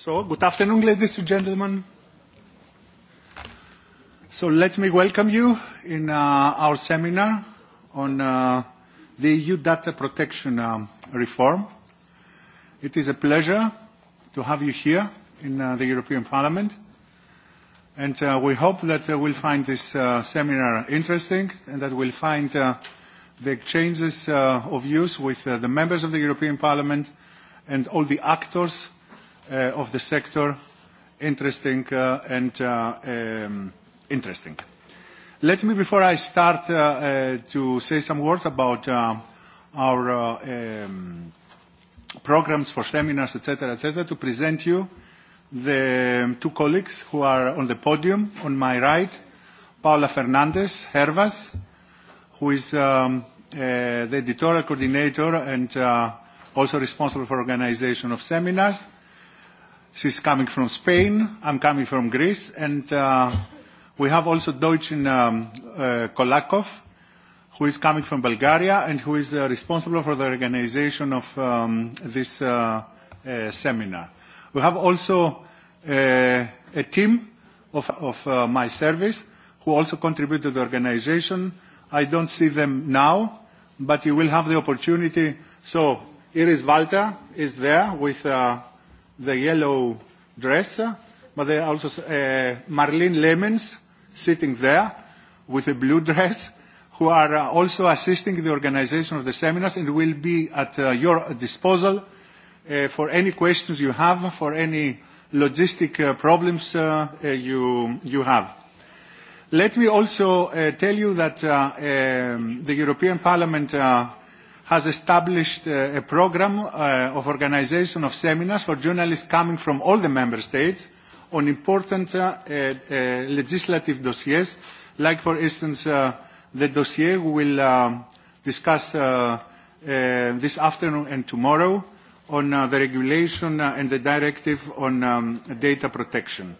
So, good afternoon, ladies and gentlemen. So let me welcome you in uh, our seminar on uh, the EU data protection um, reform. It is a pleasure to have you here in uh, the European Parliament. And uh, we hope that uh, we'll find this uh, seminar interesting and that we'll find uh, the exchanges uh, of views with uh, the members of the European Parliament and all the actors of the sector interesting and interesting. Let me, before I start, to say some words about our programs for seminars, et cetera, et cetera, to present you the two colleagues who are on the podium. On my right, Paula Fernández Hervas, who is the editorial coordinator and also responsible for organization of seminars. She's coming from Spain, I'm coming from Greece, and uh, we have also Deutschen um, uh, Kolakov, who is coming from Bulgaria and who is uh, responsible for the organization of um, this uh, uh, seminar. We have also uh, a team of, of uh, my service who also contribute to the organization. I don't see them now, but you will have the opportunity. So Iris Walter is there with uh, the yellow dress, but there are also uh, Marlene Lemons sitting there with a blue dress who are also assisting the organization of the seminars and will be at uh, your disposal uh, for any questions you have, for any logistic uh, problems uh, uh, you, you have. Let me also uh, tell you that uh, um, the European Parliament uh, has established a programme of organisation of seminars for journalists coming from all the member states on important legislative dossiers, like, for instance, the dossier we will discuss this afternoon and tomorrow on the regulation and the directive on data protection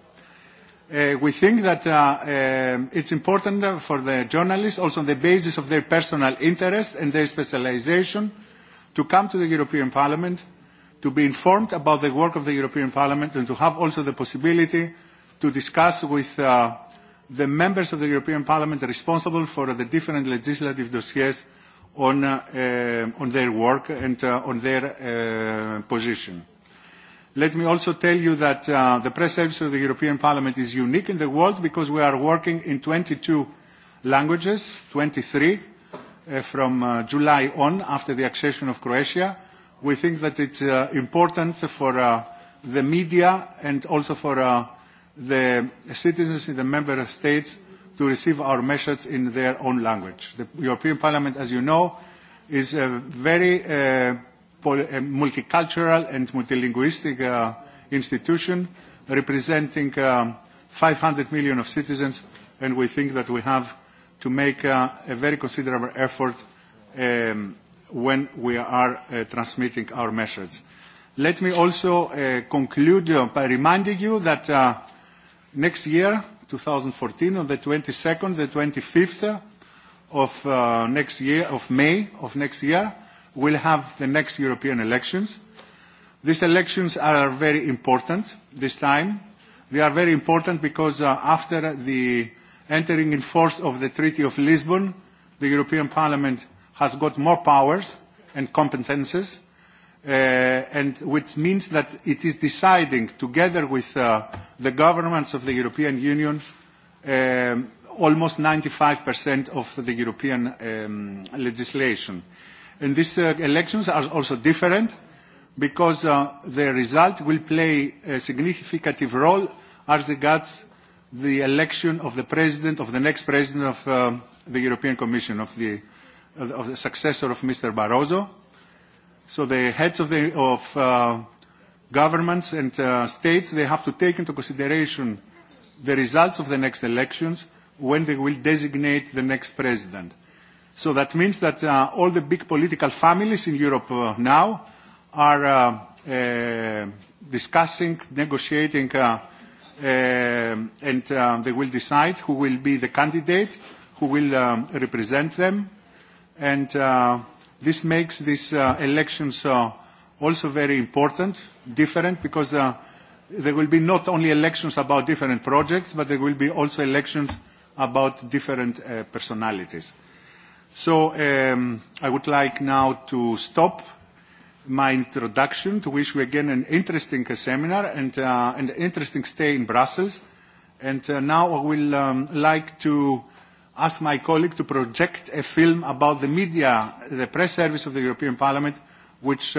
we think that it's important for the journalists, also on the basis of their personal interest and their specialisation, to come to the European Parliament, to be informed about the work of the European Parliament, and to have also the possibility to discuss with the members of the European Parliament responsible for the different legislative dossiers on, their work and on their position. Let me also tell you that uh, the press service of the European Parliament is unique in the world because we are working in 22 languages, 23 uh, from uh, July on after the accession of Croatia. We think that it's uh, important for uh, the media and also for uh, the citizens in the member states to receive our message in their own language. The European Parliament, as you know, is a very uh, multicultural and multilinguistic uh, institution representing uh, 500 million of citizens, and we think that we have to make uh, a very considerable effort um, when we are uh, transmitting our message. Let me also uh, conclude by reminding you that uh, next year, 2014, on the 22nd, the 25th of uh, next year, of May of next year, will have the next European elections. These elections are very important this time. They are very important because after the entering in force of the Treaty of Lisbon, the European Parliament has got more powers and competences, and which means that it is deciding together with the governments of the European Union um, almost 95% of the European legislation. And these uh, elections are also different because uh, the result will play a significant role as regards the election of the president, of the next president of uh, the European Commission, of the, of the successor of Mr. Barroso. So the heads of, the, of uh, governments and uh, states, they have to take into consideration the results of the next elections when they will designate the next president. So that means that uh, all the big political families in Europe uh, now are uh, uh, discussing, negotiating, uh, uh, and uh, they will decide who will be the candidate, who will um, represent them. And uh, this makes these uh, elections uh, also very important, different, because uh, there will be not only elections about different projects, but there will be also elections about different uh, personalities. So I would like now to stop my introduction to wish you again an interesting seminar and an interesting stay in Brussels. And now I will like to ask my colleague to project a film about the media, the press service of the European Parliament, which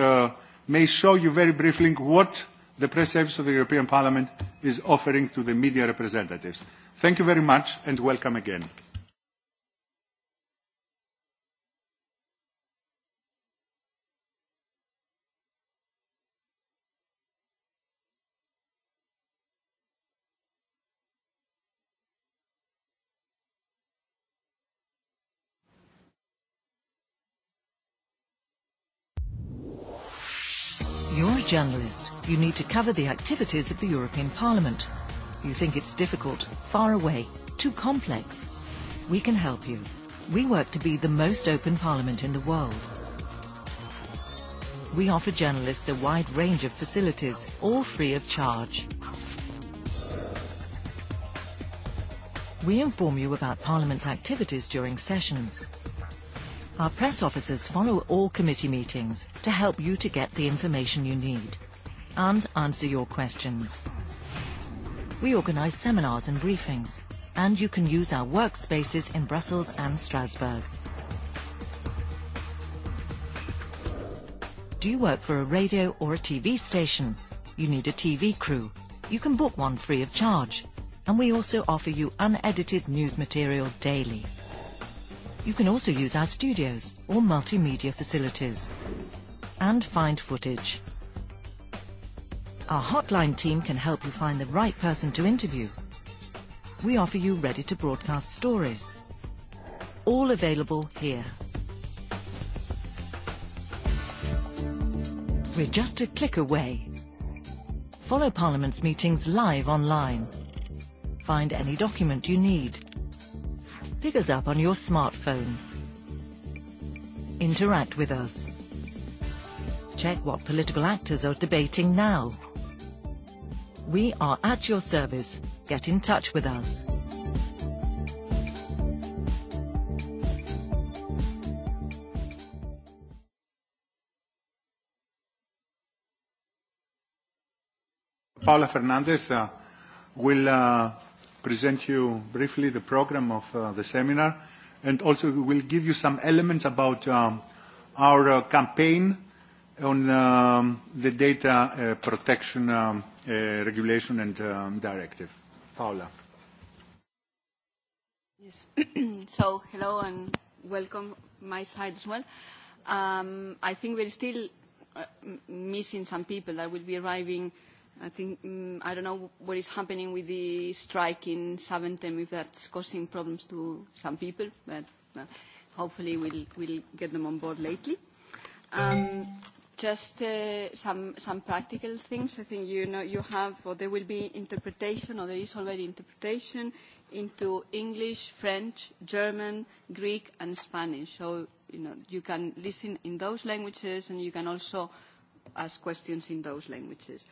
may show you very briefly what the press service of the European Parliament is offering to the media representatives. Thank you very much and welcome again. journalist, you need to cover the activities of the European Parliament. You think it's difficult, far away, too complex. We can help you. We work to be the most open parliament in the world. We offer journalists a wide range of facilities, all free of charge. We inform you about Parliament's activities during sessions, Our press officers follow all committee meetings to help you to get the information you need and answer your questions. We organise seminars and briefings, and you can use our workspaces in Brussels and Strasbourg. Do you work for a radio or a TV station? You need a TV crew. You can book one free of charge. And we also offer you unedited news material daily. You can also use our studios or multimedia facilities and find footage. Our hotline team can help you find the right person to interview. We offer you ready to broadcast stories. All available here. We're just a click away. Follow Parliament's meetings live online. Find any document you need pick us up on your smartphone. Interact with us. Check what political actors are debating now. We are at your service. Get in touch with us. Paula Fernandez uh, will uh, present you briefly the program of uh, the seminar and also will give you some elements about um, our uh, campaign on um, the data uh, protection um, uh, regulation and um, directive. Paula. Yes. so hello and welcome my side as well. Um, I think we're still uh, missing some people that will be arriving I think um, I don't know what is happening with the strike in Saventem if that's causing problems to some people, but uh, hopefully we'll, we'll get them on board lately. Um, just uh, some some practical things. I think you know you have or there will be interpretation or there is already interpretation into English, French, German, Greek, and Spanish. So you know you can listen in those languages and you can also ask questions in those languages.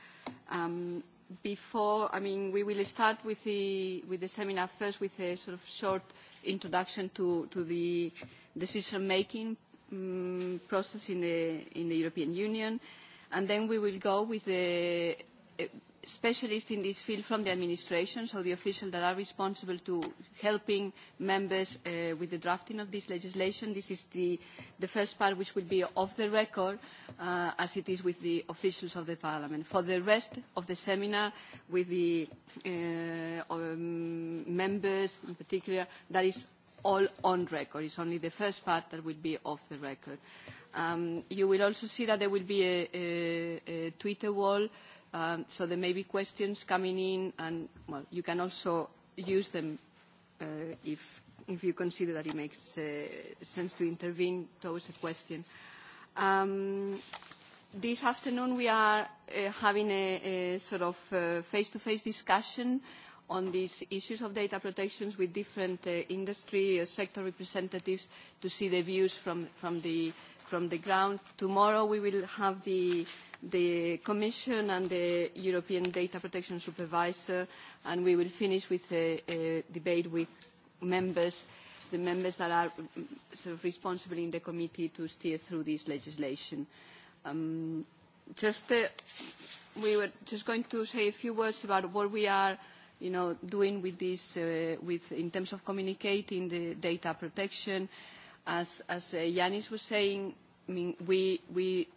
Um, before, I mean, we will start with the, with the seminar first with a sort of short introduction to, to the decision-making um, process in the, in the European Union, and then we will go with the specialists in this field from the administration, so the officials that are responsible to helping members uh, with the drafting of this legislation. This is the, the first part which will be off the record, uh, as it is with the officials of the Parliament. For the rest of the seminar, with the uh, um, members in particular, that is all on record. It's only the first part that will be off the record. Um, you will also see that there will be a, a, a Twitter wall Um, so there may be questions coming in, and well, you can also use them uh, if, if you consider that it makes uh, sense to intervene towards a question. Um, this afternoon we are uh, having a, a sort of face-to-face discussion on these issues of data protections with different uh, industry uh, sector representatives to see the views from, from, the, from the ground. Tomorrow we will have the the Commission and the European Data Protection Supervisor, and we will finish with a, a debate with members, the members that are sort of responsible in the committee to steer through this legislation. Um, just uh, we were just going to say a few words about what we are you know, doing with this uh, with, in terms of communicating the data protection. As, as uh, Yanis was saying, I mean, we, we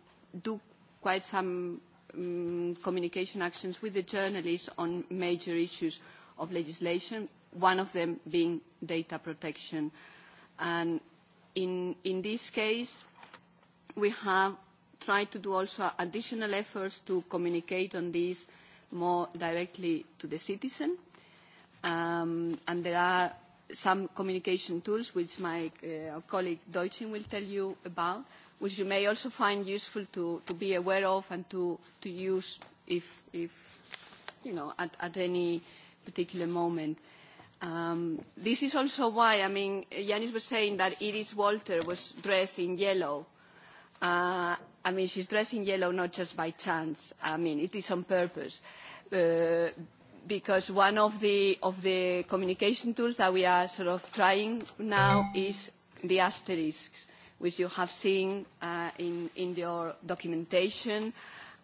do quite some communication actions with the journalists on major issues of legislation, one of them being data protection. And in, in this case, we have tried to do also additional efforts to communicate on this more directly to the citizen. Um, and there are some communication tools which my uh, colleague Deutsching will tell you about which you may also find useful to, to be aware of and to, to use if, if you know, at, at any particular moment. Um, this is also why, I mean, Yanis was saying that Iris Walter was dressed in yellow. Uh, I mean, she's dressed in yellow not just by chance. I mean, it is on purpose. Uh, because one of the, of the communication tools that we are sort of trying now is the asterisks which you have seen in, in your documentation,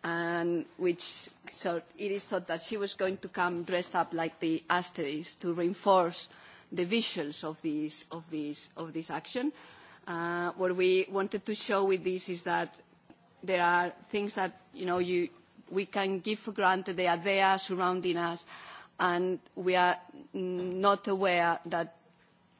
and which so it is thought that she was going to come dressed up like the asterisk to reinforce the visuals of these of these of this action. Uh, what we wanted to show with this is that there are things that you know you, we can give for granted. They are there, surrounding us, and we are not aware that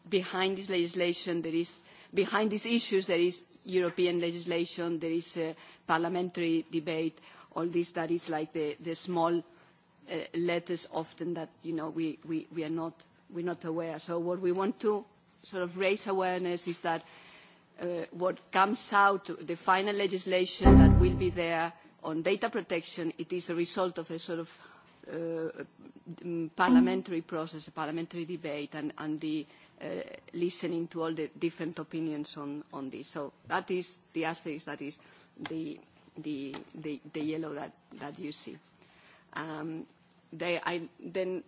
behind this legislation there is behind these issues there is European legislation, there is a parliamentary debate, all this that is like the, the small uh, letters often that you know we, we, we are not we're not aware. So what we want to sort of raise awareness is that uh, what comes out, the final legislation that will be there on data protection, it is a result of a sort of uh, parliamentary process, a parliamentary debate, and, and the listening to all the different opinions on, on this. So that is the asterisk, that is the, the, the, the yellow that, that you see. Um, they, I then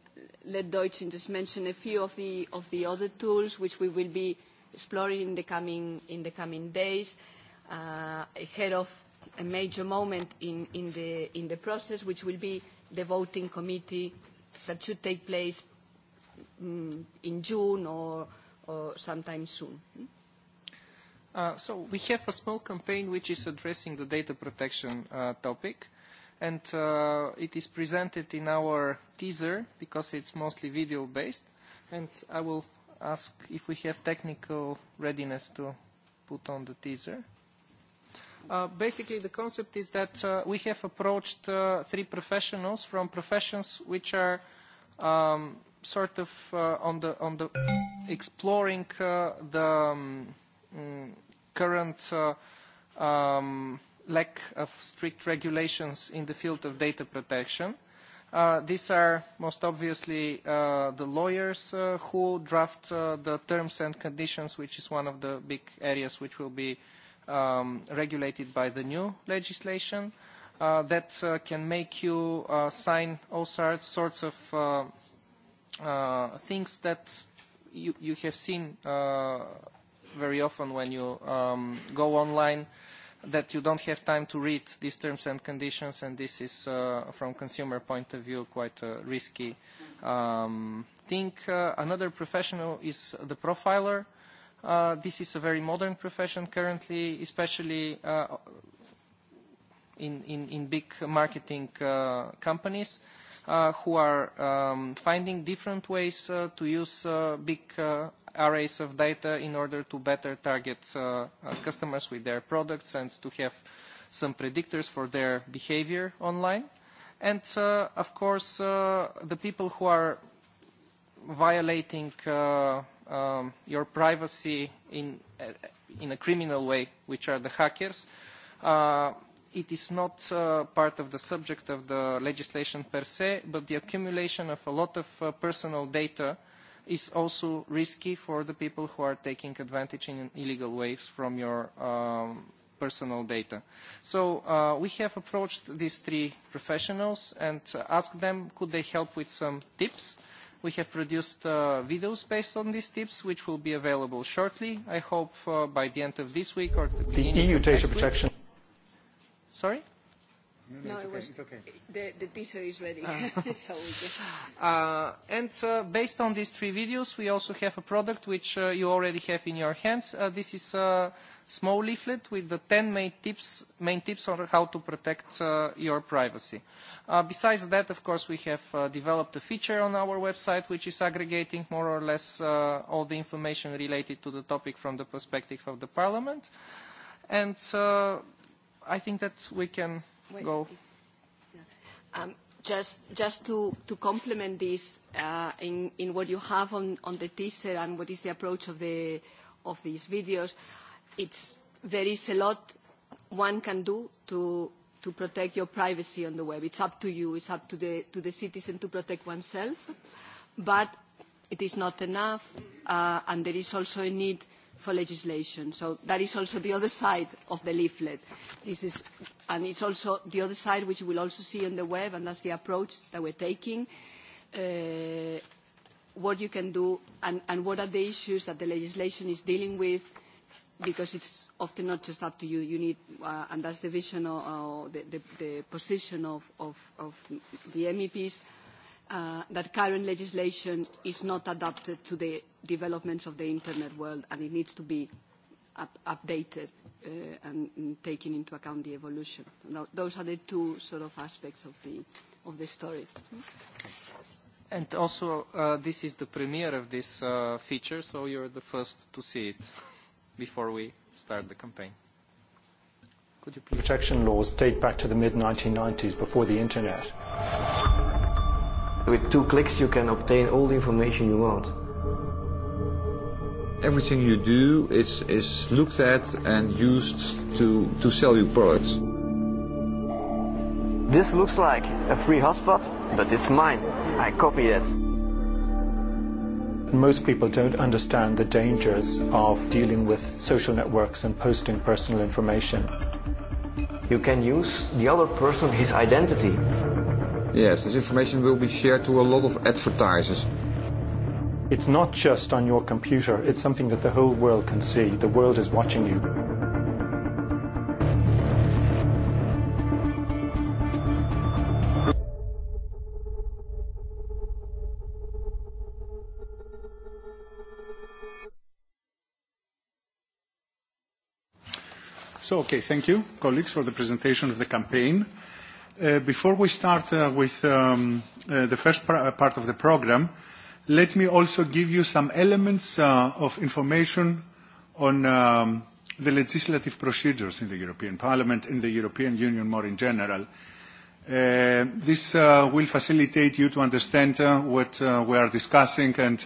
let Deutsch just mention a few of the, of the other tools which we will be exploring in the coming, in the coming days, uh, ahead of a major moment in, in, the, in the process, which will be the voting committee that should take place mm, in June or, or sometime soon. so we have a small campaign which is addressing the data protection uh, topic and uh, it is presented in our teaser because it's mostly video based and I will ask if we have technical readiness to put on the teaser. basically, the concept is that uh, we have approached uh, three professionals from professions which are um, sort of uh, on the on the exploring uh, the um, current uh, um, lack of strict regulations in the field of data protection. Uh, these are most obviously uh, the lawyers uh, who draft uh, the terms and conditions, which is one of the big areas which will be um, regulated by the new legislation. Uh, that uh, can make you uh, sign all sorts of uh, uh, things that you, you have seen uh, very often when you um, go online that you don't have time to read these terms and conditions, and this is, uh, from consumer point of view, quite a risky um, thing. Uh, another professional is the profiler. Uh, this is a very modern profession currently, especially uh, in, in, in big marketing uh, companies. Uh, uh, who are um, finding different ways uh, to use uh, big uh, arrays of data in order to better target uh, uh, customers with their products and to have some predictors for their behavior online. And uh, of course, uh, the people who are violating uh, um, your privacy in, uh, in a criminal way, which are the hackers, uh, it is not uh, part of the subject of the legislation per se, but the accumulation of a lot of uh, personal data is also risky for the people who are taking advantage in illegal ways from your um, personal data. So uh, we have approached these three professionals and asked them could they help with some tips. We have produced uh, videos based on these tips, which will be available shortly. I hope uh, by the end of this week or the beginning the EU of data next protection. Week Sorry? No, no, it's okay. The, the teaser is ready. so we uh, and uh, based on these three videos, we also have a product which uh, you already have in your hands. Uh, this is a small leaflet with the 10 main tips, main tips on how to protect uh, your privacy. Uh, besides that, of course, we have uh, developed a feature on our website which is aggregating more or less uh, all the information related to the topic from the perspective of the Parliament. And uh, I think that we can go. Just to to complement this, in what you have on the teaser and what is the approach of the of these videos, it's there is a lot one can do to to protect your privacy on the web. It's up to you. It's up to the citizen to protect oneself. But it is not enough, and there is also a need for legislation. So that is also the other side of the leaflet. This is, and it's also the other side, which you will also see on the web, and that's the approach that we're taking, uh, what you can do and, and what are the issues that the legislation is dealing with, because it's often not just up to you. You need, uh, and that's the vision or, or the, the, the position of, of, of the MEPs, that current legislation is not adapted to the developments of the internet world and it needs to be updated and taken into account the evolution. Those are the two sort of aspects of the, of the story. And also, uh, this is the premiere of this uh, feature, so you're the first to see it before we start the campaign. Could you please? Protection laws date back to the mid-1990s before the internet With two clicks, you can obtain all the information you want. Everything you do is, is looked at and used to, to sell your products. This looks like a free hotspot, but it's mine. I copy it. Most people don't understand the dangers of dealing with social networks and posting personal information. You can use the other person, his identity, Yes, this information will be shared to a lot of advertisers. It's not just on your computer, it's something that the whole world can see. The world is watching you. So, okay, thank you, colleagues, for the presentation of the campaign. Before we start with the first part of the program, let me also give you some elements of information on the legislative procedures in the European Parliament, in the European Union more in general. This will facilitate you to understand what we are discussing and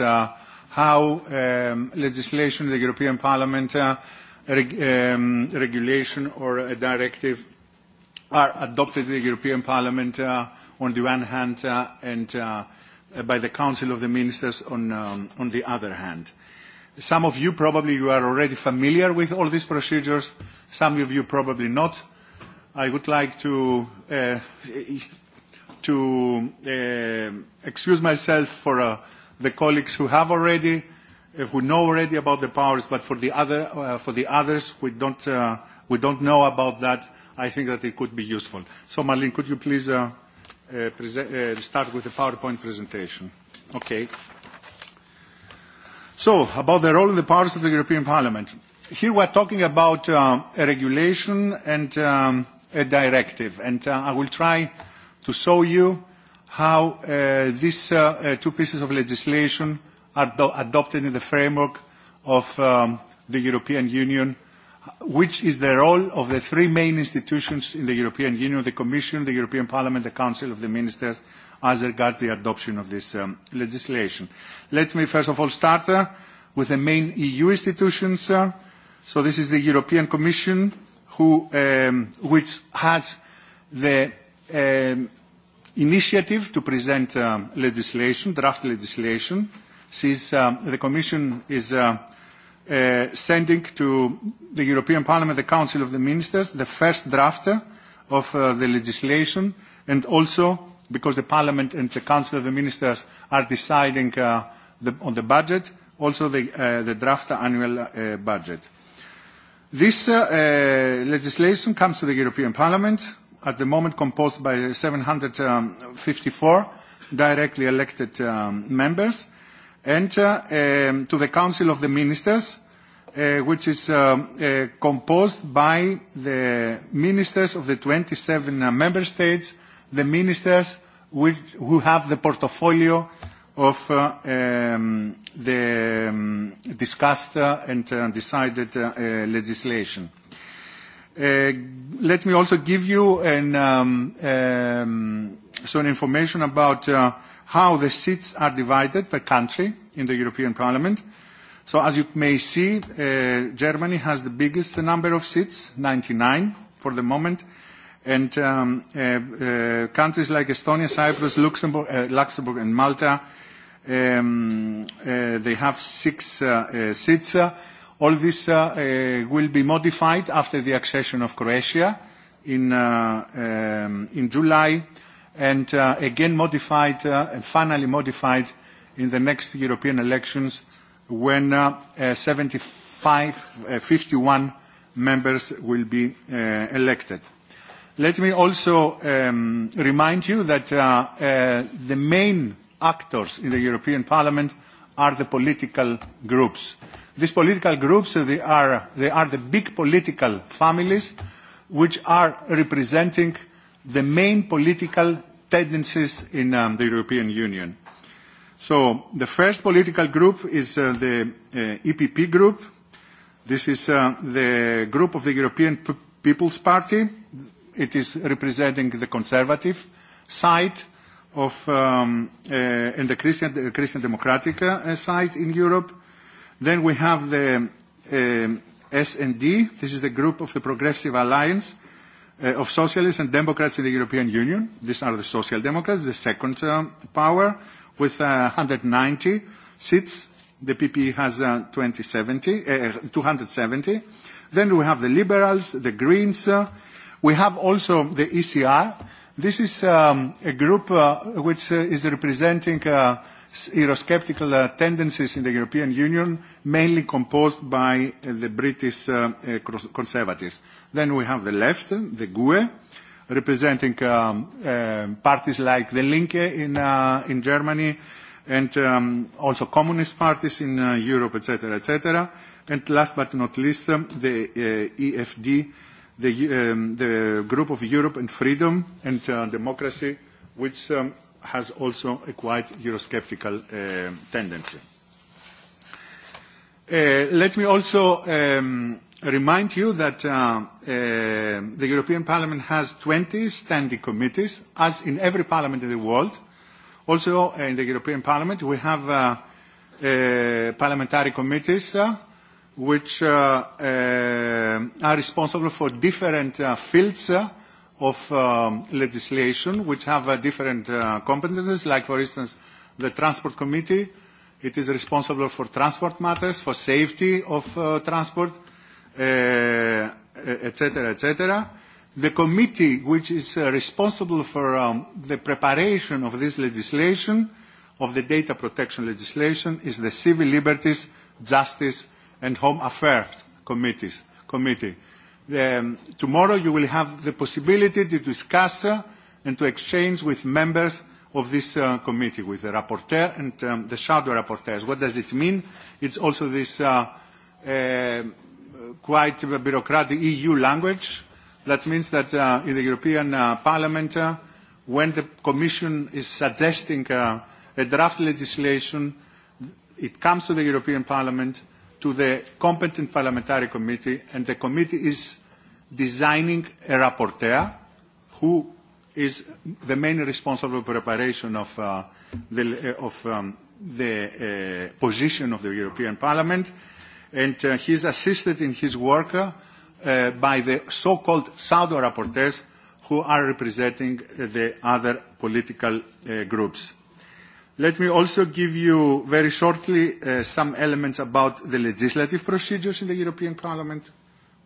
how legislation in the European Parliament, regulation or a directive are adopted in the European Parliament on the one hand and by the Council of the Ministers on, on the other hand. Some of you probably are already familiar with all these procedures, some of you probably not. I would like to, excuse myself for the colleagues who have already, who know already about the powers, but for the, other, uh, for the others, we don't, uh, we don't know about that I think that it could be useful. So, Marlene, could you please uh, uh, present, uh, start with the PowerPoint presentation? Okay. So, about the role and the powers of the European Parliament. Here we are talking about uh, a regulation and um, a directive, and uh, I will try to show you how uh, these uh, uh, two pieces of legislation are adopted in the framework of um, the European Union which is the role of the three main institutions in the European Union, the Commission, the European Parliament, the Council of the Ministers, as regards the adoption of this legislation. Let me first of all start with the main EU institutions. so this is the European Commission, which has the initiative to present legislation, draft legislation, since the Commission is sending to the European Parliament, the Council of the Ministers, the first draft of uh, the legislation, and also because the Parliament and the Council of the Ministers are deciding uh, the, on the budget, also the, uh, the draft annual uh, budget. This uh, uh, legislation comes to the European Parliament, at the moment composed by 754 directly elected um, members, and to the Council of the Ministers, which is composed by the ministers of the twenty seven member states, the ministers who have the portfolio of the discussed and decided legislation. Let me also give you some information about how the seats are divided per country in the European Parliament. So as you may see, Germany has the biggest number of seats, 99 for the moment, and countries like Estonia, Cyprus, Luxembourg, and Malta, they have six seats. all this will be modified after the accession of Croatia in July and uh, again modified uh, and finally modified in the next European elections when uh, uh, 75, uh, 51 members will be uh, elected. Let me also um, remind you that uh, uh, the main actors in the European Parliament are the political groups. These political groups, they are, they are the big political families which are representing the main political tendencies in the European Union. So the first political group is the EPP group. This is the group of the European People's Party. It is representing the conservative side of and the Christian, Christian Democratic side in Europe. Then we have the D, This is the group of the Progressive Alliance, of socialists and democrats in the European Union. These are the social democrats, the second power, with one hundred and ninety seats. The PPE has uh, 2070, uh, 270. Then we have the liberals, the greens. we have also the ECR. This is a group which is representing Eurosceptical tendencies in the European Union, mainly composed by the British conservatives. Then we have the left, the GUE, representing parties like the Linke in, Germany and also communist parties in Europe, etc., etc. And last but not least, the EFD, the, Group of Europe and Freedom and Democracy, which has also a quite Eurosceptical tendency. let me also um, remind you that the European Parliament has 20 standing committees, as in every parliament in the world. Also, in the European Parliament, we have parliamentary committees which are responsible for different fields of legislation, which have different competences, like, for instance, the Transport Committee. It is responsible for transport matters, for safety of transport etc., etc. The committee which is responsible for um, the preparation of this legislation, of the data protection legislation, is the Civil Liberties, Justice and Home Affairs committees, Committee. Um, tomorrow you will have the possibility to discuss uh, and to exchange with members of this uh, committee, with the rapporteur and um, the shadow rapporteurs. What does it mean? It's also this uh, uh, quite a bureaucratic EU language. That means that uh, in the European uh, Parliament, uh, when the Commission is suggesting uh, a draft legislation, it comes to the European Parliament, to the competent parliamentary committee, and the committee is designing a rapporteur who is the main responsible for preparation of, uh, the, of um, the uh, position of the European Parliament and uh, he's assisted in his work uh, by the so-called shadow rapporteurs who are representing the other political uh, groups. Let me also give you very shortly uh, some elements about the legislative procedures in the European Parliament.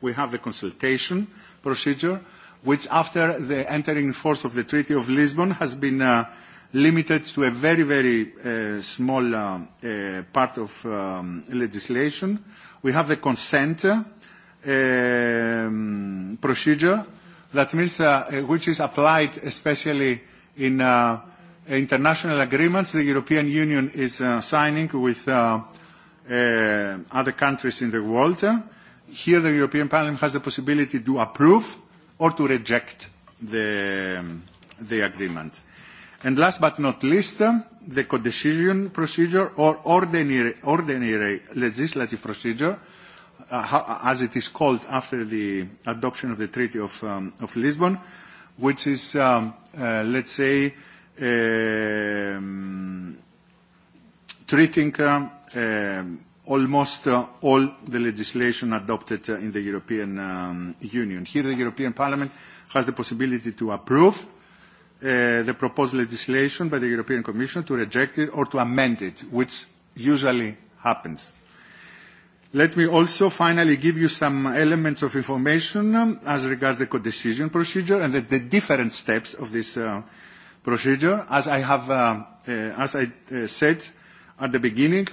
We have the consultation procedure, which after the entering force of the Treaty of Lisbon has been uh, limited to a very, very uh, small uh, uh, part of um, legislation. We have the consent uh, um, procedure, that means uh, which is applied especially in uh, international agreements the European Union is uh, signing with uh, uh, other countries in the world. Here the European Parliament has the possibility to approve or to reject the, the agreement. And last but not least, the codecision procedure or ordinary, legislative procedure, as it is called after the adoption of the Treaty of, Lisbon, which is, let's say, treating almost all the legislation adopted in the European Union. Here the European Parliament has the possibility to approve the proposed legislation by the European Commission to reject it or to amend it, which usually happens. Let me also finally give you some elements of information as regards the codecision procedure and the, the different steps of this uh, procedure. As I have, uh, uh, as I uh, said at the beginning,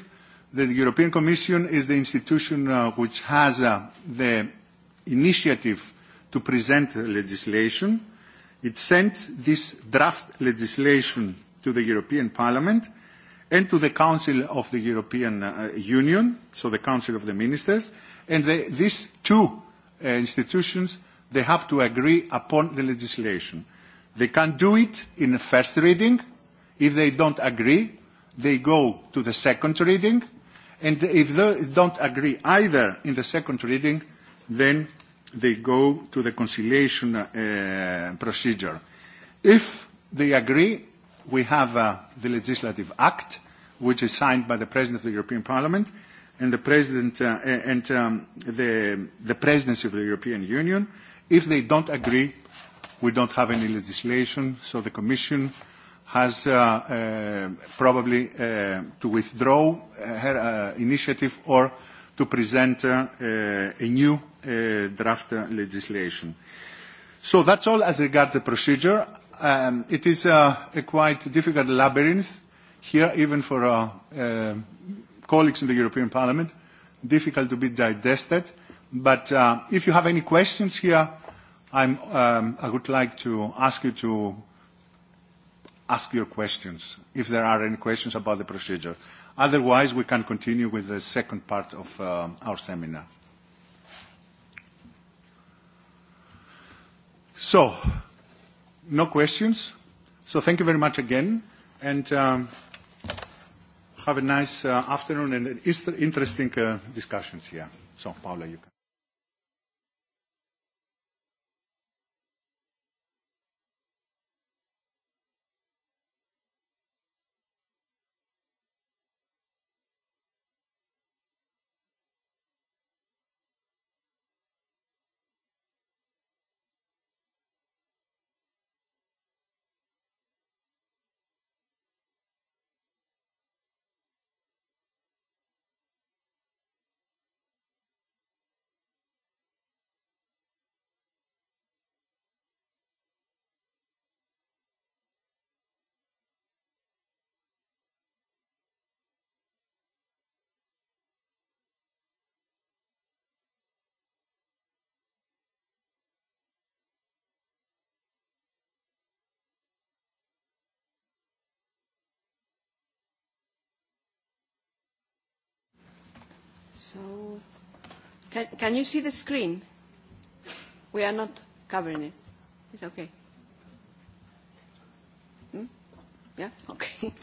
the European Commission is the institution uh, which has uh, the initiative to present legislation It sent this draft legislation to the European Parliament and to the Council of the European Union, so the Council of the Ministers, and these two institutions, they have to agree upon the legislation. They can do it in the first reading. If they don't agree, they go to the second reading, and if they don't agree either in the second reading, then they go to the conciliation uh, procedure. If they agree, we have uh, the legislative act, which is signed by the President of the European Parliament and the President uh, and um, the, the Presidency of the European Union. If they don't agree, we don't have any legislation, so the Commission has uh, uh, probably uh, to withdraw her uh, initiative or to present uh, uh, a new draft legislation. So that's all as regards the procedure. Um, it is uh, a quite difficult labyrinth here, even for our uh, colleagues in the European Parliament, difficult to be digested. But uh, if you have any questions here, I'm, um, I would like to ask you to ask your questions, if there are any questions about the procedure. Otherwise, we can continue with the second part of uh, our seminar. So, no questions. So thank you very much again, and um, have a nice uh, afternoon and an interesting uh, discussions here. So, Paula, you can. Can, can you see the screen? We are not covering it. It's okay. Hmm? Yeah? Okay.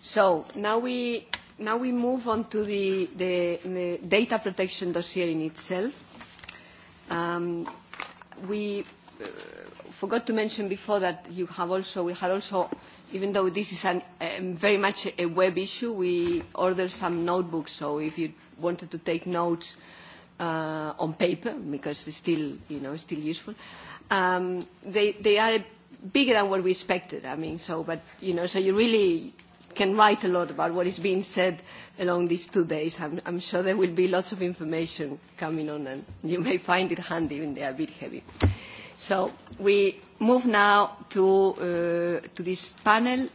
So now we now we move on to the, the, the data protection dossier in itself. Um, we uh, forgot to mention before that you have also we had also even though this is an, um, very much a web issue, we ordered some notebooks. So if you wanted to take notes uh, on paper, because it's still you know still useful, um, they they are bigger than what we expected. I mean, so but you know, so you really can write a lot about what is being said along these two days. I'm, I'm sure there will be lots of information coming on, and you may find it handy when they are a bit heavy. So we move now to, uh, to this panel.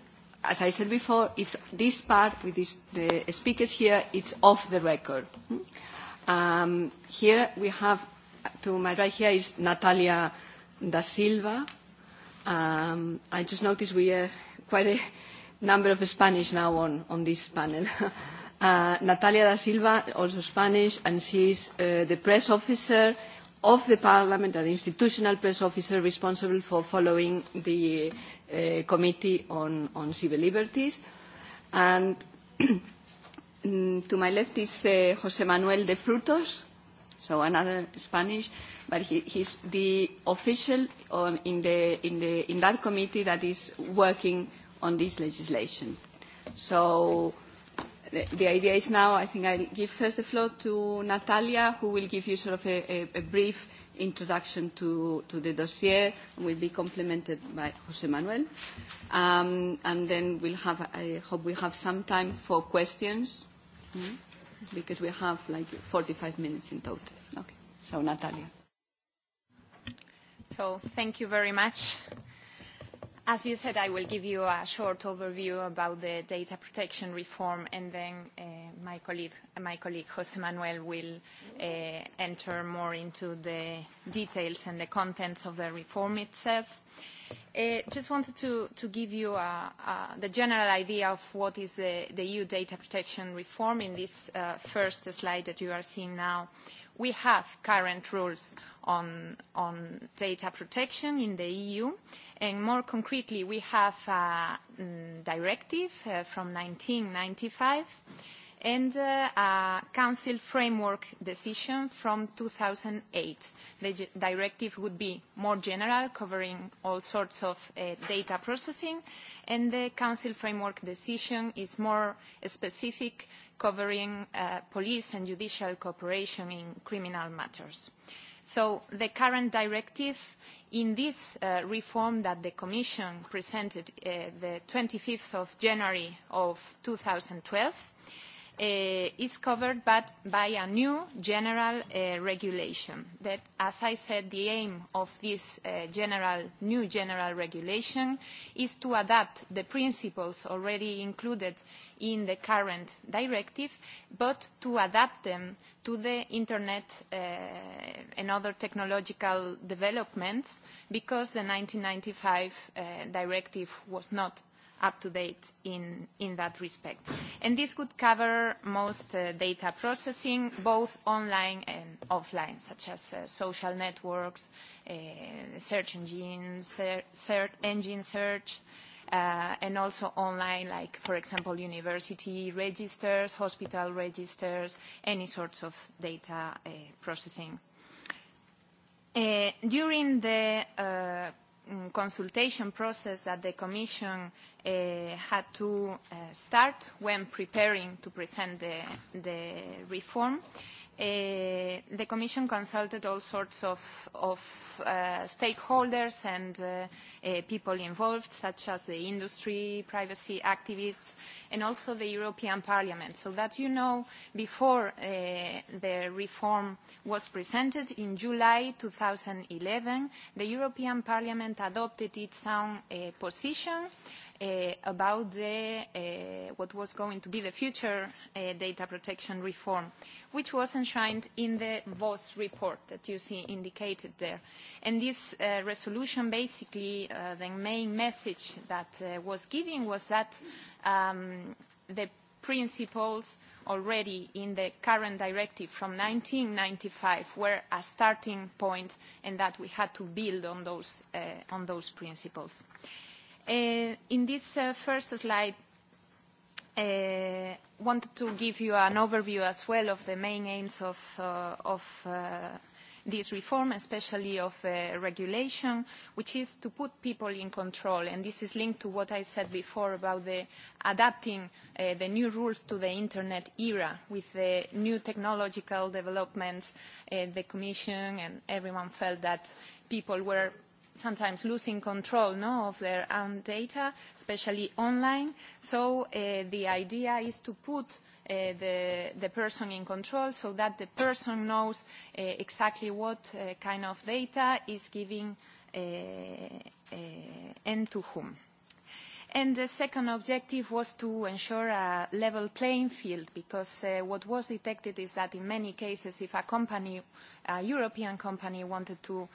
As I said before, it's this part with this, the speakers here, it's off the record. Um, here we have, to my right here is Natalia da Silva. Um, I just noticed we are quite a number of Spanish now on, on this panel. uh, Natalia da Silva, also Spanish, and she is uh, the press officer of the Parliament, an institutional press officer responsible for following the uh, Committee on, on Civil Liberties. And to my left is uh, Jose Manuel de Frutos, so another Spanish, but he, he's the official on, in, the, in, the, in that committee that is working on this legislation. So the idea is now, I think I'll give first the floor to Natalia, who will give you sort of a, a, a brief introduction to, to the dossier, and will be complemented by José Manuel. Um, and then we'll have, I hope we have some time for questions, because we have like 45 minutes in total. Okay, so Natalia. So thank you very much As you said, I will give you a short overview about the data protection reform, and then my colleague, José Manuel, will enter more into the details and the contents of the reform itself. Just wanted to give you the general idea of what is the EU data protection reform in this first slide that you are seeing now. We have current rules on data protection in the EU, And more concretely, we have a directive uh, from 1995 and a Council framework decision from 2008. The directive would be more general, covering all sorts of data processing, and the Council framework decision is more specific, covering police and judicial cooperation in criminal matters. So the current directive in this reform that the Commission presented uh, the 25th of January of 2012, is covered by a new general regulation that, as I said, the aim of this new general regulation is to adapt the principles already included in the current directive, but to adapt them to the internet and other technological developments because the ninety five directive was not up to date in, in that respect. And this could cover most uh, data processing, both online and offline, such as uh, social networks, uh, search engines, search, engine search, uh, and also online, like, for example, university registers, hospital registers, any sorts of data uh, processing. Uh, during the uh, consultation process that the Commission uh, had to uh, start when preparing to present the, the reform. Uh, the Commission consulted all sorts of, of uh, stakeholders and uh, uh, people involved, such as the industry, privacy activists, and also the European Parliament. So that you know, before uh, the reform was presented in July 2011, the European Parliament adopted its own uh, position uh, about the, uh, what was going to be the future uh, data protection reform which was enshrined in the VOS report that you see indicated there. And this uh, resolution, basically, uh, the main message that uh, was given was that um, the principles already in the current directive from 1995 were a starting point and that we had to build on those, uh, on those principles. Uh, in this uh, first slide, wanted to give you an overview as well of the main aims of this reform, especially of regulation, which is to put people in control. and This is linked to what I said before about the adapting the new rules to the internet era with the new technological developments. The Commission and everyone felt that people were sometimes losing control no, of their own data, especially online. So uh, the idea is to put uh, the, the person in control so that the person knows uh, exactly what uh, kind of data is giving uh, uh, and to whom. And the second objective was to ensure a level playing field because what was detected is that in many cases if a company, a European company wanted to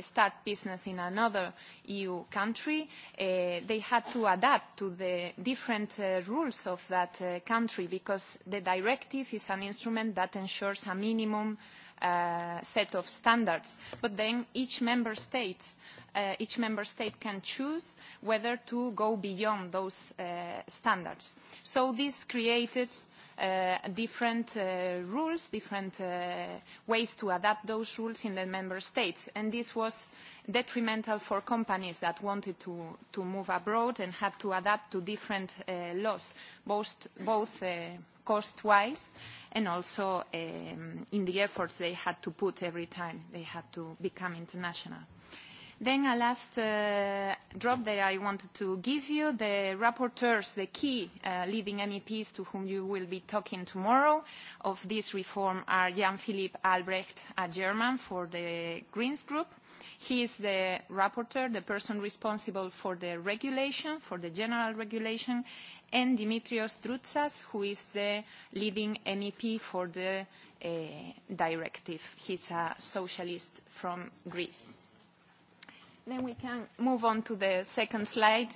start business in another EU country, they had to adapt to the different rules of that country because the directive is an instrument that ensures a minimum set of standards. But then each member state uh, each member state can choose whether to go beyond those uh, standards. So this created uh, different uh, rules, different uh, ways to adapt those rules in the member states. And this was detrimental for companies that wanted to, to move abroad and had to adapt to different uh, laws, both, both uh, cost-wise and also um, in the efforts they had to put every time they had to become international. Then a last uh, drop that I wanted to give you, the rapporteurs, the key uh, leading MEPs to whom you will be talking tomorrow of this reform are Jan-Philippe Albrecht, a German for the Greens Group. He is the rapporteur, the person responsible for the regulation, for the general regulation, and Dimitrios Drutsas, who is the leading MEP for the uh, directive. He's a socialist from Greece. Then we can move on to the second slide.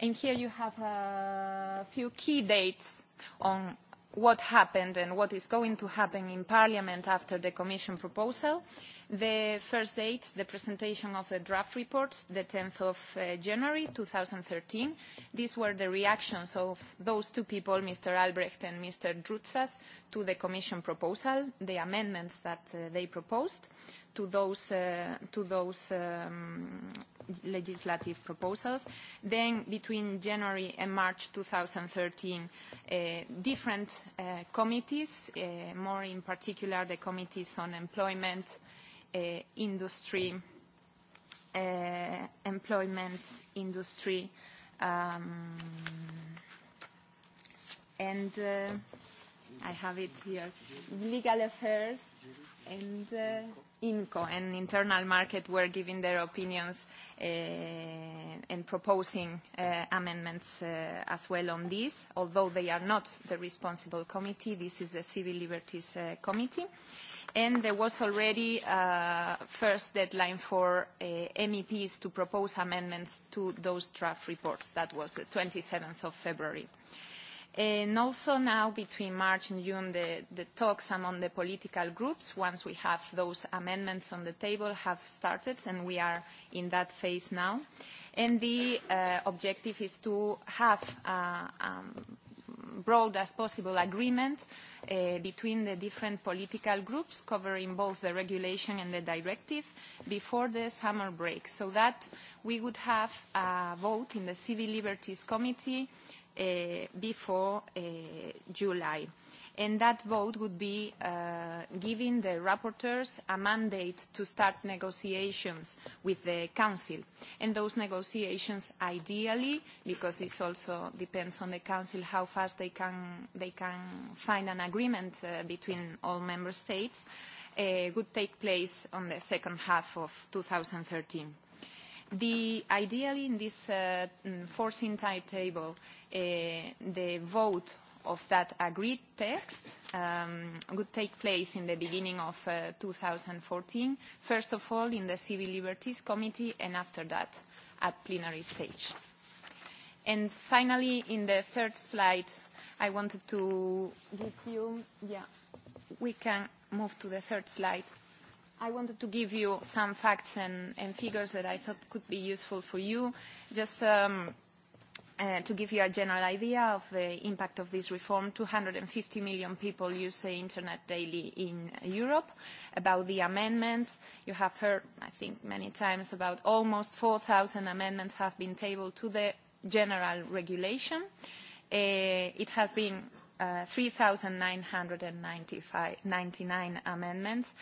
And here you have a few key dates on what happened and what is going to happen in Parliament after the Commission proposal. The first date, the presentation of the draft reports, the 10th of January 2013. These were the reactions of those two people, Mr. Albrecht and Mr. Drutzas, to the Commission proposal, the amendments that they proposed to those, uh, to those um, legislative proposals. Then between January and March 2013, uh, different uh, committees, uh, more in particular the committees on employment, uh, industry, uh, employment, industry, um, and uh, I have it here, legal affairs and uh, IMCO and Internal Market were giving their opinions and proposing amendments as well on this, although they are not the responsible committee. This is the Civil Liberties Committee. And there was already a first deadline for MEPs to propose amendments to those draft reports. That was the 27th of February. Uh, And also now between March and June, the, the talks among the political groups, once we have those amendments on the table, have started and we are in that phase now. And the uh, objective is to have uh, um, broad as possible agreement uh, between the different political groups covering both the regulation and the directive before the summer break so that we would have a vote in the Civil Liberties Committee uh, before July. And that vote would be giving the rapporteurs a mandate to start negotiations with the Council. And those negotiations, ideally, because this also depends on the Council how fast they can, they can find an agreement between all Member States, would take place on the second half of 2013. thirteen The, ideally, in this uh, forcing timetable, uh, the vote of that agreed text um, would take place in the beginning of uh, 2014, first of all in the Civil Liberties Committee and after that at plenary stage. And finally, in the third slide, I wanted to give you, yeah, we can move to the third slide. I wanted to give you some facts and, and figures that I thought could be useful for you, just um, uh, to give you a general idea of the impact of this reform. 250 million people use the Internet daily in Europe. About the amendments, you have heard, I think, many times about almost 4,000 amendments have been tabled to the general regulation. Uh, it has been 3,999 amendments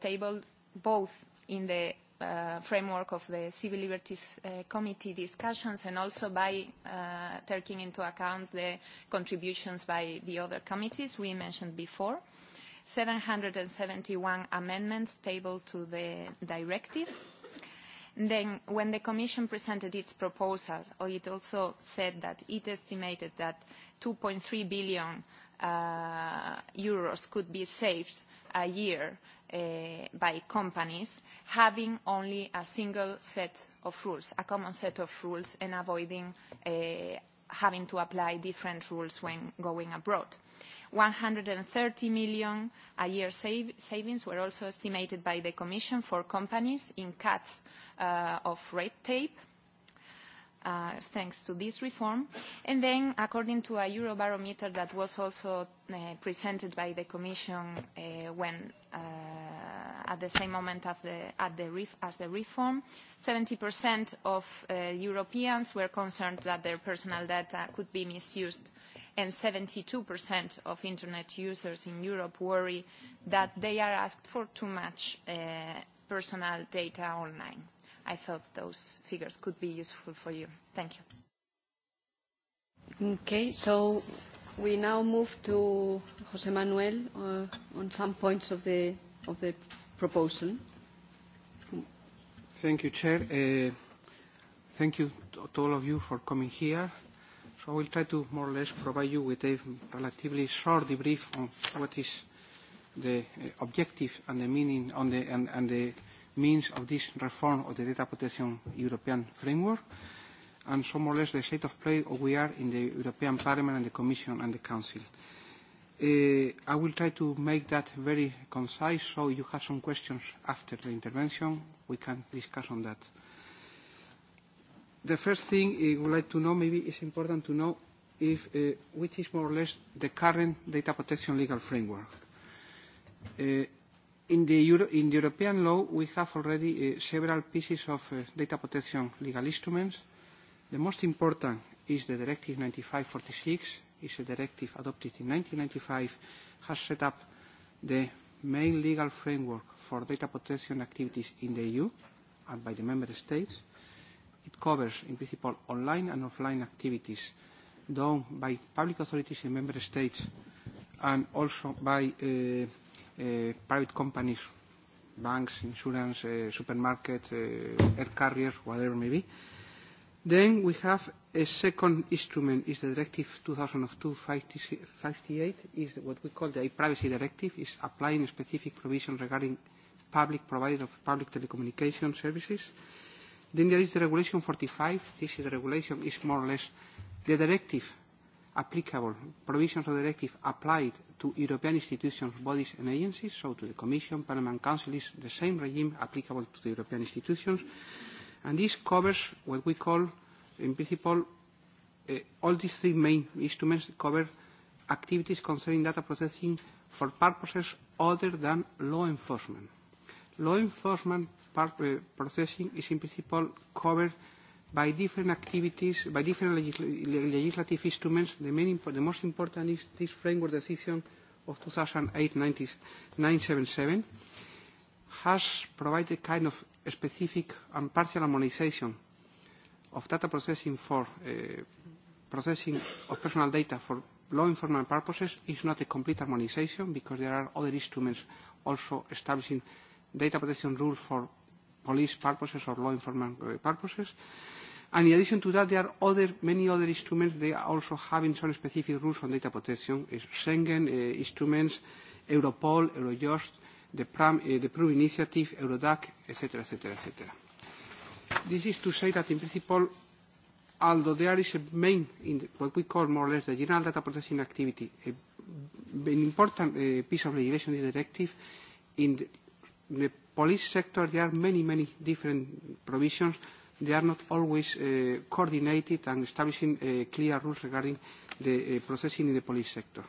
tabled both in the framework of the Civil Liberties Committee discussions and also by taking into account the contributions by the other committees we mentioned before. 771 amendments tabled to the directive Then, when the Commission presented its proposal, it also said that it estimated that 2.3 billion euros could be saved a year by companies having only a single set of rules, a common set of rules, and avoiding having to apply different rules when going abroad. 130 million a year savings were also estimated by the Commission for companies in cuts of red tape thanks to this reform. And then, according to a Eurobarometer that was also presented by the Commission when at the same moment of the, at the ref, as the reform, 70% of Europeans were concerned that their personal data could be misused and 72% of Internet users in Europe worry that they are asked for too much personal data online. I thought those figures could be useful for you. Thank you. Okay, so we now move to José Manuel uh, on some points of the, of the proposal. Thank you, Chair. Uh, thank you to all of you for coming here. So I will try to more or less provide you with a relatively short debrief on what is the objective and the meaning on the, and, and the means of this reform of the data protection European framework, and so more or less the state of play we are in the European Parliament and the Commission and the Council. I will try to make that very concise, so you have some questions after the intervention. We can discuss on that. The first thing I would like to know, maybe it's important to know, if which is more or less the current data protection legal framework. In the, Euro in the European law, we have already uh, several pieces of uh, data protection legal instruments. The most important is the Directive 9546. It's a directive adopted in 1995, has set up the main legal framework for data protection activities in the EU and by the member states. It covers, in principle, online and offline activities done by public authorities in member states and also by uh, private companies, banks, insurance, uh, supermarket, uh, air carriers, whatever it may be. Then we have a second instrument, is the Directive 2002-58, is what we call the Privacy Directive, is applying specific provisions regarding public provider of public telecommunication services. Then there is the Regulation 45. This is the regulation is more or less the directive applicable provisions of the directive applied to European institutions, bodies and agencies, so to the Commission, Parliament, Council is the same regime applicable to the European institutions. And this covers what we call, in principle, uh, all these three main instruments cover activities concerning data processing for purposes other than law enforcement. Law enforcement part, uh, processing is in principle covered by different activities, by different legislative instruments. The, main impo the most important is this framework decision of 2008-977 has provided kind of specific and partial harmonization of data processing for uh, processing of personal data for law enforcement purposes is not a complete harmonization because there are other instruments also establishing data protection rules for police purposes or law enforcement purposes. Uh, And in addition to that, there are other, many other instruments. They are also having some specific rules on data protection. It's Schengen uh, instruments, Europol, Eurojust, the PRAM, uh, the PRU initiative, Eurodac, etc., etc., etc. This is to say that in principle, although there is a main, in what we call more or less the general data protection activity, a, an important uh, piece of legislation is directive. In the, in the police sector, there are many, many different provisions they are not always uh, coordinated and establishing uh, clear rules regarding the uh, processing in the police sector.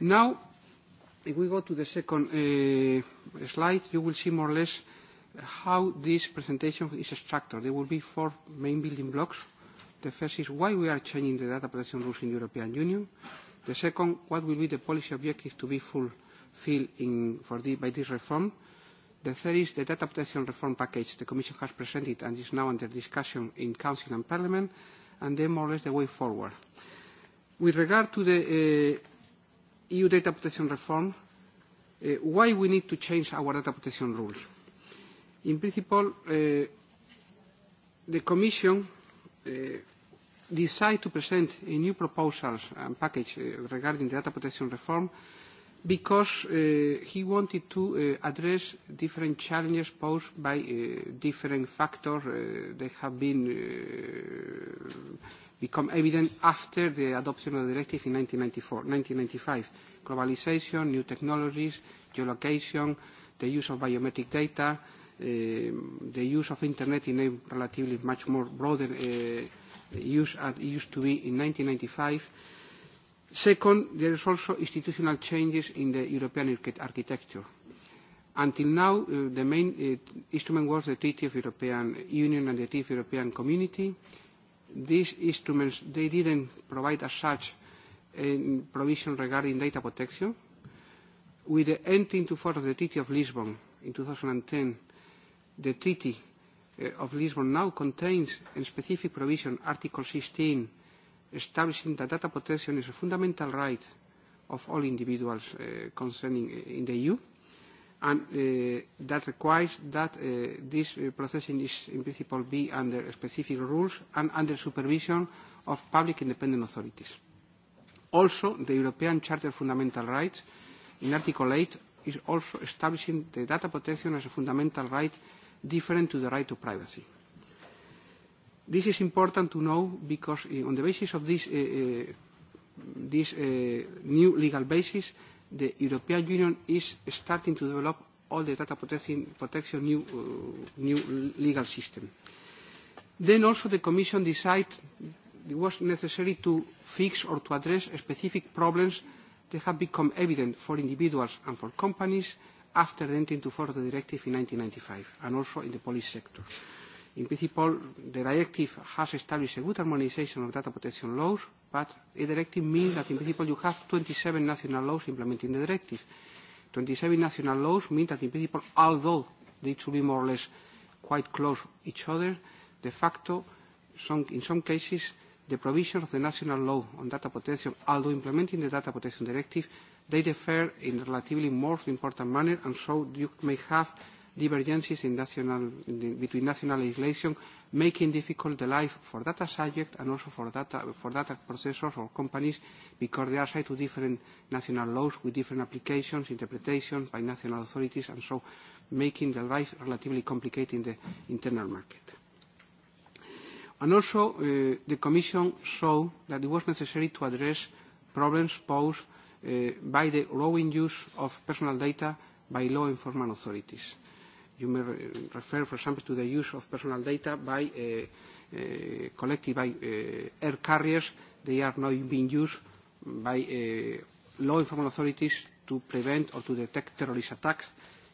Now, if we go to the second uh, slide, you will see more or less how this presentation is structured. There will be four main building blocks. The first is why we are changing the data protection rules in the European Union. The second, what will be the policy objective to be fulfilled in, for the, by this reform? The third is the data protection reform package the Commission has presented and is now under discussion in Council and Parliament, and then more or less the way forward. With regard to the EU data protection reform, why we need to change our data protection rules? In principle, the Commission decided to present a new proposals and package regarding data protection reform because uh, he wanted to uh, address different challenges posed by uh, different factors uh, that have been uh, become evident after the adoption of the directive in 1994, 1995. Globalization, new technologies, geolocation, the use of biometric data, uh, the use of Internet in a relatively much more broader uh, use as it used to be in 1995, Second, there is also institutional changes in the European architecture. Until now, the main instrument was the Treaty of European Union and the Treaty of European Community. These instruments, they didn't provide as such a provision regarding data protection. With the entry into force of the Treaty of Lisbon in 2010, the Treaty of Lisbon now contains a specific provision, Article 16, establishing that data protection is a fundamental right of all individuals uh, concerning in the EU, and uh, that requires that uh, this uh, processing is in principle be under specific rules and under supervision of public independent authorities. Also, the European Charter of Fundamental Rights, in Article 8, is also establishing the data protection as a fundamental right different to the right to privacy. This is important to know because on the basis of this, this new legal basis, the European Union is starting to develop all the data protection new legal system. Then also the Commission decided it was necessary to fix or to address specific problems that have become evident for individuals and for companies after the entry into force of the directive in ninety five and also in the police sector. In principle, the directive has established a good harmonization of data protection laws, but a directive means that in principle you have 27 national laws implementing the directive. 27 national laws mean that in principle, although they should be more or less quite close to each other, de facto, some, in some cases, the provisions of the national law on data protection, although implementing the data protection directive, they differ in a relatively more important manner, and so you may have divergences in national, in, between national legislation, making difficult the life for data subjects and also for data, for data processors or companies because they are subject to different national laws with different applications, interpretations by national authorities, and so making the life relatively complicated in the internal market. And also, uh, the Commission saw that it was necessary to address problems posed uh, by the growing use of personal data by law enforcement authorities. Uh, You may refer, for example, to the use of personal data by uh, uh, collected by uh, air carriers. They are now being used by uh, law enforcement authorities to prevent or to detect terrorist attacks.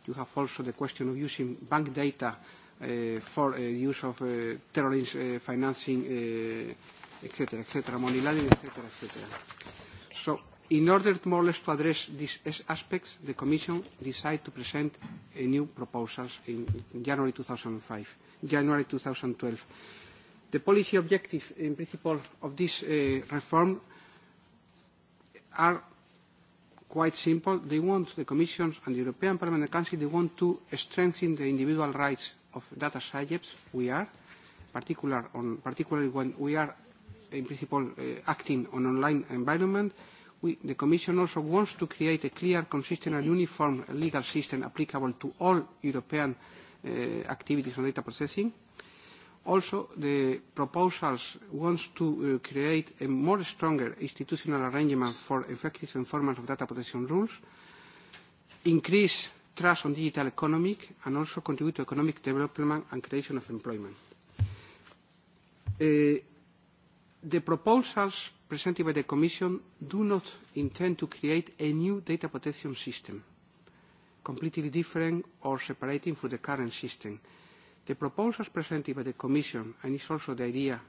You have also the question of using bank data uh, for uh, use of uh, terrorist uh, financing, uh, etc., et money laundering, etc., etc. So In order more or less to address these aspects, the Commission decided to present a new proposals in January 2005, January 2012. The policy objective in principle of this reform are quite simple. They want the Commission and the European Parliament and the Council, they want to strengthen the individual rights of data subjects. We are, particularly when we are in principle acting on online environment, we, the Commission also wants to create a clear, consistent and uniform legal system applicable to all European uh, activities on data processing. Also, the proposals wants to uh, create a more stronger institutional arrangement for effective enforcement of data protection rules, increase trust on digital economy, and also contribute to economic development and creation of employment. Uh, the proposals presented by the Commission do not intend to create a new data protection system, completely different or separating from the current system. The proposals presented by the Commission, and it's also the idea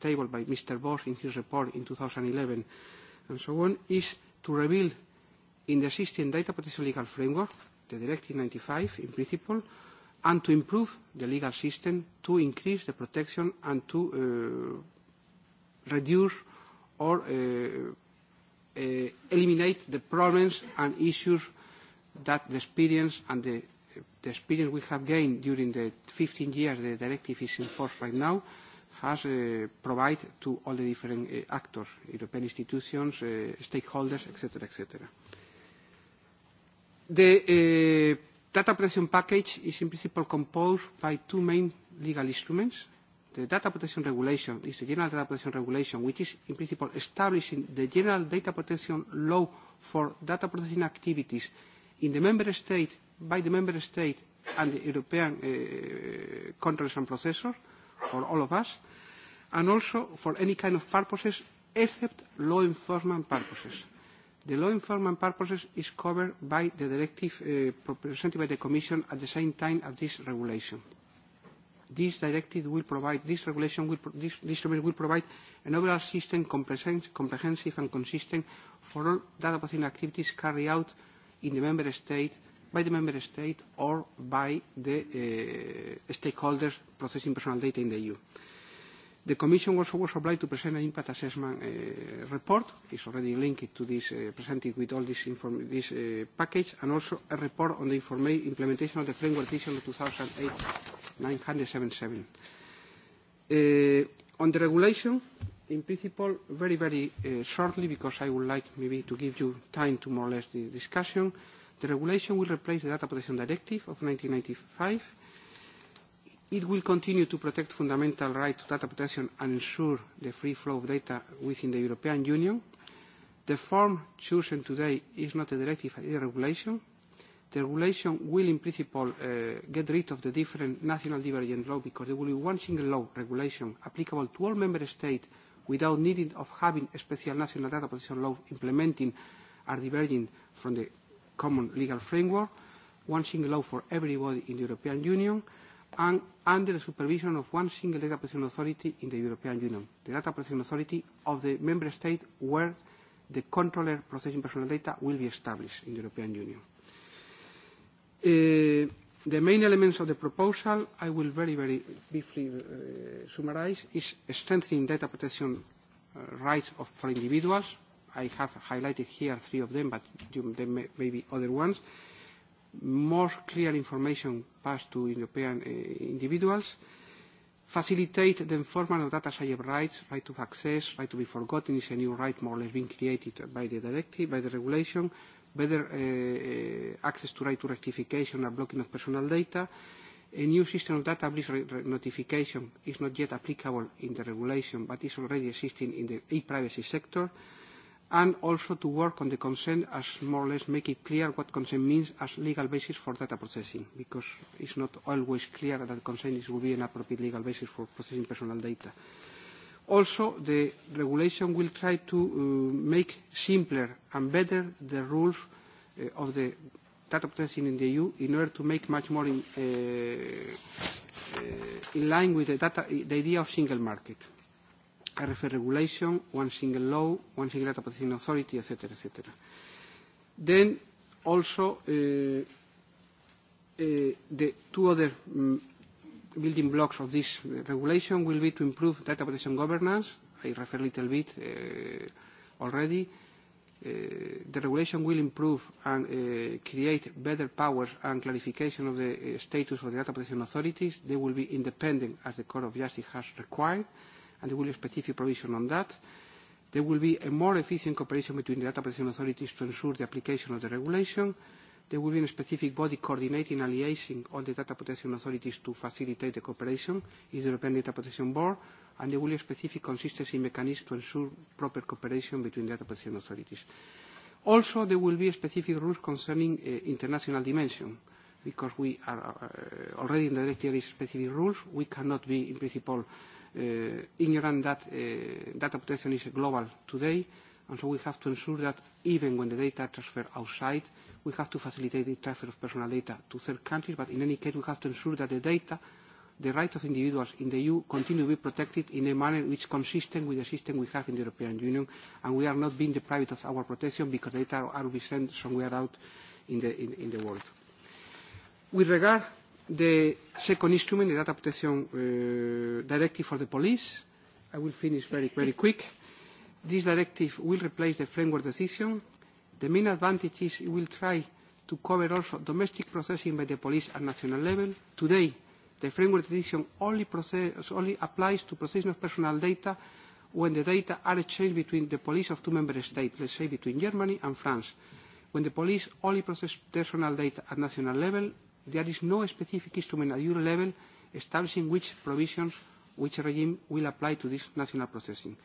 tabled by Mr. Bosch in his report in 2011 and so on, is to rebuild in the existing data protection legal framework, the Directive 95 in principle, and to improve the legal system to increase the protection and to uh, reduce uh, or uh, uh, eliminate the problems and issues that the experience and the, the experience we have gained during the 15 years the directive is in force right now has uh, provided to all the different uh, actors, European institutions, uh, stakeholders, etc., etc. The uh, data protection package is in principle composed by two main legal instruments, the data protection regulation is the general data protection regulation, which is in principle establishing the general data protection law for data protection activities in the member state, by the member state and the European uh, controls and processors, for all of us, and also for any kind of purposes except law enforcement purposes. The law enforcement purposes is covered by the directive uh, presented by the Commission at the same time as this regulation. This directive will provide, this regulation will, this instrument will provide an overall system comprehensive and consistent for all data processing activities carried out in the member state, by the member state or by the uh, stakeholders processing personal data in the EU. The Commission also was obliged to present an impact assessment uh, report. It's already linked to this, uh, presented with all this, inform this uh, package, and also a report on the implementation of the framework decision of 2008-977. Uh, on the regulation, in principle, very, very uh, shortly, because I would like maybe to give you time to more or less the discussion, the regulation will replace the Data Protection Directive of 1995 It will continue to protect fundamental right to data protection and ensure the free flow of data within the European Union. The form chosen today is not a directive, but a regulation. The regulation will, in principle, uh, get rid of the different national divergent law because there will be one single law regulation applicable to all member states without needing of having a special national data protection law implementing or diverging from the common legal framework, one single law for everybody in the European Union, and under the supervision of one single data protection authority in the European Union, the data protection authority of the member state where the controller processing personal data will be established in the European Union. Uh, the main elements of the proposal, I will very, very briefly uh, summarize, is strengthening data protection uh, rights of, for individuals. I have highlighted here three of them, but you, there may, may be other ones. Uh, more clear information passed to European uh, individuals, facilitate the enforcement of data science rights, right to access, right to be forgotten is a new right more or less being created by the directive, by the regulation, better uh, access to right to rectification or blocking of personal data. A new system of data breach notification is not yet applicable in the regulation, but is already existing in the e-privacy sector and also to work on the consent as more or less make it clear what consent means as legal basis for data processing, because it's not always clear that consent is will be an appropriate legal basis for processing personal data. Also, the regulation will try to make simpler and better the rules of the data processing in the EU in order to make much more in line with the idea of single market RFR regulation, one single law, one single data protection authority, etc., etc. Then also uh, uh, the two other um, building blocks of this regulation will be to improve data protection governance. I refer a little bit uh, already. Uh, the regulation will improve and uh, create better powers and clarification of the uh, status of the data protection authorities. They will be independent as the Court of Justice has required and there will be a specific provision on that. There will be a more efficient cooperation between the data protection authorities to ensure the application of the regulation. There will be a specific body coordinating and liaising all the data protection authorities to facilitate the cooperation, in the European Data Protection Board, and there will be a specific consistency mechanism to ensure proper cooperation between data protection authorities. Also, there will be specific rules concerning uh, international dimension, because we are uh, already in the directive there is specific rules. We cannot be, in principle, uh, uh, ignorant that uh, data protection is global today, and so we have to ensure that even when the data transfer outside, we have to facilitate the transfer of personal data to third countries, but in any case, we have to ensure that the data, the rights of individuals in the EU continue to be protected in a manner which is consistent with the system we have in the European Union, and we are not being deprived of our protection because data are being sent somewhere out in the, in, in the world. With regard the second instrument, the data protection uh, directive for the police. I will finish very, very quick. This directive will replace the framework decision. The main advantage is it will try to cover also domestic processing by the police at national level. Today, the framework decision only, process, only applies to processing of personal data when the data are exchanged between the police of two member states, let's say between Germany and France. When the police only process personal data at national level, there is no specific instrument at Euro level establishing which provisions, which regime will apply to this national processing.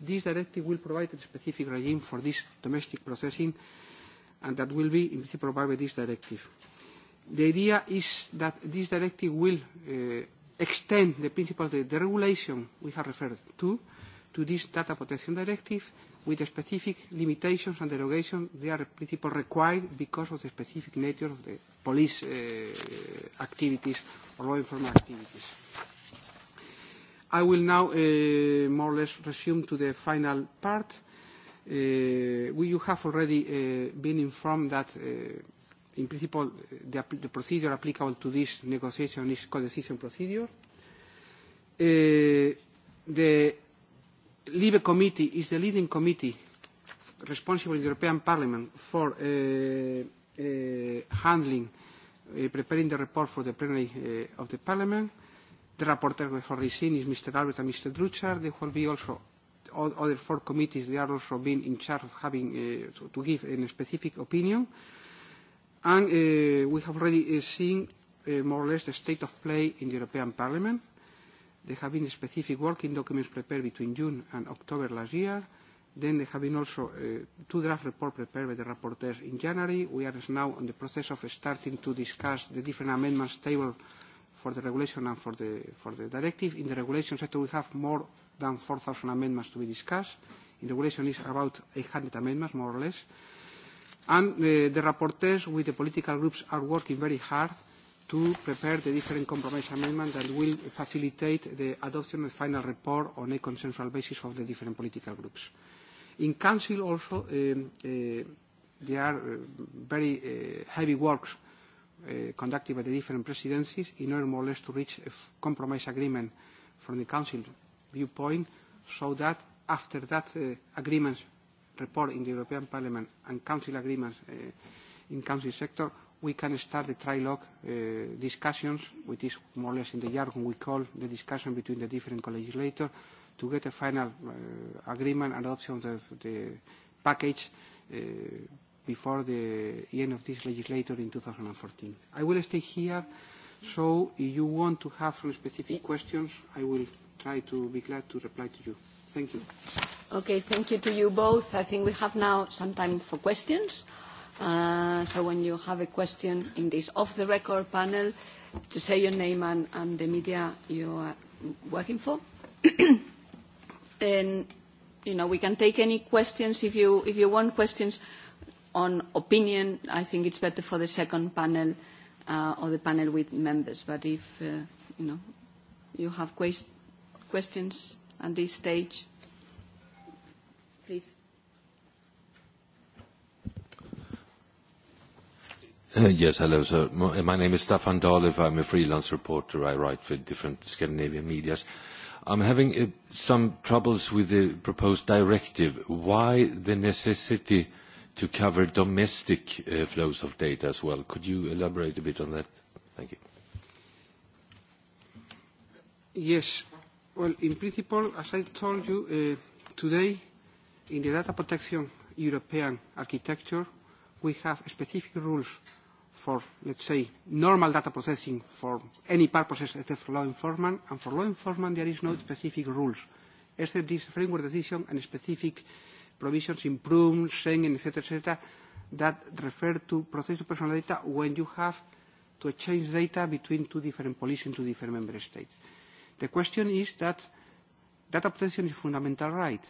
This directive will provide a specific regime for this domestic processing, and that will be in principle provided by this directive. The idea is that this directive will uh, extend the principle of the regulation we have referred to, to this data protection directive, with specific limitations and derogations they are principle required because of the specific nature of the police uh, activities or law enforcement activities. I will now uh, more or less resume to the final part. Uh, we, you have already uh, been informed that uh, in principle the, the procedure applicable to this negotiation is co-decision procedure. Uh, the LIBE committee is the leading committee responsible in the European Parliament for uh, uh, handling, uh, preparing the report for the plenary uh, of the Parliament. The rapporteur already seen is Mr. Albert and Mr. Druchar. There will be also all other four committees. They are also being in charge of having uh, to give a specific opinion. And uh, we have already seen uh, more or less the state of play in the European Parliament There have been specific working documents prepared between June and October last year. Then there have been also uh, two draft reports prepared by the rapporteurs in January. We are now in the process of starting to discuss the different amendments tabled for the regulation and for the, for the directive. In the regulation sector, we have more than 4,000 amendments to be discussed. In regulation is about 800 amendments, more or less. And uh, the rapporteurs with the political groups are working very hard to prepare the different compromise amendments that will facilitate the adoption of the final report on a consensual basis of the different political groups. In Council also, there are very heavy works conducted by the different presidencies in order more or less to reach a compromise agreement from the Council viewpoint so that after that agreement report in the European Parliament and Council agreements in Council sector, we can start the trilogue uh, discussions, which is more or less in the jargon we call the discussion between the different co-legislators, to get a final uh, agreement and adoption of the package uh, before the end of this legislature in 2014. I will stay here, so if you want to have some specific questions, I will try to be glad to reply to you. Thank you. Okay, thank you to you both. I think we have now some time for questions so when you have a question in this off-the-record panel, to say your name and, and the media you are working for. and, you know, we can take any questions. If you, if you want questions on opinion, I think it's better for the second panel uh, or the panel with members. But if, uh, you know, you have quest questions at this stage, please. Yes, hello, sir. My name is Staffan Dahlöf. I'm a freelance reporter. I write for different Scandinavian medias. I'm having some troubles with the proposed directive. Why the necessity to cover domestic flows of data as well? Could you elaborate a bit on that? Thank you. Yes. Well, in principle, as I told you, today, in the data protection European architecture, we have specific rules for, let's say, normal data processing for any purposes except for law enforcement, and for law enforcement there is no specific rules, except this framework decision and specific provisions in PRUM, Schengen, etc., etc., that refer to process of personal data when you have to exchange data between two different police and two different member states. The question is that data protection is a fundamental right.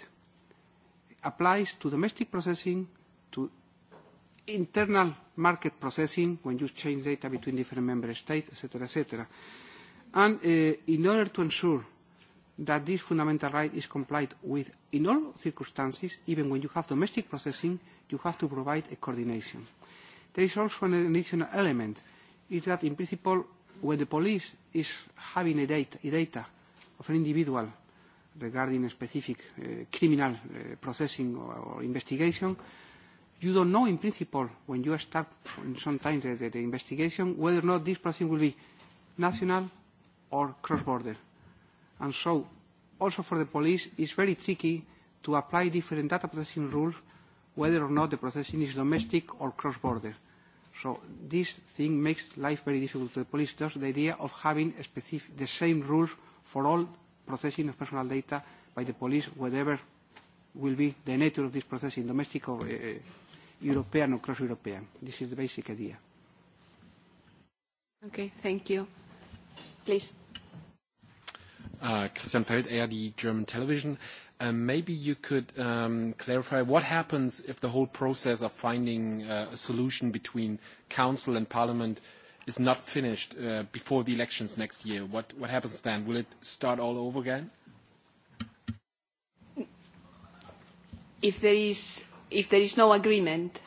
It applies to domestic processing, to internal market processing when you change data between different member states, etc., etc. And in order to ensure that this fundamental right is complied with in all circumstances, even when you have domestic processing, you have to provide a coordination. There is also an additional element, is that in principle, when the police is having a data, a data of an individual regarding a specific uh, criminal uh, processing or, or investigation, you don't know in principle when you start sometimes the, the, the investigation whether or not this processing will be national or cross-border. And so also for the police it's very tricky to apply different data processing rules whether or not the processing is domestic or cross-border. So this thing makes life very difficult to the police. Just the idea of having specific, the same rules for all processing of personal data by the police, whatever will be the nature of this processing, domestic or uh, European or cross-European. This is the basic idea. Okay, thank you. Please. Christian Feld, ARD German Television. Maybe you could clarify what happens if the whole process of finding a solution between council and parliament is not finished before the elections next year. What happens then? Will it start all over again? If there is if there is no agreement,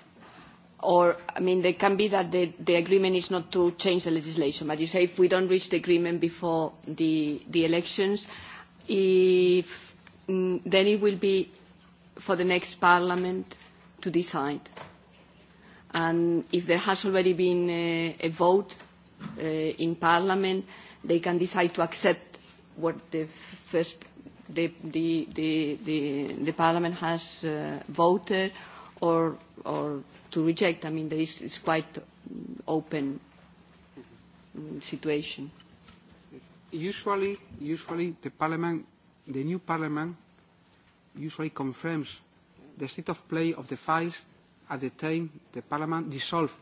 or, I mean, there can be that the, the agreement is not to change the legislation, but you say if we don't reach the agreement before the, the elections, if, then it will be for the next parliament to decide. And if there has already been a, a vote uh, in parliament, they can decide to accept what the first the, the, the, the, the Parliament has uh, voted or, or to reject. I mean, there is, it's quite open situation. Usually, usually the Parliament, the new Parliament, usually confirms the state of play of the files at the time the Parliament dissolved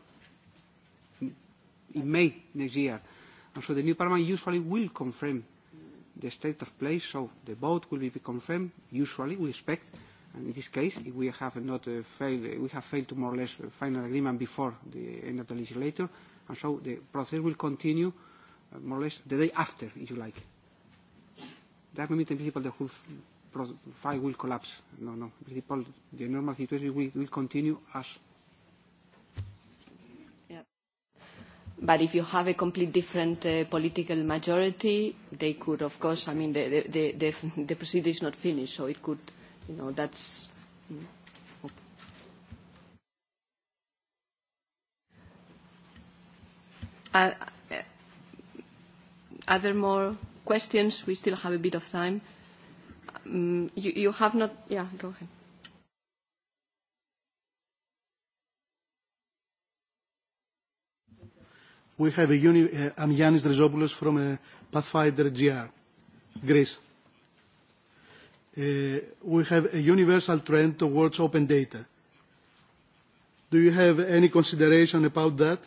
in May next year. And so the new Parliament usually will confirm the state of play, so the vote will be confirmed, usually, we expect. And in this case, if we have not uh, failed, we have failed to more or less final agreement before the end of the legislature, and so the process will continue uh, more or less the day after, if you like. That means in principle the whole file will collapse. No, no. In principle the normal situation will, will continue as But if you have a complete different uh, political majority, they could, of course, I mean, the, the, the, the procedure is not finished, so it could, you know, that's. Uh, are there more questions? We still have a bit of time. Um, you, you have not, yeah, go ahead. we have a uni, uh, Yannis Drizopoulos from a Pathfinder GR, Greece. Uh, we have a universal trend towards open data. Do you have any consideration about that?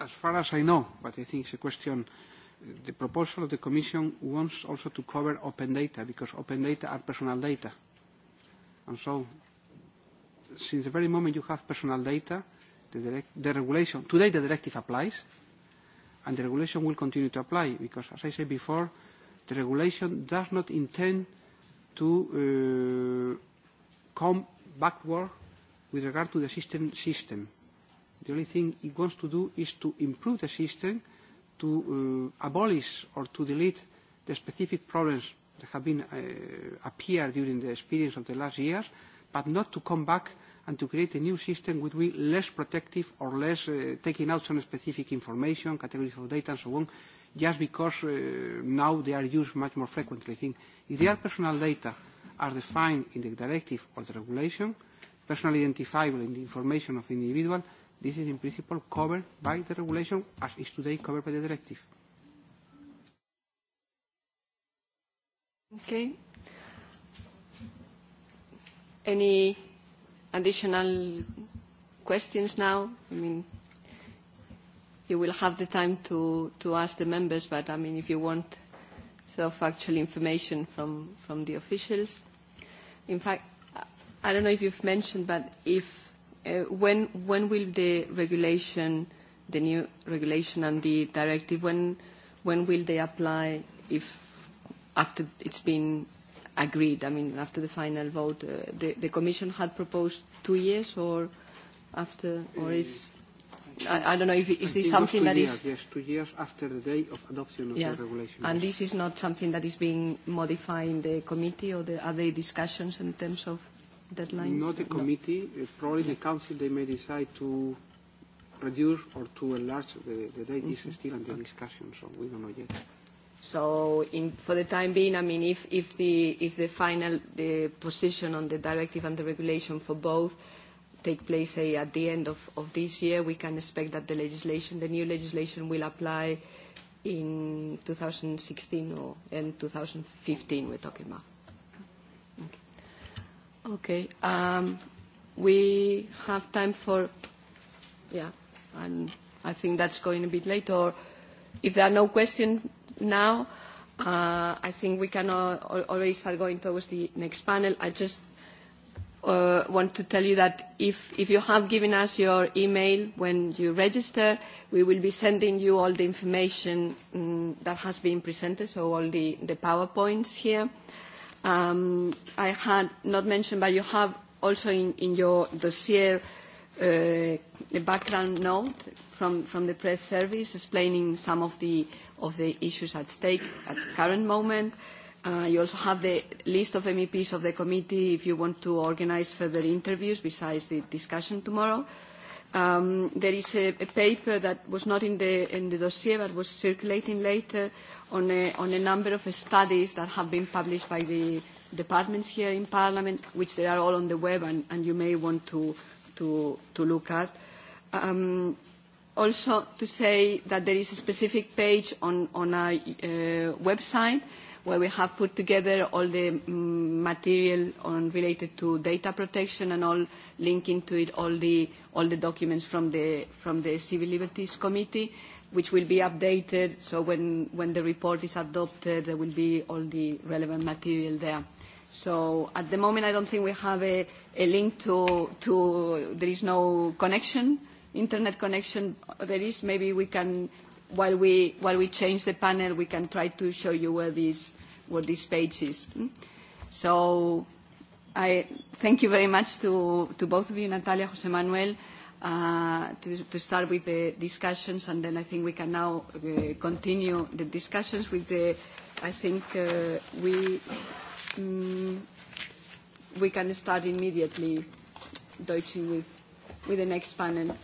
As far as I know, but I think it's a question the proposal of the Commission wants also to cover open data because open data are personal data. And so since the very moment you have personal data, the, direct, the regulation, today the directive applies, and the regulation will continue to apply because, as I said before, the regulation does not intend to uh, come backward with regard to the system system. The only thing it wants to do is to improve the system, to uh, abolish or to delete the specific problems that have been uh, appeared during the experience of the last years, but not to come back and to create a new system which will be less protective or less uh, taking out some specific information, categories of data and so on, just because uh, now they are used much more frequently. I think if their personal data are defined in the directive or the regulation, personally identifiable in the information of the individual, this is in principle covered by the regulation as is today covered by the directive. Okay. Any additional questions now? I mean, you will have the time to, to ask the members, but I mean, if you want sort of factual information from, from the officials. In fact, I don't know if you've mentioned, but if uh, when when will the regulation, the new regulation and the directive, when when will they apply if after it's been agreed. I mean, after the final vote, uh, the, the Commission had proposed two years or after, or is, I, I don't know if is this something that is... Yes, two years after the day of adoption of yeah. the regulation. And this is not something that is being modified in the committee or the, are there discussions in terms of deadlines? Not the committee. No. Probably the council, they may decide to reduce or to enlarge the, the date. Mm-hmm. This is still under okay. discussion, so we don't know yet. So in, for the time being, I mean, if, if, the, if the final position on the directive and the regulation for both take place say, at the end of, of this year, we can expect that the legislation, the new legislation will apply in 2016 or in 2015 we're talking about. Okay. Um, we have time for, yeah, and I think that's going a bit late. Or if there are no questions, now. Uh, I think we can all, already start going towards the next panel. I just uh, want to tell you that if, if you have given us your email when you register, we will be sending you all the information um, that has been presented, so all the, the PowerPoints here. Um, I had not mentioned, but you have also in, in your dossier a background note from, from the press service explaining some of the, of the issues at stake at the current moment. Uh, you also have the list of MEPs of the committee if you want to organize further interviews besides the discussion tomorrow. Um, there is a, a paper that was not in the, in the dossier but was circulating later on a, on a number of studies that have been published by the departments here in Parliament, which they are all on the web and, and you may want to to, to look at. also to say that there is a specific page on, on our website where we have put together all the material on related to data protection and all linking to it all the, all the documents from the, from the Civil Liberties Committee which will be updated so when, when the report is adopted there will be all the relevant material there. So at the moment I don't think we have a a link to, to there is no connection, internet connection. There is maybe we can, while we, while we change the panel, we can try to show you where this, where this page is. So I thank you very much to, to both of you, Natalia, José Manuel, uh, to, to start with the discussions, and then I think we can now uh, continue the discussions with the, I think uh, we, um, we can start immediately, Deutsche, with, with the next panel.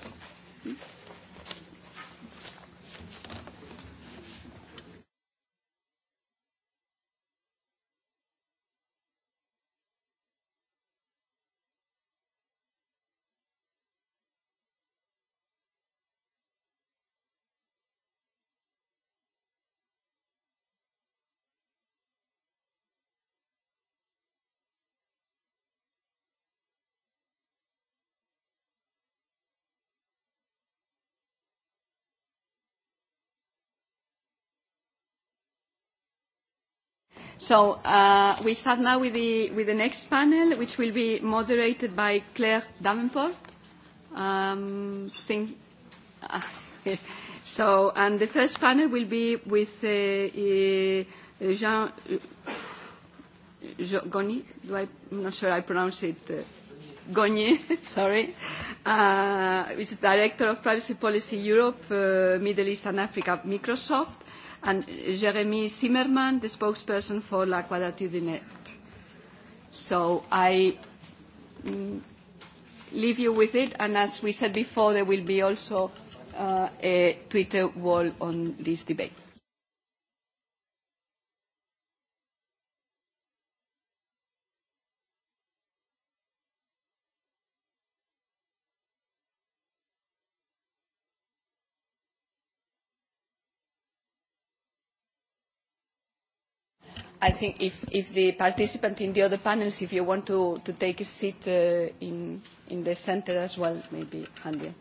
So uh, we start now with the, with the next panel, which will be moderated by Claire Davenport. Um, think, uh, so, and the first panel will be with uh, uh, Jean uh, Do I, I'm not sure I pronounce it. Uh, Gony, sorry, uh, which is Director of Privacy Policy Europe, uh, Middle East and Africa, Microsoft and Jeremy Zimmerman, the spokesperson for La Net. So I leave you with it, and as we said before, there will be also uh, a Twitter wall on this debate. I think if, if the participant in the other panels, if you want to, to take a seat uh, in, in the center as well, maybe handy.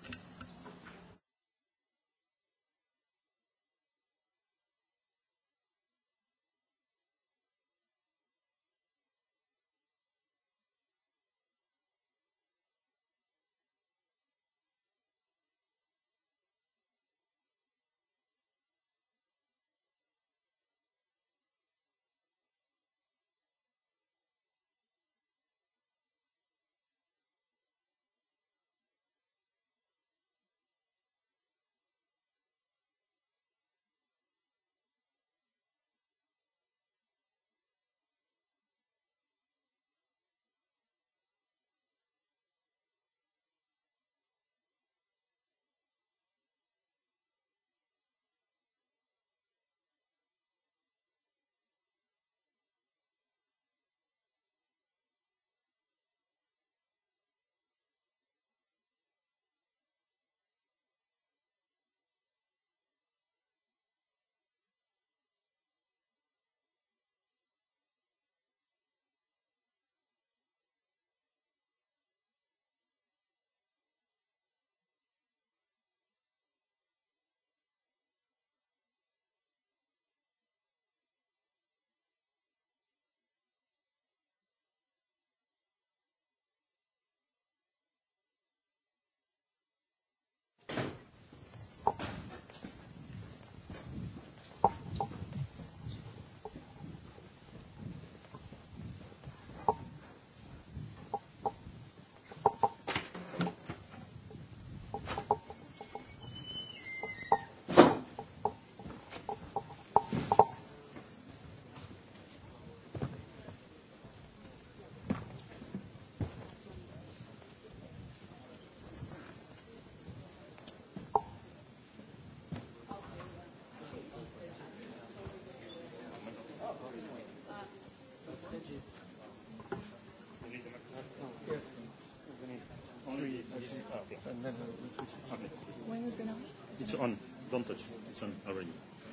Okay. And then we switch. Okay. When is it on? It's on. Don't touch. It's on already.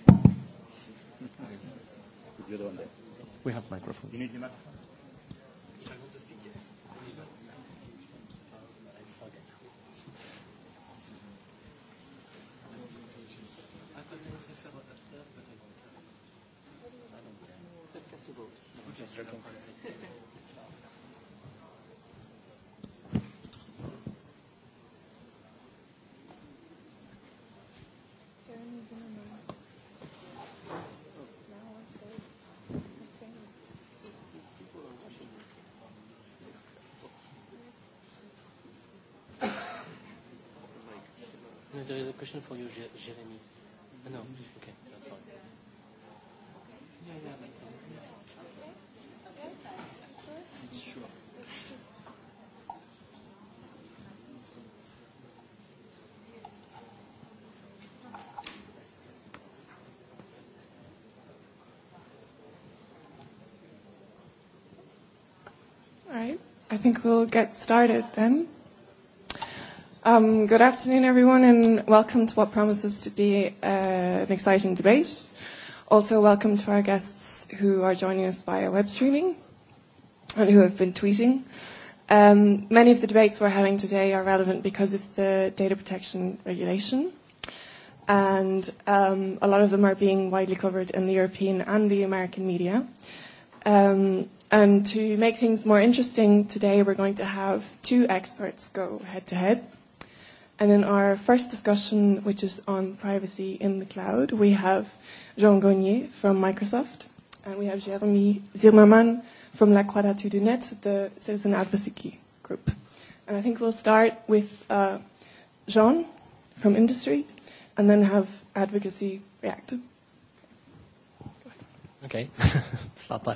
Put the other one there. We have microphone. You need the microphone? question for you, Jeremy. No, okay, that's fine. All right, I think we'll get started then. Um, good afternoon, everyone, and welcome to what promises to be uh, an exciting debate. Also, welcome to our guests who are joining us via web streaming and who have been tweeting. Um, many of the debates we're having today are relevant because of the data protection regulation, and um, a lot of them are being widely covered in the European and the American media. Um, and to make things more interesting today, we're going to have two experts go head to head. And in our first discussion, which is on privacy in the cloud, we have Jean Gognier from Microsoft, and we have Jeremy Zimmermann from La d'Atout du Net, the citizen advocacy group. And I think we'll start with uh, Jean from industry, and then have advocacy react. Okay. Start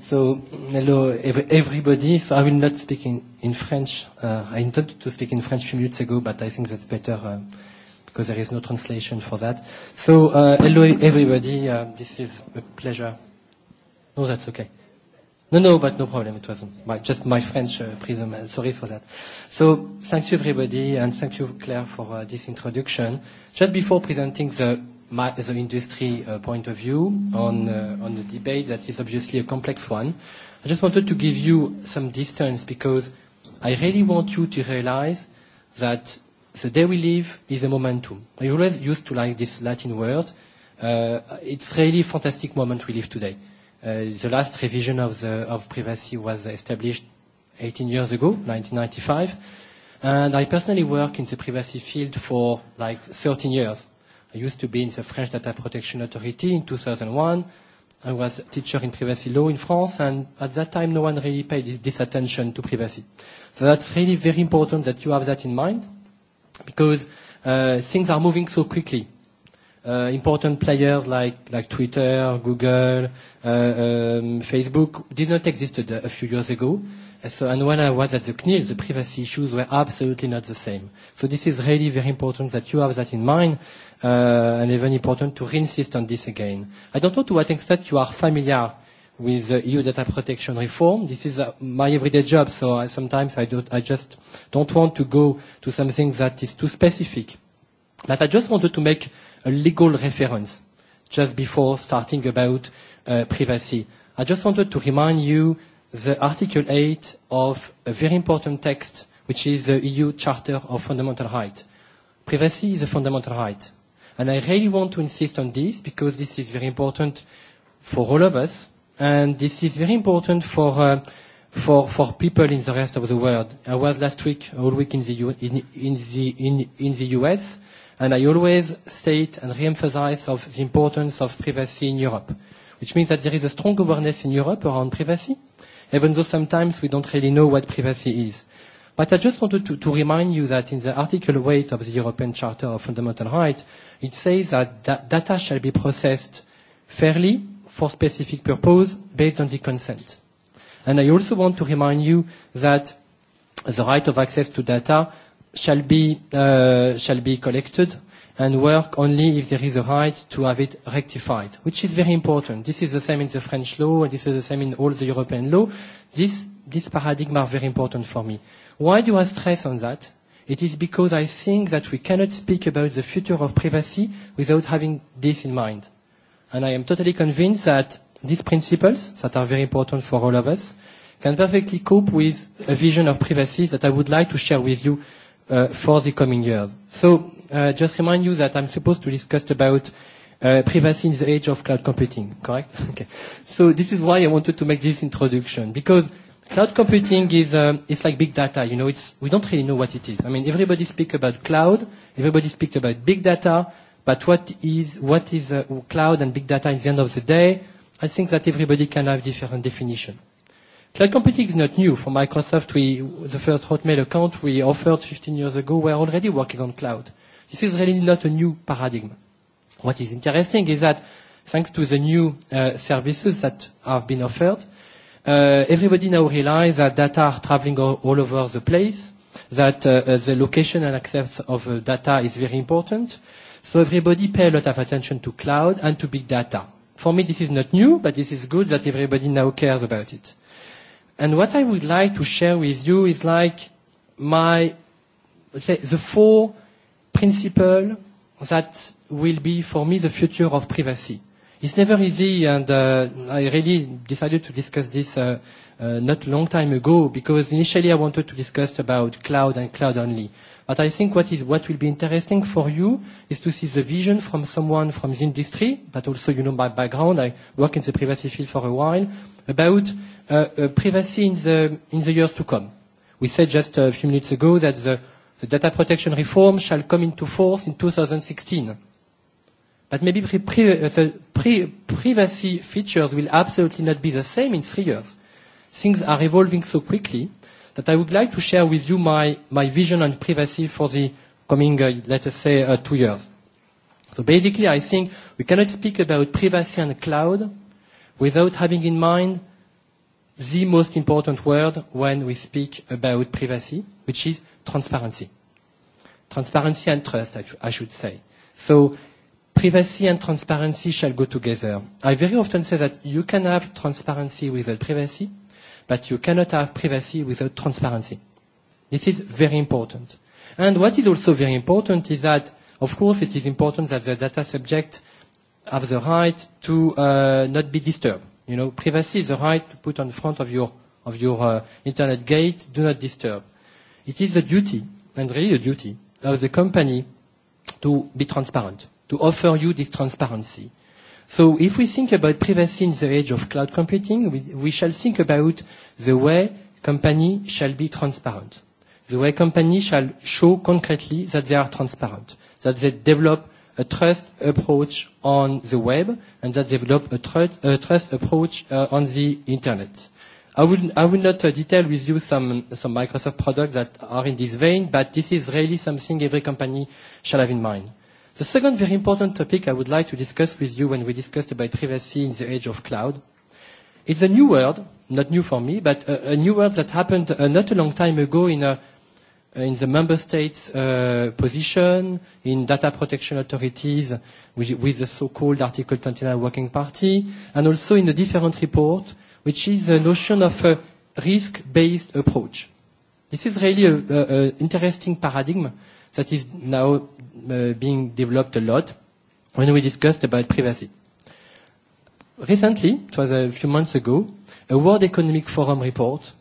So, hello everybody. So I will not speak in, in French. Uh, I intended to speak in French a few minutes ago, but I think that's better uh, because there is no translation for that. So, uh, hello everybody. Uh, this is a pleasure. No, that's okay. No, no, but no problem. It wasn't my, just my French uh, prism. Uh, sorry for that. So, thank you everybody, and thank you Claire for uh, this introduction. Just before presenting the my, the industry uh, point of view on, uh, on the debate that is obviously a complex one. I just wanted to give you some distance because I really want you to realize that the day we live is a momentum. I always used to like this Latin word. Uh, it's really a fantastic moment we live today. Uh, the last revision of, the, of privacy was established 18 years ago, 1995. And I personally work in the privacy field for like 13 years. I used to be in the French Data Protection Authority in 2001. I was a teacher in privacy law in France, and at that time, no one really paid this attention to privacy. So that's really very important that you have that in mind, because uh, things are moving so quickly. Uh, important players like, like Twitter, Google, uh, um, Facebook did not exist a, a few years ago. So, and when I was at the CNIL, the privacy issues were absolutely not the same. So this is really very important that you have that in mind uh, and even important to insist on this again. I don't know to what extent you are familiar with the EU data protection reform. This is uh, my everyday job, so I, sometimes I, don't, I just don't want to go to something that is too specific. But I just wanted to make a legal reference just before starting about uh, privacy. I just wanted to remind you the Article 8 of a very important text, which is the EU Charter of Fundamental Rights. Privacy is a fundamental right And I really want to insist on this because this is very important for all of us, and this is very important for uh, for for people in the rest of the world. I was last week, all week in the U- in, in the in, in the US, and I always state and re of the importance of privacy in Europe, which means that there is a strong awareness in Europe around privacy, even though sometimes we don't really know what privacy is. But I just wanted to, to remind you that in the Article 8 of the European Charter of Fundamental Rights, it says that da- data shall be processed fairly for specific purpose based on the consent. And I also want to remind you that the right of access to data shall be, uh, shall be collected and work only if there is a right to have it rectified, which is very important. This is the same in the French law, and this is the same in all the European law. This, this paradigm are very important for me. Why do I stress on that? It is because I think that we cannot speak about the future of privacy without having this in mind. And I am totally convinced that these principles, that are very important for all of us, can perfectly cope with a vision of privacy that I would like to share with you uh, for the coming years. So uh, just remind you that I'm supposed to discuss about uh, privacy in the age of cloud computing, correct? okay. So this is why I wanted to make this introduction, because Cloud computing is um, it's like big data. You know, it's we don't really know what it is. I mean, everybody speaks about cloud. Everybody speaks about big data. But what is what is uh, cloud and big data? At the end of the day, I think that everybody can have different definition. Cloud computing is not new. For Microsoft, we the first Hotmail account we offered 15 years ago were already working on cloud. This is really not a new paradigm. What is interesting is that thanks to the new uh, services that have been offered, uh, everybody now realizes that data are traveling all, all over the place, that uh, the location and access of uh, data is very important. So everybody pay a lot of attention to cloud and to big data. For me, this is not new, but this is good that everybody now cares about it. And what I would like to share with you is like my, say, the four principles that will be for me the future of privacy It's never easy, and uh, I really decided to discuss this uh, uh, not long time ago because initially I wanted to discuss about cloud and cloud only. But I think what, is, what will be interesting for you is to see the vision from someone from the industry, but also you know my background. I work in the privacy field for a while about uh, uh, privacy in the in the years to come. We said just a few minutes ago that the, the data protection reform shall come into force in 2016 But maybe pri pri the pri privacy features will absolutely not be the same in three years. Things are evolving so quickly that I would like to share with you my, my vision on privacy for the coming, uh, let us say, uh, two years. So basically, I think we cannot speak about privacy and cloud without having in mind the most important word when we speak about privacy, which is transparency. Transparency and trust, I, I should say. So privacy and transparency shall go together. I very often say that you can have transparency without privacy, but you cannot have privacy without transparency. This is very important. And what is also very important is that, of course, it is important that the data subject have the right to uh, not be disturbed. You know, privacy is the right to put on front of your of your uh, internet gate, do not disturb. It is the duty, and really the duty, of the company to be transparent to offer you this transparency. So if we think about privacy in the age of cloud computing, we, we shall think about the way company shall be transparent. The way company shall show concretely that they are transparent, that they develop a trust approach on the web and that they develop a, tr- a trust approach uh, on the internet. I will, I will not uh, detail with you some, some Microsoft products that are in this vein, but this is really something every company shall have in mind. The second very important topic I would like to discuss with you when we discussed about privacy in the age of cloud, it's a new word, not new for me, but a, a new word that happened uh, not a long time ago in, a, in the member states' uh, position, in data protection authorities with, with the so-called Article 29 Working Party, and also in a different report, which is the notion of a risk-based approach. This is really an interesting paradigm that is now uh, being developed a lot when we discussed about privacy. Recently, it was a few months ago, a World Economic Forum report,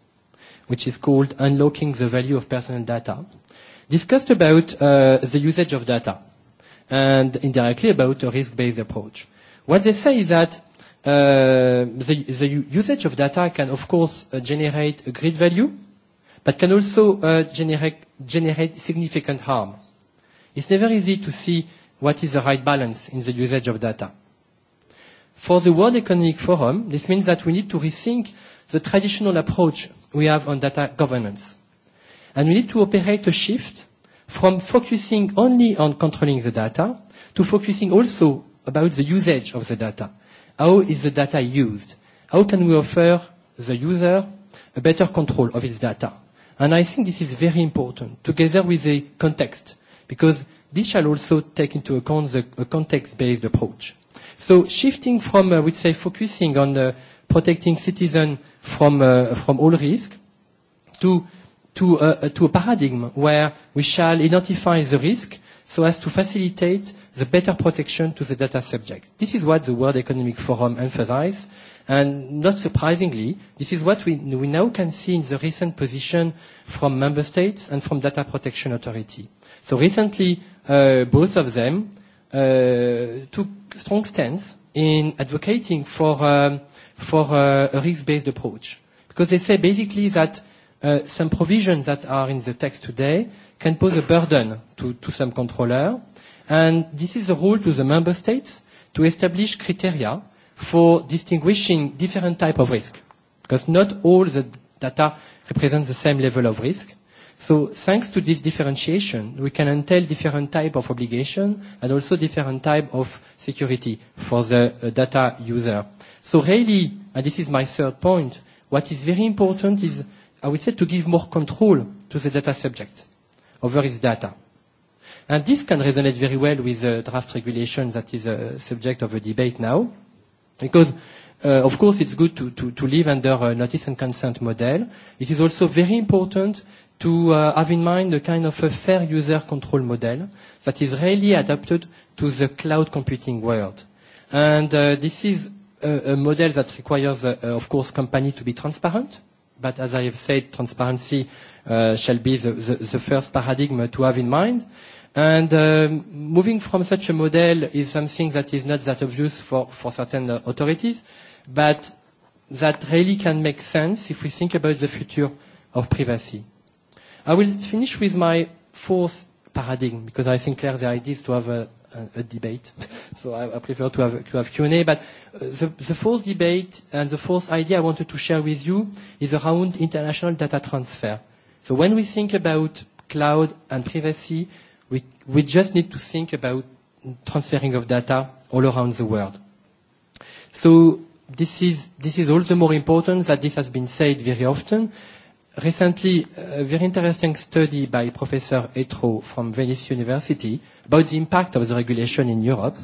which is called Unlocking the Value of Personal Data, discussed about uh, the usage of data and indirectly about a risk-based approach. What they say is that uh, the, the usage of data can, of course, uh, generate a great value, but can also uh, generate, generate significant harm. It's never easy to see what is the right balance in the usage of data. For the World Economic Forum, this means that we need to rethink the traditional approach we have on data governance. And we need to operate a shift from focusing only on controlling the data to focusing also about the usage of the data. How is the data used? How can we offer the user a better control of its data? And I think this is very important, together with the context because this shall also take into account the a context-based approach. So shifting from, I would say, focusing on uh, protecting citizens from, uh, from all risk to, to, a, to a paradigm where we shall identify the risk so as to facilitate the better protection to the data subject. This is what the World Economic Forum emphasizes. And not surprisingly, this is what we, we now can see in the recent position from member states and from data protection authority. So recently, uh, both of them uh, took strong stance in advocating for, um, for uh, a risk-based approach. Because they say basically that uh, some provisions that are in the text today can pose a burden to, to some controller. And this is a rule to the member states to establish criteria for distinguishing different type of risk, because not all the data represent the same level of risk. So thanks to this differentiation, we can entail different type of obligation and also different type of security for the uh, data user. So really, and this is my third point, what is very important is, I would say, to give more control to the data subject over its data. And this can resonate very well with the draft regulation that is a subject of a debate now. Because, uh, of course, it's good to, to, to live under a notice and consent model. It is also very important to uh, have in mind a kind of a fair user control model that is really adapted to the cloud computing world. And uh, this is a, a model that requires, uh, of course, company to be transparent. But as I have said, transparency uh, shall be the, the, the first paradigm to have in mind. Uh, And um, moving from such a model is something that is not that obvious for, for certain uh, authorities, but that really can make sense if we think about the future of privacy. I will finish with my fourth paradigm, because I think, Claire, the idea is to have a, a, a debate, so I, I prefer to have, to have Q&A, but uh, the, the fourth debate and the fourth idea I wanted to share with you is around international data transfer. So when we think about cloud and privacy, We, we just need to think about transferring of data all around the world. So this is, this is all the more important that this has been said very often. Recently, a very interesting study by Professor Etro from Venice University about the impact of the regulation in Europe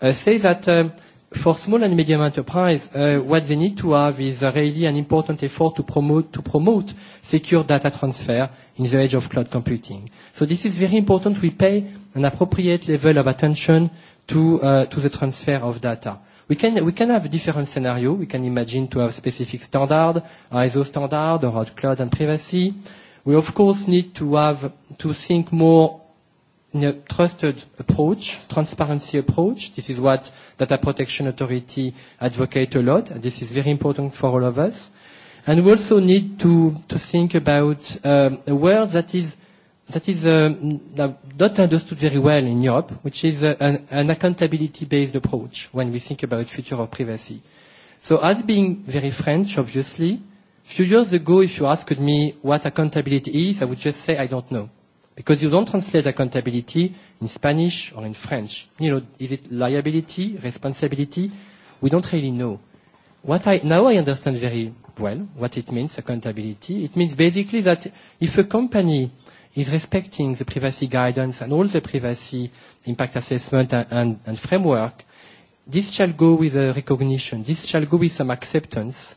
uh, says that uh, For small and medium enterprise, uh, what they need to have is uh, really an important effort to promote, to promote secure data transfer in the age of cloud computing. So this is very important. We pay an appropriate level of attention to, uh, to the transfer of data. We can, we can have a different scenario. We can imagine to have specific standard, ISO standard, or cloud and privacy. We of course need to have, to think more in a trusted approach, transparency approach. This is what Data Protection Authority advocate a lot, and this is very important for all of us. And we also need to, to think about um, a word that is, that is uh, not understood very well in Europe, which is uh, an, an accountability-based approach when we think about future of privacy. So as being very French, obviously, a few years ago, if you asked me what accountability is, I would just say I don't know Because you don't translate accountability in Spanish or in French. You know, is it liability, responsibility? We don't really know. What I, now I understand very well what it means, accountability. It means basically that if a company is respecting the privacy guidance and all the privacy impact assessment and, and, and framework, this shall go with a recognition. This shall go with some acceptance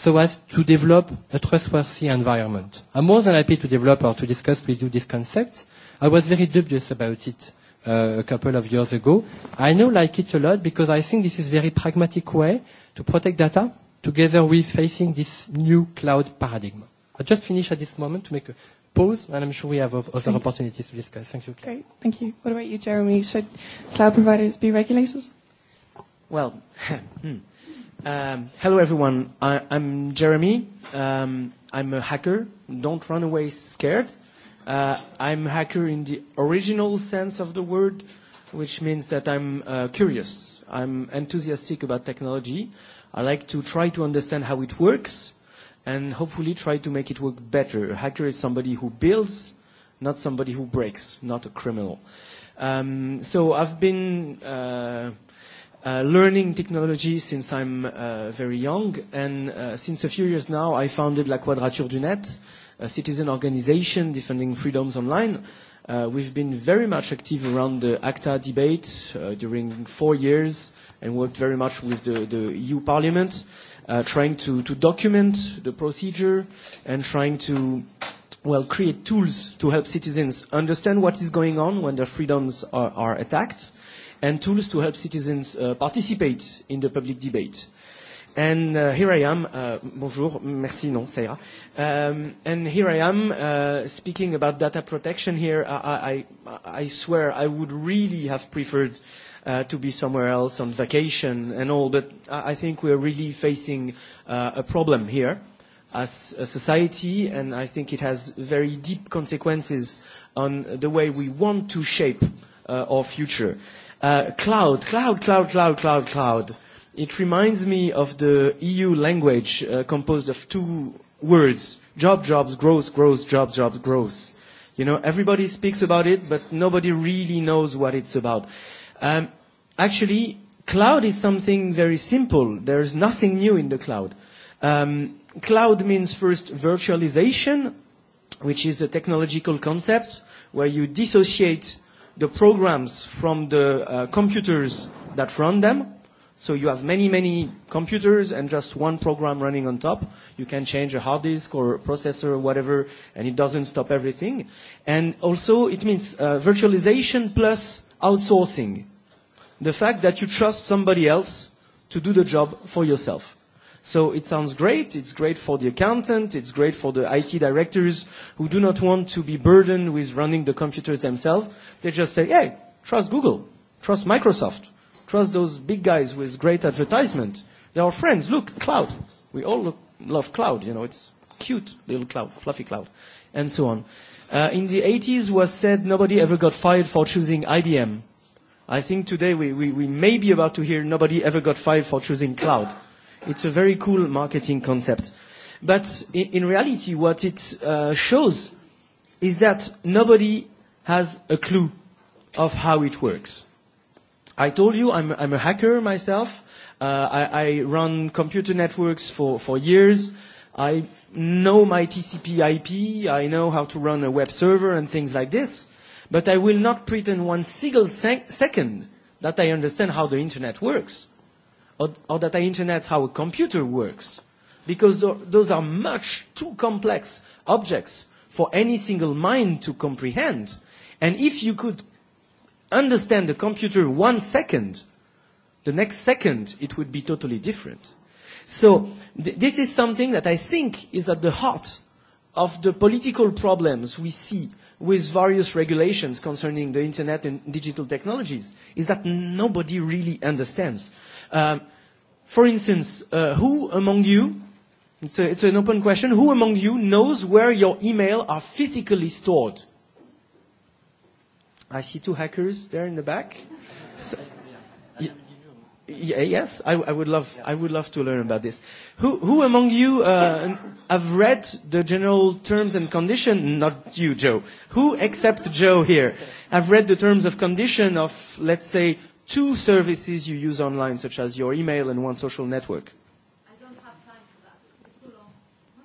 so as to develop a trustworthy environment. I'm more than happy to develop or to discuss with you this concept. I was very dubious about it uh, a couple of years ago. I now like it a lot because I think this is a very pragmatic way to protect data together with facing this new cloud paradigm. I just finish at this moment to make a pause, and I'm sure we have other Thanks. opportunities to discuss. Thank you. Claire. Great, thank you. What about you, Jeremy? Should cloud providers be regulators? Well, Um, hello, everyone. I, I'm Jeremy. Um, I'm a hacker. Don't run away scared. Uh, I'm a hacker in the original sense of the word, which means that I'm uh, curious. I'm enthusiastic about technology. I like to try to understand how it works and hopefully try to make it work better. A hacker is somebody who builds, not somebody who breaks, not a criminal. Um, so I've been. Uh, learning technology since I'm uh, very young. And uh, since a few years now, I founded La Quadrature du Net, a citizen organization defending freedoms online. Uh, we've been very much active around the ACTA debate uh, during four years and worked very much with the, the EU Parliament, uh, trying to, to document the procedure and trying to well, create tools to help citizens understand what is going on when their freedoms are, are attacked and tools to help citizens uh, participate in the public debate. And uh, here I am, uh, bonjour, merci, non, ça ira. Um, and here I am uh, speaking about data protection here. I, I, I swear I would really have preferred uh, to be somewhere else on vacation and all, but I, I think we're really facing uh, a problem here as a society, and I think it has very deep consequences on the way we want to shape uh, our future. Uh, cloud, cloud, cloud, cloud, cloud, cloud. It reminds me of the EU language uh, composed of two words job, jobs, growth, growth, job, jobs, growth. You know, everybody speaks about it, but nobody really knows what it's about. Um, actually, cloud is something very simple. There is nothing new in the cloud. Um, cloud means first virtualization, which is a technological concept where you dissociate the programs from the uh, computers that run them. So you have many, many computers and just one program running on top. You can change a hard disk or a processor or whatever, and it doesn't stop everything. And also, it means uh, virtualization plus outsourcing. The fact that you trust somebody else to do the job for yourself. So it sounds great. It's great for the accountant. It's great for the IT directors who do not want to be burdened with running the computers themselves. They just say, hey, trust Google. Trust Microsoft. Trust those big guys with great advertisement. They're our friends. Look, cloud. We all look, love cloud. You know, it's cute little cloud, fluffy cloud, and so on. Uh, in the 80s was said nobody ever got fired for choosing IBM. I think today we, we, we may be about to hear nobody ever got fired for choosing cloud It's a very cool marketing concept. But in, in reality, what it uh, shows is that nobody has a clue of how it works. I told you I'm, I'm a hacker myself. Uh, I, I run computer networks for, for years. I know my TCP IP. I know how to run a web server and things like this. But I will not pretend one single sec- second that I understand how the internet works or, or I internet how a computer works, because th those are much too complex objects for any single mind to comprehend. And if you could understand the computer one second, the next second it would be totally different. So th- this is something that I think is at the heart of the political problems we see with various regulations concerning the internet and digital technologies is that nobody really understands. Um, for instance, uh, who among you, it's, a, it's an open question, who among you knows where your email are physically stored? I see two hackers there in the back. So, Yes, I, I would love. I would love to learn about this. Who, who among you uh, have read the general terms and condition? Not you, Joe. Who except Joe here have read the terms of condition of, let's say, two services you use online, such as your email and one social network? I don't have time for that. It's too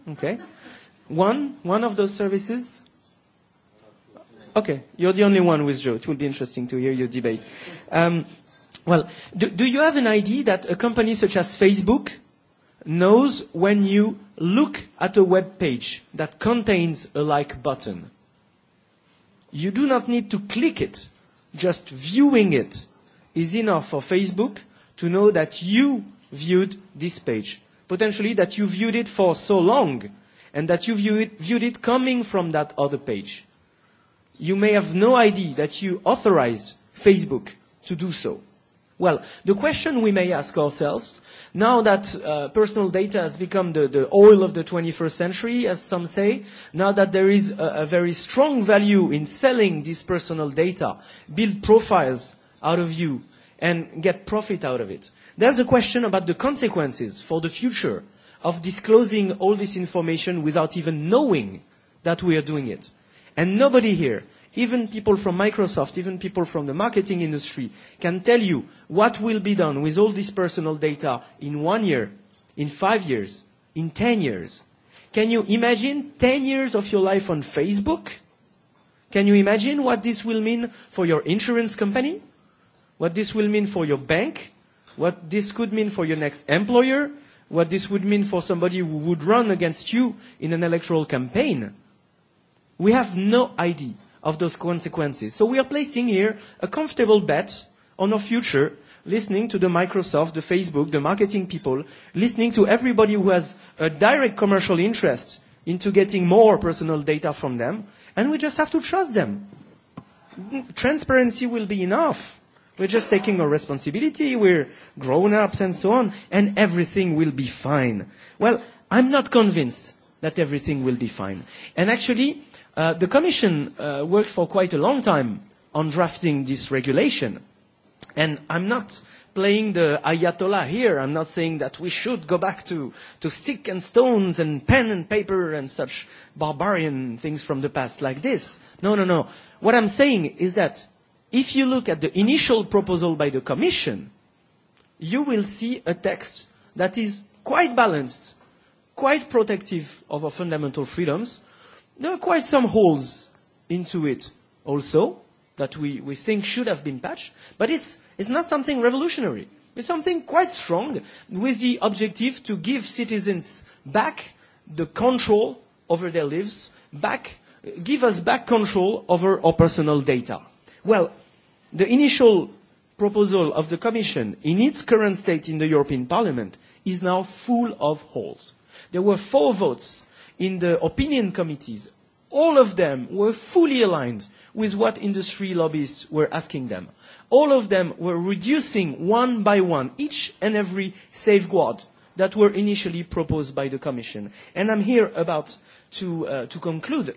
long. Okay. One, one of those services. Okay, you're the only one with Joe. It will be interesting to hear your debate. Um, Well, do, do you have an idea that a company such as Facebook knows when you look at a web page that contains a like button? You do not need to click it. Just viewing it is enough for Facebook to know that you viewed this page. Potentially that you viewed it for so long and that you view it, viewed it coming from that other page. You may have no idea that you authorized Facebook to do so Well, the question we may ask ourselves, now that uh, personal data has become the, the oil of the 21st century, as some say, now that there is a, a very strong value in selling this personal data, build profiles out of you, and get profit out of it, there's a question about the consequences for the future of disclosing all this information without even knowing that we are doing it. And nobody here Even people from Microsoft, even people from the marketing industry can tell you what will be done with all this personal data in one year, in five years, in ten years. Can you imagine ten years of your life on Facebook? Can you imagine what this will mean for your insurance company? What this will mean for your bank? What this could mean for your next employer? What this would mean for somebody who would run against you in an electoral campaign? We have no idea of those consequences. So we are placing here a comfortable bet on our future, listening to the Microsoft, the Facebook, the marketing people, listening to everybody who has a direct commercial interest into getting more personal data from them, and we just have to trust them. Transparency will be enough. We're just taking our responsibility, we're grown ups and so on, and everything will be fine. Well, I'm not convinced that everything will be fine. And actually, the Commission uh, worked for quite a long time on drafting this regulation. And I'm not playing the Ayatollah here. I'm not saying that we should go back to, to stick and stones and pen and paper and such barbarian things from the past like this. No, no, no. What I'm saying is that if you look at the initial proposal by the Commission, you will see a text that is quite balanced, quite protective of our fundamental freedoms, There are quite some holes into it also that we, we think should have been patched, but it's, it's not something revolutionary. It's something quite strong with the objective to give citizens back the control over their lives, back, give us back control over our personal data. Well, the initial proposal of the Commission in its current state in the European Parliament is now full of holes. There were four votes in the opinion committees, all of them were fully aligned with what industry lobbyists were asking them. All of them were reducing one by one each and every safeguard that were initially proposed by the Commission. And I'm here about to, uh, to conclude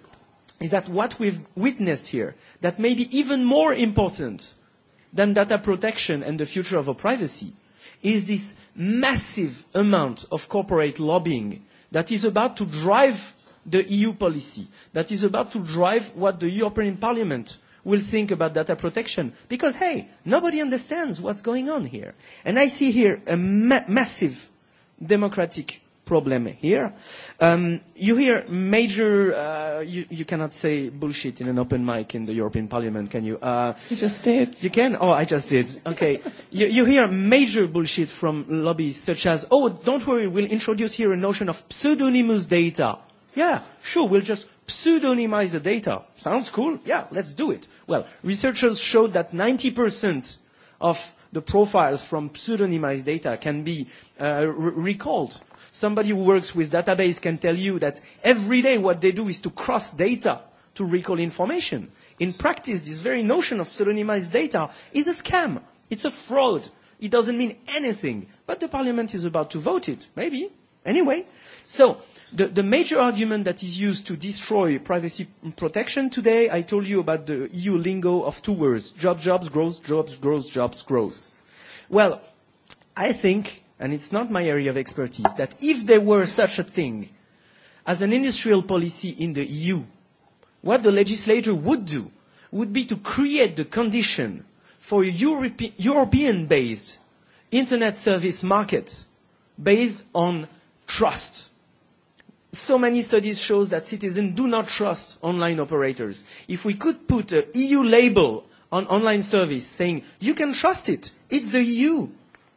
is that what we've witnessed here, that may be even more important than data protection and the future of our privacy, is this massive amount of corporate lobbying that is about to drive the EU policy, that is about to drive what the European Parliament will think about data protection. Because, hey, nobody understands what's going on here. And I see here a ma- massive democratic problem here. Um, you hear major, uh, you, you cannot say bullshit in an open mic in the European Parliament, can you? Uh, you just did. You can? Oh, I just did. Okay. you, you hear major bullshit from lobbies such as, oh, don't worry, we'll introduce here a notion of pseudonymous data. Yeah, sure, we'll just pseudonymize the data. Sounds cool. Yeah, let's do it. Well, researchers showed that 90% of the profiles from pseudonymized data can be uh, re- recalled Somebody who works with database can tell you that every day what they do is to cross data to recall information. In practice, this very notion of pseudonymized data is a scam. It's a fraud. It doesn't mean anything. But the parliament is about to vote it, maybe. Anyway, so the, the major argument that is used to destroy privacy protection today, I told you about the EU lingo of two words, job, jobs, growth, jobs, growth, jobs, growth. Well, I think and it's not my area of expertise, that if there were such a thing as an industrial policy in the EU, what the legislator would do would be to create the condition for a Europe- European-based internet service market based on trust. So many studies show that citizens do not trust online operators. If we could put an EU label on online service saying, you can trust it, it's the EU,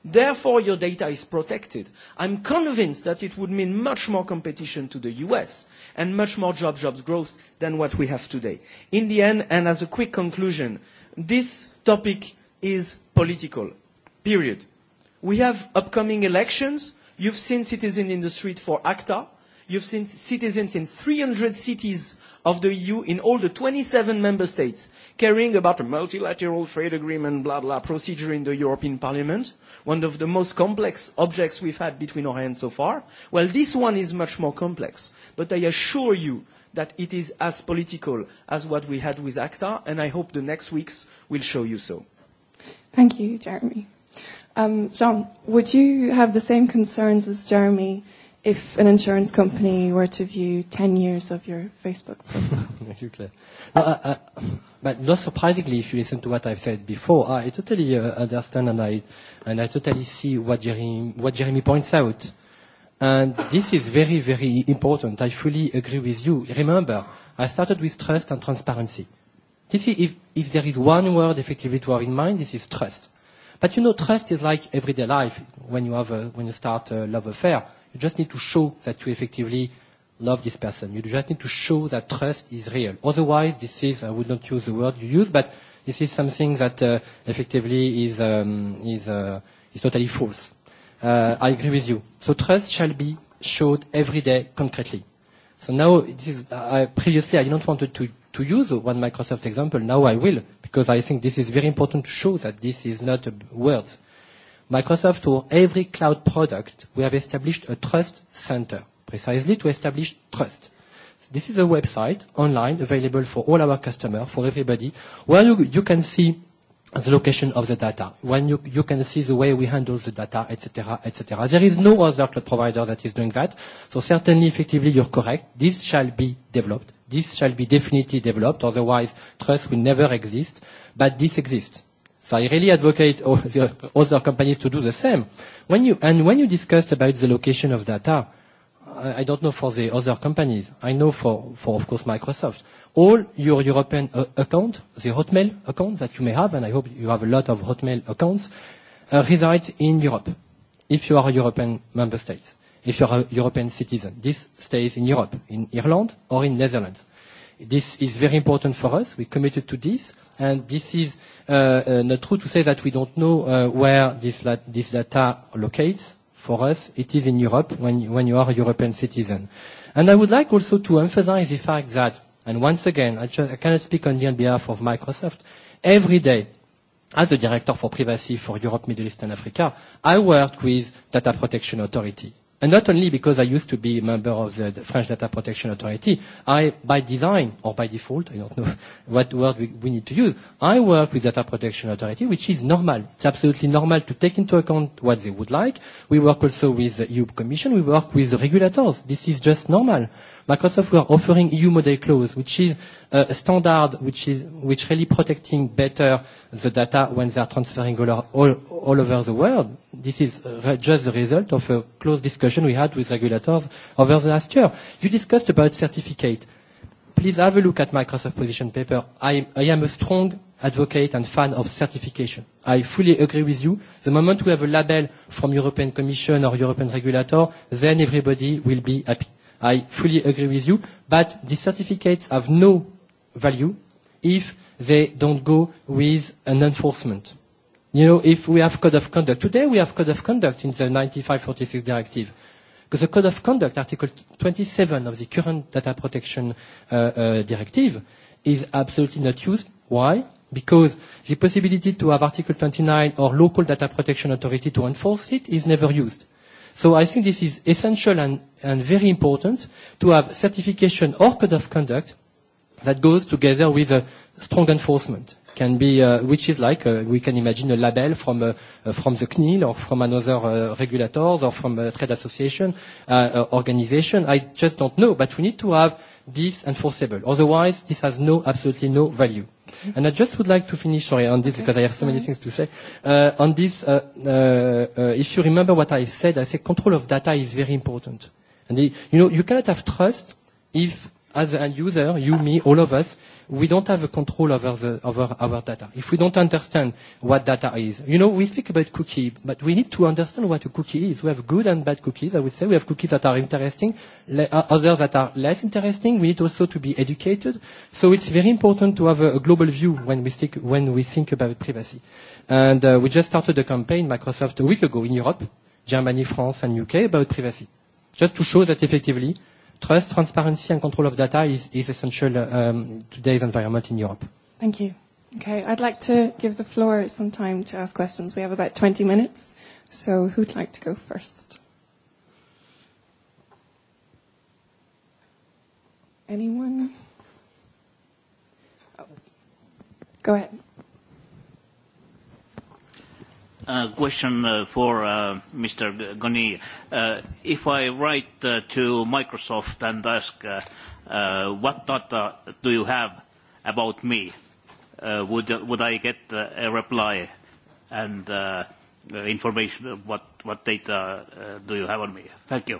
Therefore, your data is protected. I'm convinced that it would mean much more competition to the US and much more job jobs growth than what we have today. In the end, and as a quick conclusion, this topic is political, period. We have upcoming elections. You've seen citizens in the street for ACTA. You've seen citizens in 300 cities of the EU in all the 27 member states, caring about a multilateral trade agreement, blah, blah, procedure in the European Parliament, one of the most complex objects we've had between our hands so far. Well, this one is much more complex, but I assure you that it is as political as what we had with ACTA, and I hope the next weeks will show you so. Thank you, Jeremy. Um, Jean, would you have the same concerns as Jeremy if an insurance company were to view 10 years of your Facebook profile? no, uh, uh, but not surprisingly, if you listen to what I've said before, I totally uh, understand and I, and I totally see what Jeremy, what Jeremy points out. And this is very, very important. I fully agree with you. Remember, I started with trust and transparency. This is, if, if there is one word effectively to have in mind, this is trust. But you know, trust is like everyday life when you, have a, when you start a love affair You just need to show that you effectively love this person. You just need to show that trust is real. Otherwise, this is, I would not use the word you use, but this is something that uh, effectively is, um, is, uh, is totally false. Uh, I agree with you. So trust shall be showed every day concretely. So now, this is, I, previously I didn't want to, to use one Microsoft example. Now I will, because I think this is very important to show that this is not words. Microsoft, for every cloud product, we have established a trust center, precisely to establish trust. This is a website online available for all our customers, for everybody, where you, you can see the location of the data, when you, you can see the way we handle the data, etc., etc. There is no other cloud provider that is doing that. So certainly, effectively, you're correct. This shall be developed. This shall be definitely developed. Otherwise, trust will never exist. But this exists. So I really advocate all the other companies to do the same. When you, and when you discussed about the location of data, I, I don't know for the other companies. I know for, for of course, Microsoft. All your European uh, account, the Hotmail account that you may have, and I hope you have a lot of Hotmail accounts, uh, reside in Europe. If you are a European member state, if you are a European citizen, this stays in Europe, in Ireland or in Netherlands This is very important for us. We committed to this, and this is uh, uh, not true to say that we don't know uh, where this, this data locates. For us, it is in Europe when, when you are a European citizen. And I would like also to emphasize the fact that, and once again, I, just, I cannot speak only on behalf of Microsoft, every day, as the director for privacy for Europe, Middle East and Africa, I work with data protection authority And not only because I used to be a member of the French Data Protection Authority, I, by design or by default, I don't know what word we, we need to use, I work with Data Protection Authority, which is normal. It's absolutely normal to take into account what they would like. We work also with the EU Commission. We work with the regulators. This is just normal. Microsoft, we are offering EU Model Clause, which is a standard which is which really protecting better the data when they are transferring all all all over the world. This is just the result of a close discussion we had with regulators over the last year. You discussed about certificate. Please have a look at Microsoft position paper. I I am a strong advocate and fan of certification. I fully agree with you. The moment we have a label from European Commission or European regulator, then everybody will be happy. I fully agree with you, but the certificates have no value if they don't go with an enforcement. You know, if we have code of conduct, today we have code of conduct in the 9546 directive. Because the code of conduct, Article 27 of the current data protection uh, uh, directive, is absolutely not used. Why? Because the possibility to have Article 29 or local data protection authority to enforce it is never used So I think this is essential and, and very important to have certification or code of conduct that goes together with a strong enforcement can be, uh, which is like, uh, we can imagine a label from, uh, from the CNIL or from another uh, regulator or from a trade association uh, uh, organization. I just don't know, but we need to have this enforceable. Otherwise, this has no, absolutely no value. And I just would like to finish, sorry, on this, because I have so many things to say. Uh, on this, uh, uh, uh, if you remember what I said, I said control of data is very important. And the, you know, you cannot have trust if as a user, you, me, all of us, we don't have a control over, the, over our data. If we don't understand what data is, you know, we speak about cookie, but we need to understand what a cookie is. We have good and bad cookies, I would say. We have cookies that are interesting, le- others that are less interesting. We need also to be educated. So it's very important to have a, a global view when we, stick, when we think about privacy. And uh, we just started a campaign, Microsoft, a week ago in Europe, Germany, France, and UK, about privacy. Just to show that effectively, trust, transparency, and control of data is, is essential um, today's environment in Europe. Thank you. Okay, I'd like to give the floor some time to ask questions. We have about 20 minutes, so who'd like to go first? Anyone? Oh. Go ahead question for Mr. Goni. If I write to Microsoft and ask, "What data do you have about me?" Would I get a reply and information of what data do you have on me? Thank you.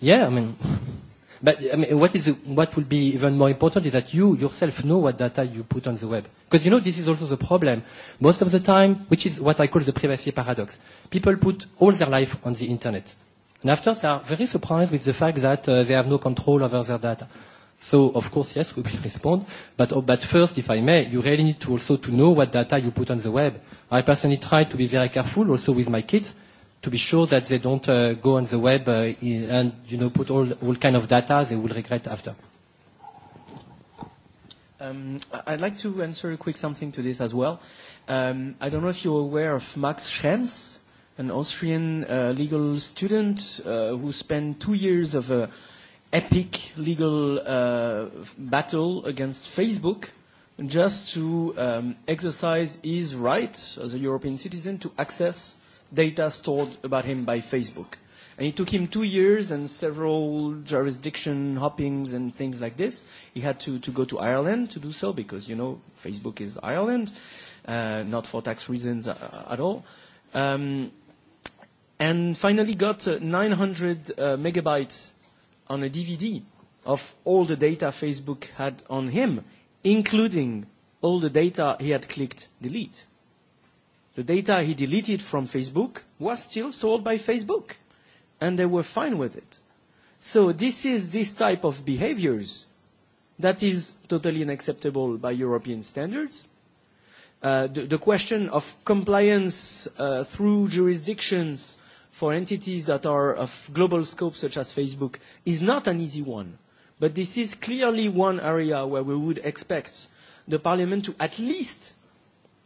Yeah, I mean, But I mean, what, is, what will be even more important is that you yourself know what data you put on the web. Because you know this is also the problem. Most of the time, which is what I call the privacy paradox, people put all their life on the internet. And after, they are very surprised with the fact that uh, they have no control over their data. So, of course, yes, we will respond. But, oh, but first, if I may, you really need to also to know what data you put on the web. I personally try to be very careful also with my kids to be sure that they don't uh, go on the web uh, and you know put all all kind of data they will regret after. Um, I'd like to answer a quick something to this as well. Um, I don't know if you're aware of Max Schrems, an Austrian uh, legal student uh, who spent two years of a epic legal uh, battle against Facebook just to um, exercise his right as a European citizen to access data stored about him by Facebook. And it took him two years and several jurisdiction hoppings and things like this. He had to, to go to Ireland to do so because, you know, Facebook is Ireland, uh, not for tax reasons at all. Um, and finally got uh, 900 uh, megabytes on a DVD of all the data Facebook had on him, including all the data he had clicked delete The data he deleted from Facebook was still stored by Facebook, and they were fine with it. So this is this type of behaviors that is totally unacceptable by European standards. Uh, the, the question of compliance uh, through jurisdictions for entities that are of global scope, such as Facebook, is not an easy one. But this is clearly one area where we would expect the Parliament to at least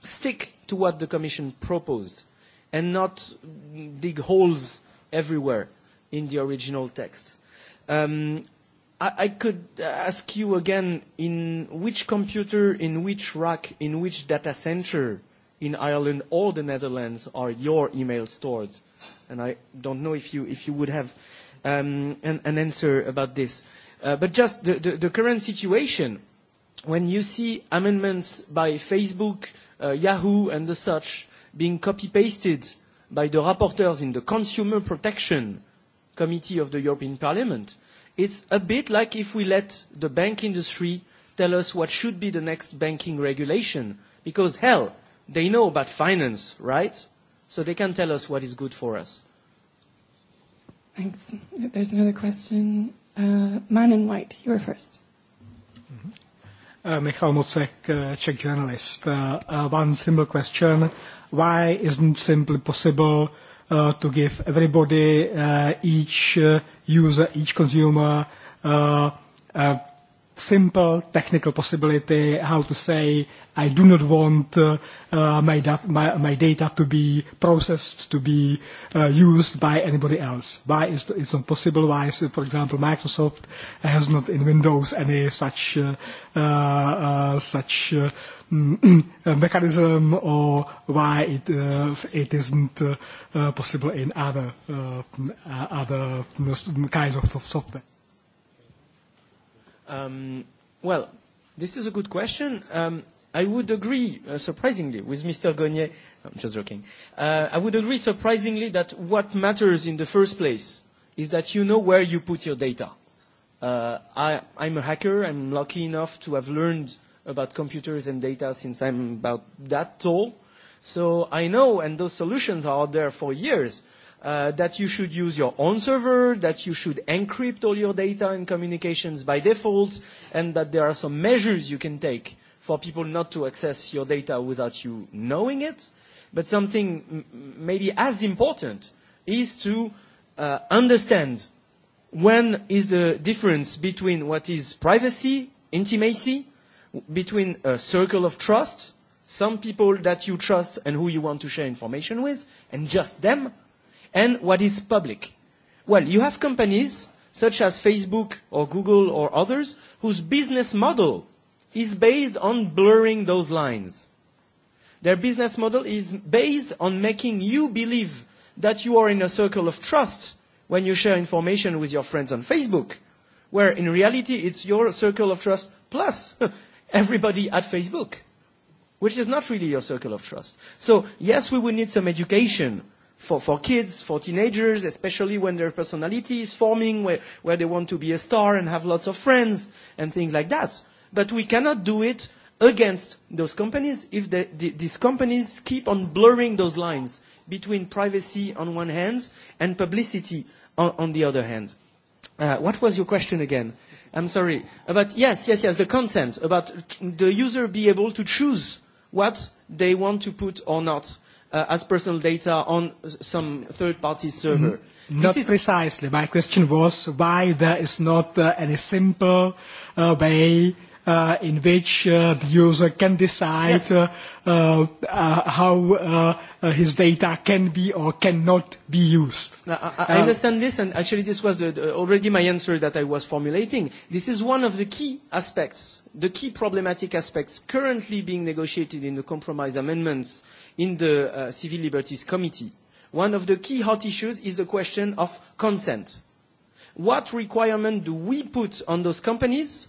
stick to what the Commission proposed and not dig holes everywhere in the original text. Um, I, I could ask you again, in which computer, in which rack, in which data center in Ireland or the Netherlands are your emails stored? And I don't know if you, if you would have um, an, an answer about this. Uh, but just the, the, the current situation when you see amendments by Facebook, uh, Yahoo, and the such being copy-pasted by the rapporteurs in the Consumer Protection Committee of the European Parliament, it's a bit like if we let the bank industry tell us what should be the next banking regulation, because, hell, they know about finance, right? So they can tell us what is good for us. Thanks. There's another question. Uh, man in white, you were first. Mm-hmm. Michal Mocek, Czech journalist. One simple question. Why isn't simply possible to give everybody, each user, each consumer, simple technical possibility how to say I do not want uh, my, dat- my, my data to be processed to be uh, used by anybody else. Why is it not possible? Why is, for example, Microsoft has not in Windows any such uh, uh, such uh, mechanism, or why it uh, it isn't uh, possible in other uh, other kinds of software? Um, well, this is a good question. Um, I would agree, uh, surprisingly, with Mr. Gognier. I'm just joking. Uh, I would agree, surprisingly, that what matters in the first place is that you know where you put your data. Uh, I, I'm a hacker. I'm lucky enough to have learned about computers and data since I'm about that tall. So I know, and those solutions are out there for years uh, that you should use your own server, that you should encrypt all your data and communications by default, and that there are some measures you can take for people not to access your data without you knowing it. But something maybe as important is to uh, understand when is the difference between what is privacy, intimacy, between a circle of trust, some people that you trust and who you want to share information with, and just them, and what is public. Well, you have companies such as Facebook or Google or others whose business model is based on blurring those lines. Their business model is based on making you believe that you are in a circle of trust when you share information with your friends on Facebook, where in reality it's your circle of trust plus everybody at Facebook, which is not really your circle of trust. So yes, we will need some education for, for kids, for teenagers, especially when their personality is forming, where, where they want to be a star and have lots of friends and things like that. But we cannot do it against those companies if the, the, these companies keep on blurring those lines between privacy on one hand and publicity on, on the other hand. Uh, what was your question again? I'm sorry. About, yes, yes, yes, the consent, about the user be able to choose what they want to put or not uh, as personal data on some third-party server. Not precisely. My question was why there is not uh, any simple uh, way uh, in which uh, the user can decide yes. uh, uh, how uh, uh, his data can be or cannot be used. Now, I, I understand this, and actually this was the, the, already my answer that I was formulating. This is one of the key aspects, the key problematic aspects currently being negotiated in the compromise amendments in the uh, Civil Liberties Committee. One of the key hot issues is the question of consent. What requirement do we put on those companies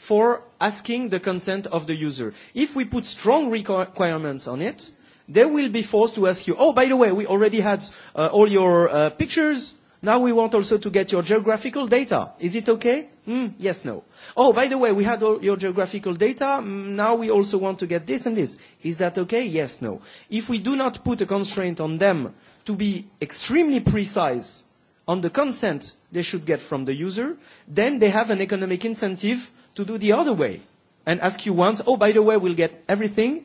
for asking the consent of the user. If we put strong requirements on it, they will be forced to ask you, oh, by the way, we already had uh, all your uh, pictures. Now we want also to get your geographical data. Is it okay? Mm, yes, no. Oh, by the way, we had all your geographical data. Now we also want to get this and this. Is that okay? Yes, no. If we do not put a constraint on them to be extremely precise on the consent they should get from the user, then they have an economic incentive to do the other way and ask you once, oh, by the way, we'll get everything.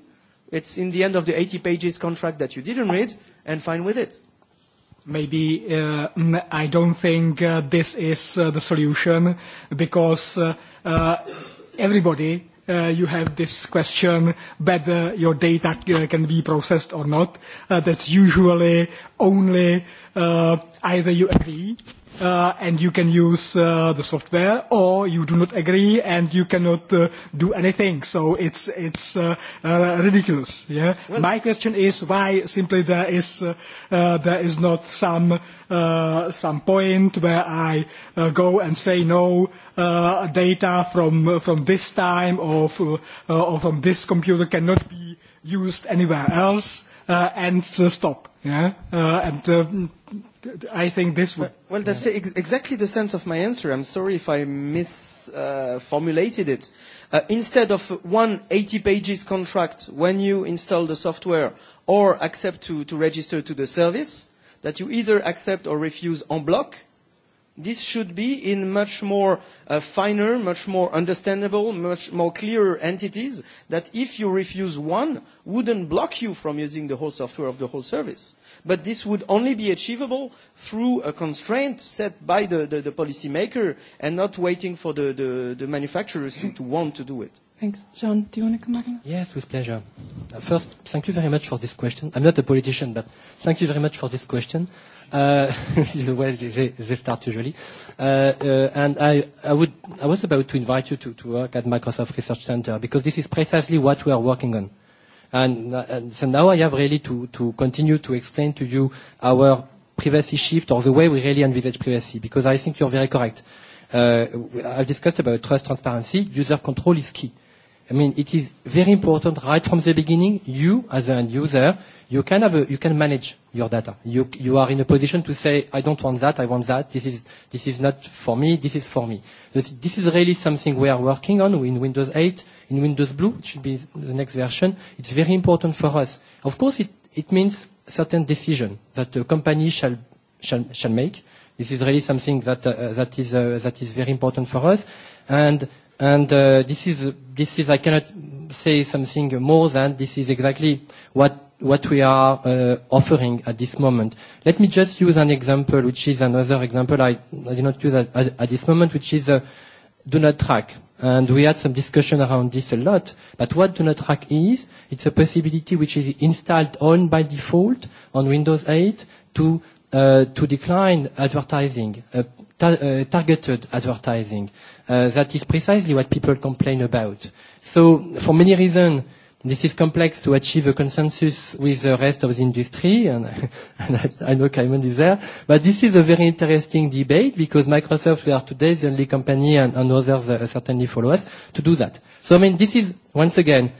It's in the end of the 80 pages contract that you didn't read, and fine with it. Maybe uh, I don't think uh, this is uh, the solution because uh, uh, everybody uh, you have this question whether your data can be processed or not. Uh, that's usually only uh, either you agree and you can use the software, or you do not agree and you cannot do anything. So it's it's ridiculous. Yeah. My question is why simply there is there is not some some point where I go and say no data from from this time or from this computer cannot be used anywhere else and stop. Yeah. and I think this would. Well, that's ex- exactly the sense of my answer. I'm sorry if I misformulated uh, it. Uh, instead of one 80 pages contract when you install the software or accept to, to register to the service, that you either accept or refuse en bloc, this should be in much more uh, finer, much more understandable, much more clearer entities that if you refuse one, wouldn't block you from using the whole software of the whole service but this would only be achievable through a constraint set by the, the, the policymaker and not waiting for the, the, the manufacturers to, to want to do it. Thanks. John, do you want to come back? Yes, with pleasure. First, thank you very much for this question. I'm not a politician, but thank you very much for this question. Uh, this is the way they, they start usually. Uh, uh, and I, I, would, I was about to invite you to, to work at Microsoft Research Center because this is precisely what we are working on. Uh, And so now I have really to, to continue to explain to you our privacy shift or the way we really envisage privacy, because I think you're very correct. Uh, I've discussed about trust transparency. User control is key. Uh, I mean, it is very important right from the beginning, you as an end user, you can, have a, you can manage your data. You, you are in a position to say, I don't want that, I want that, this is, this is not for me, this is for me. This, this is really something we are working on in Windows 8, in Windows Blue, which should be the next version. It's very important for us. Of course, it, it means certain decision that the company shall, shall, shall make. This is really something that, uh, that, is, uh, that is very important for us. And And uh, this is this is I cannot say something more than this is exactly what what we are uh, offering at this moment. Let me just use an example, which is another example I, I did not use at, at, at this moment, which is uh, do not track. And we had some discussion around this a lot. But what do not track is, it's a possibility which is installed on by default on Windows 8 to uh, to decline advertising, uh, ta- uh, targeted advertising. Uh, that is precisely what people complain about. So for many reasons, this is complex to achieve a consensus with the rest of the industry, and, and I, I know Cayman is there. But this is a very interesting debate because Microsoft, we are today the only company, and, and others uh, certainly follow us, to do that. So I mean, this is, once again,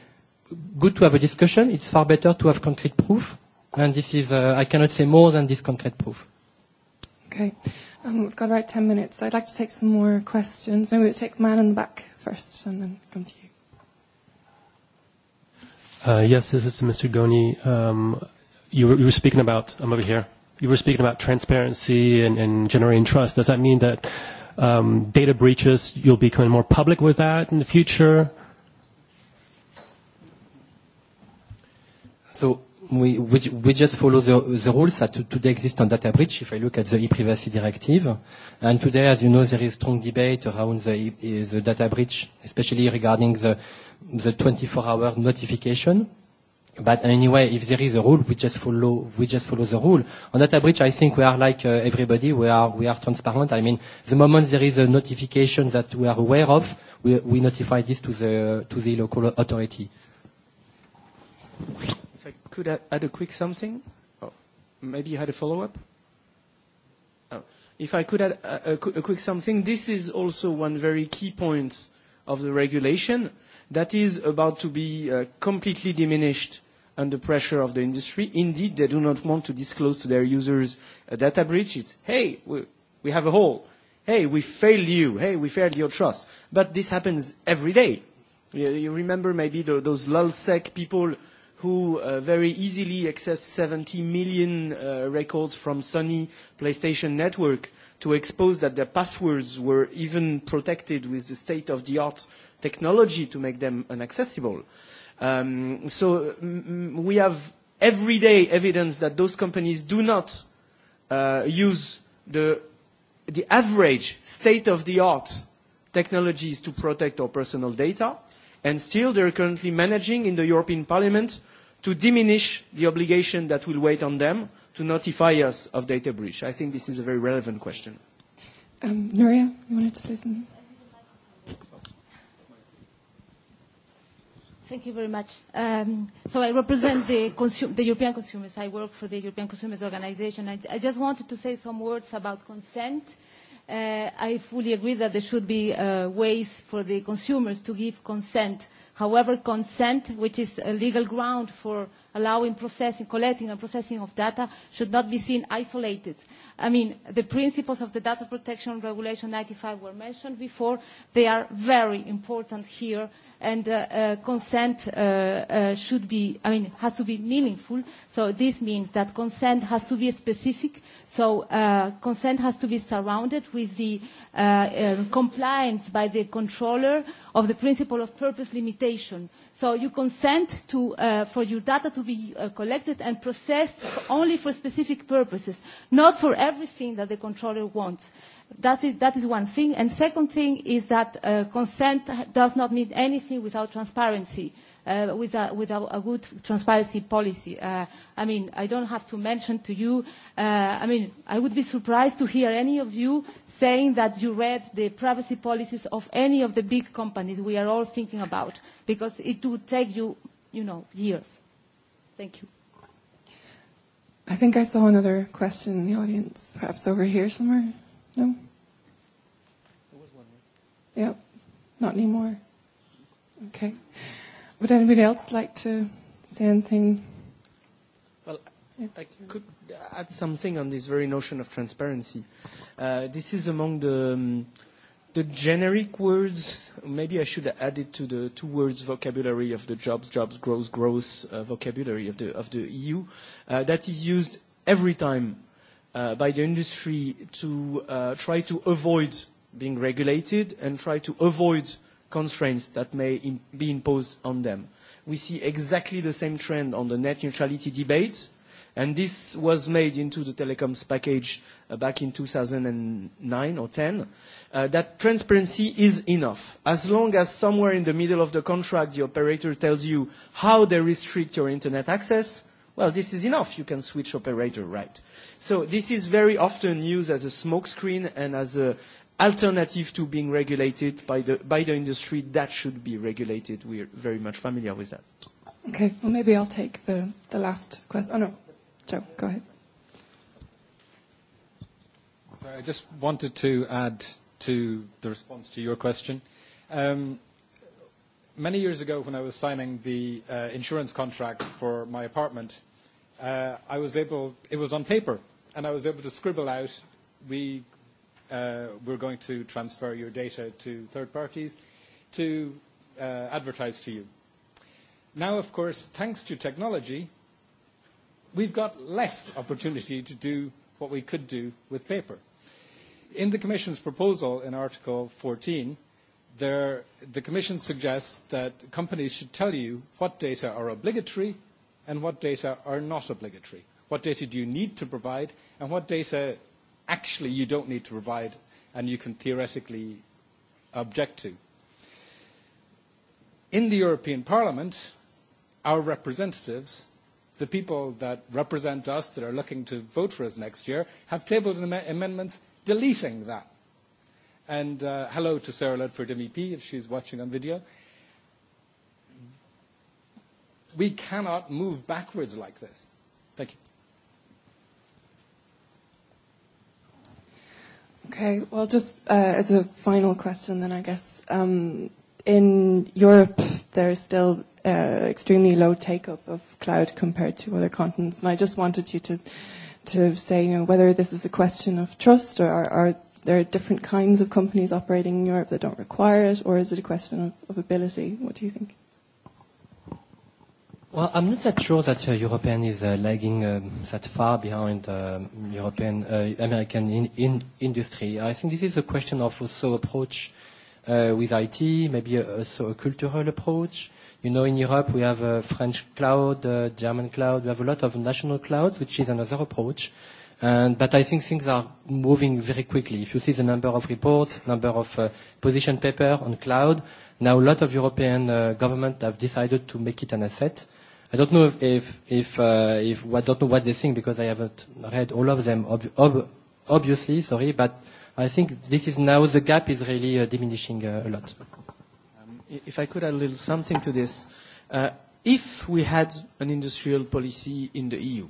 good to have a discussion. It's far better to have concrete proof. And this is, uh, I cannot say more than this concrete proof. Okay. Um, we've got about 10 minutes, so I'd like to take some more questions. Maybe we'll take the man in the back first and then come to you. Uh, yes, this is Mr. Goni. Um, you, were, you were speaking about, I'm over here, you were speaking about transparency and, and generating trust. Does that mean that um, data breaches, you'll become more public with that in the future? So we, we, we just follow the, the rules that today exist on data breach, if I look at the e-privacy directive. And today, as you know, there is strong debate around the, the data breach, especially regarding the, the 24-hour notification. But anyway, if there is a rule, we just follow, we just follow the rule. On data breach, I think we are like uh, everybody. We are, we are transparent. I mean, the moment there is a notification that we are aware of, we, we notify this to the, to the local authority could add a quick something? Oh, maybe you had a follow-up? Oh. If I could add a, a quick something, this is also one very key point of the regulation that is about to be uh, completely diminished under pressure of the industry. Indeed, they do not want to disclose to their users a data breach. It's, hey, we, we have a hole. Hey, we failed you. Hey, we failed your trust. But this happens every day. You, you remember maybe the, those LulzSec people who uh, very easily access 70 million uh, records from Sony PlayStation Network to expose that their passwords were even protected with the state-of-the-art technology to make them unaccessible. Um, so mm, we have everyday evidence that those companies do not uh, use the, the average state-of-the-art technologies to protect our personal data and still they are currently managing in the European Parliament to diminish the obligation that will wait on them to notify us of data breach. I think this is a very relevant question. Um, Nuria, you wanted to say something? Thank you very much. Um, so I represent the, consum- the European consumers. I work for the European Consumers Organization. I, I just wanted to say some words about consent I fully agree that there should be uh, ways for the consumers to give consent. However, consent, which is a legal ground for allowing processing, collecting and processing of data, should not be seen isolated. I mean, the principles of the Data Protection Regulation 95 were mentioned before. They are very important here and uh, uh, consent uh, uh, should be, I mean, has to be meaningful. So this means that consent has to be specific. So uh, consent has to be surrounded with the uh, uh, compliance by the controller of the principle of purpose limitation. So you consent to, uh, for your data to be uh, collected and processed only for specific purposes, not for everything that the controller wants. That is, that is one thing. And second thing is that uh, consent does not mean anything without transparency, uh, with, a, with a, a good transparency policy. Uh, I mean, I don't have to mention to you, uh, I mean, I would be surprised to hear any of you saying that you read the privacy policies of any of the big companies we are all thinking about, because it would take you, you know, years. Thank you. I think I saw another question in the audience, perhaps over here somewhere. No? There was one. Yeah, not anymore. Okay. Would anybody else like to say anything? Well, I could add something on this very notion of transparency. Uh, this is among the, um, the generic words. Maybe I should add it to the two words vocabulary of the jobs, jobs, growth, growth uh, vocabulary of the, of the EU uh, that is used every time by the industry to uh, try to avoid being regulated and try to avoid constraints that may im be imposed on them. We see exactly the same trend on the net neutrality debate, and this was made into the telecoms package uh, back in 2009 or 10, uh, that transparency is enough. As long as somewhere in the middle of the contract the operator tells you how they restrict your internet access, well, this is enough. You can switch operator, right? Uh, So this is very often used as a smokescreen and as an alternative to being regulated by the, by the industry that should be regulated. We're very much familiar with that. Okay, well maybe I'll take the, the last question. Oh no, Joe, go ahead. Sorry, I just wanted to add to the response to your question. Um, many years ago when I was signing the uh, insurance contract for my apartment, uh, I was able, it was on paper, and I was able to scribble out, we uh, we're going to transfer your data to third parties to uh, advertise to you. Now, of course, thanks to technology, we've got less opportunity to do what we could do with paper. In the Commission's proposal in Article 14, there, the Commission suggests that companies should tell you what data are obligatory and what data are not obligatory. What data do you need to provide, and what data actually you don't need to provide and you can theoretically object to? In the European Parliament, our representatives, the people that represent us that are looking to vote for us next year, have tabled amendments deleting that. And uh, hello to Sarah Ludford MEP if she's watching on video. We cannot move backwards like this. Okay, well, just uh, as a final question, then I guess um, in Europe there's still uh, extremely low take up of cloud compared to other continents, and I just wanted you to to say, you know, whether this is a question of trust or are, are there different kinds of companies operating in Europe that don't require it, or is it a question of, of ability? What do you think? Well, I'm not that sure that uh, European is uh, lagging um, that far behind uh, European uh, American in, in industry. I think this is a question of also approach uh, with IT, maybe a, also a cultural approach. You know, in Europe we have a French cloud, uh, German cloud. We have a lot of national clouds, which is another approach. And, but I think things are moving very quickly. If you see the number of reports, number of uh, position paper on cloud, now a lot of European uh, government have decided to make it an asset I don't know if if if, uh, if I don't know what they think because I haven't read all of them. Ob- ob- obviously, sorry, but I think this is now the gap is really uh, diminishing uh, a lot. Um, if I could add a little something to this, uh, if we had an industrial policy in the EU,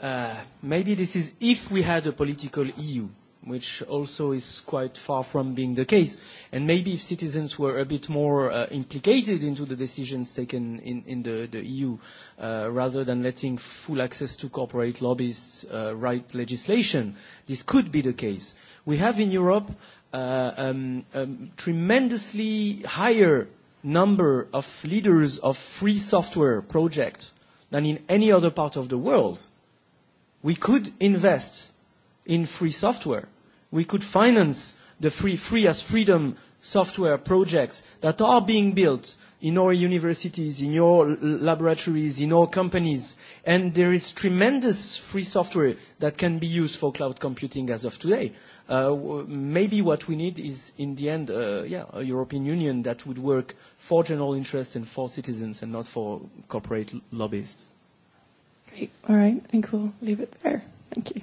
uh, maybe this is if we had a political EU which also is quite far from being the case. And maybe if citizens were a bit more uh, implicated into the decisions taken in, in the, the EU, uh, rather than letting full access to corporate lobbyists uh, write legislation, this could be the case. We have in Europe uh, um, um, tremendously higher number of leaders of free software projects than in any other part of the world. We could invest in free software We could finance the free, free as freedom software projects that are being built in our universities, in your laboratories, in our companies. And there is tremendous free software that can be used for cloud computing as of today. Uh, maybe what we need is, in the end, uh, yeah, a European Union that would work for general interest and for citizens and not for corporate lobbyists. Great. All right. I think we'll leave it there. Thank you.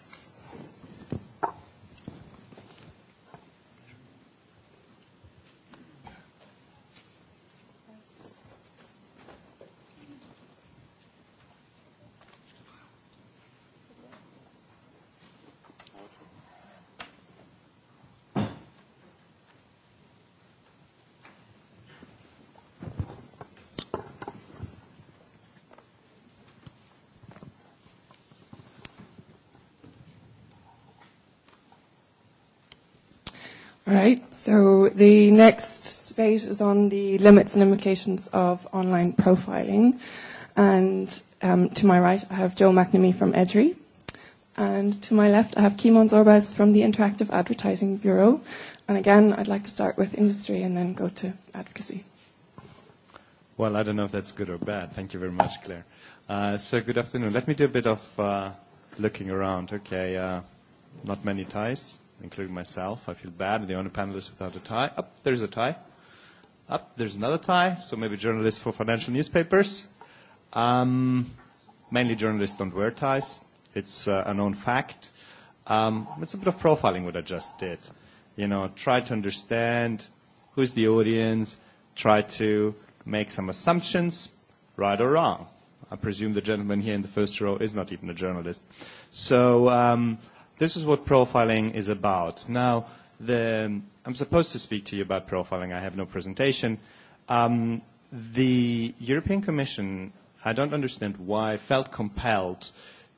right. So the next debate is on the limits and implications of online profiling. And um, to my right, I have Joe McNamee from EDRI. And to my left, I have Kimon Zorbas from the Interactive Advertising Bureau. And again, I'd like to start with industry and then go to advocacy. Well, I don't know if that's good or bad. Thank you very much, Claire. Uh, so good afternoon. Let me do a bit of uh, looking around. Okay, uh, not many ties including myself. I feel bad. I'm the only panelist without a tie. Up, there's a tie. Up, there's another tie. So maybe journalists for financial newspapers. Um, mainly journalists don't wear ties. It's uh, a known fact. Um, it's a bit of profiling what I just did. You know, try to understand who's the audience, try to make some assumptions, right or wrong. I presume the gentleman here in the first row is not even a journalist. So um, This is what profiling is about. Now, the, I'm supposed to speak to you about profiling. I have no presentation. Um, the European Commission, I don't understand why, felt compelled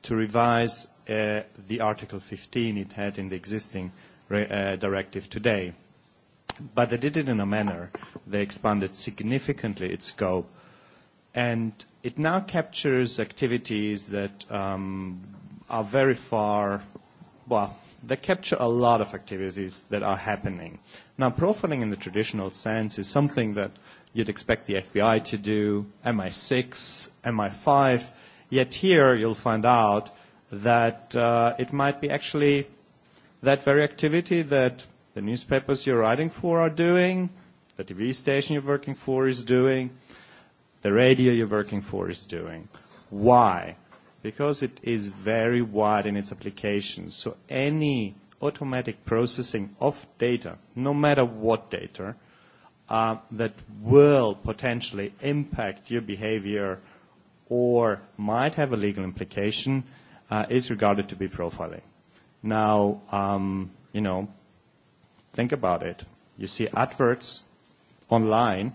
to revise uh, the Article 15 it had in the existing re- uh, directive today. But they did it in a manner. They expanded significantly its scope. And it now captures activities that um, are very far well, they capture a lot of activities that are happening. Now, profiling in the traditional sense is something that you'd expect the FBI to do, MI6, MI5, yet here you'll find out that uh, it might be actually that very activity that the newspapers you're writing for are doing, the TV station you're working for is doing, the radio you're working for is doing. Why? because it is very wide in its application. So any automatic processing of data, no matter what data, uh, that will potentially impact your behavior or might have a legal implication uh, is regarded to be profiling. Now, um, you know, think about it. You see adverts online.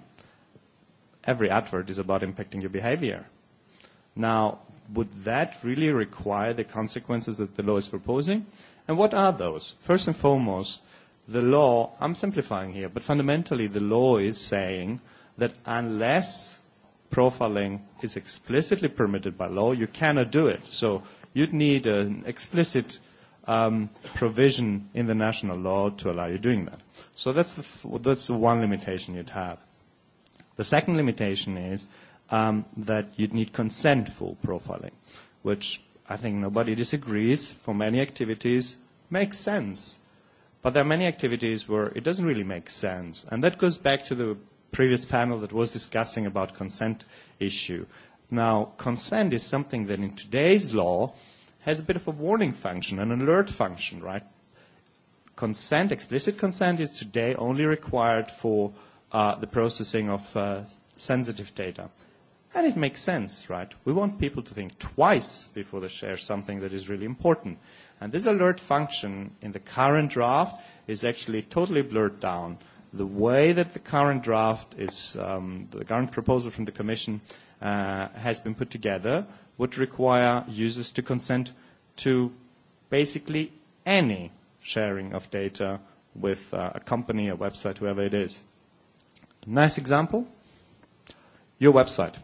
Every advert is about impacting your behavior. Now, would that really require the consequences that the law is proposing? And what are those? First and foremost, the law, I'm simplifying here, but fundamentally the law is saying that unless profiling is explicitly permitted by law, you cannot do it. So you'd need an explicit um, provision in the national law to allow you doing that. So that's the, f that's the one limitation you'd have. The second limitation is um, that you'd need consent for profiling, which I think nobody disagrees for many activities makes sense. But there are many activities where it doesn't really make sense. And that goes back to the previous panel that was discussing about consent issue. Now, consent is something that in today's law has a bit of a warning function, an alert function, right? Consent, explicit consent, is today only required for uh, the processing of uh, sensitive data. And it makes sense, right? We want people to think twice before they share something that is really important. And this alert function in the current draft is actually totally blurred down. The way that the current draft is, um, the current proposal from the Commission uh, has been put together would require users to consent to basically any sharing of data with uh, a company, a website, whoever it is. Nice example, your website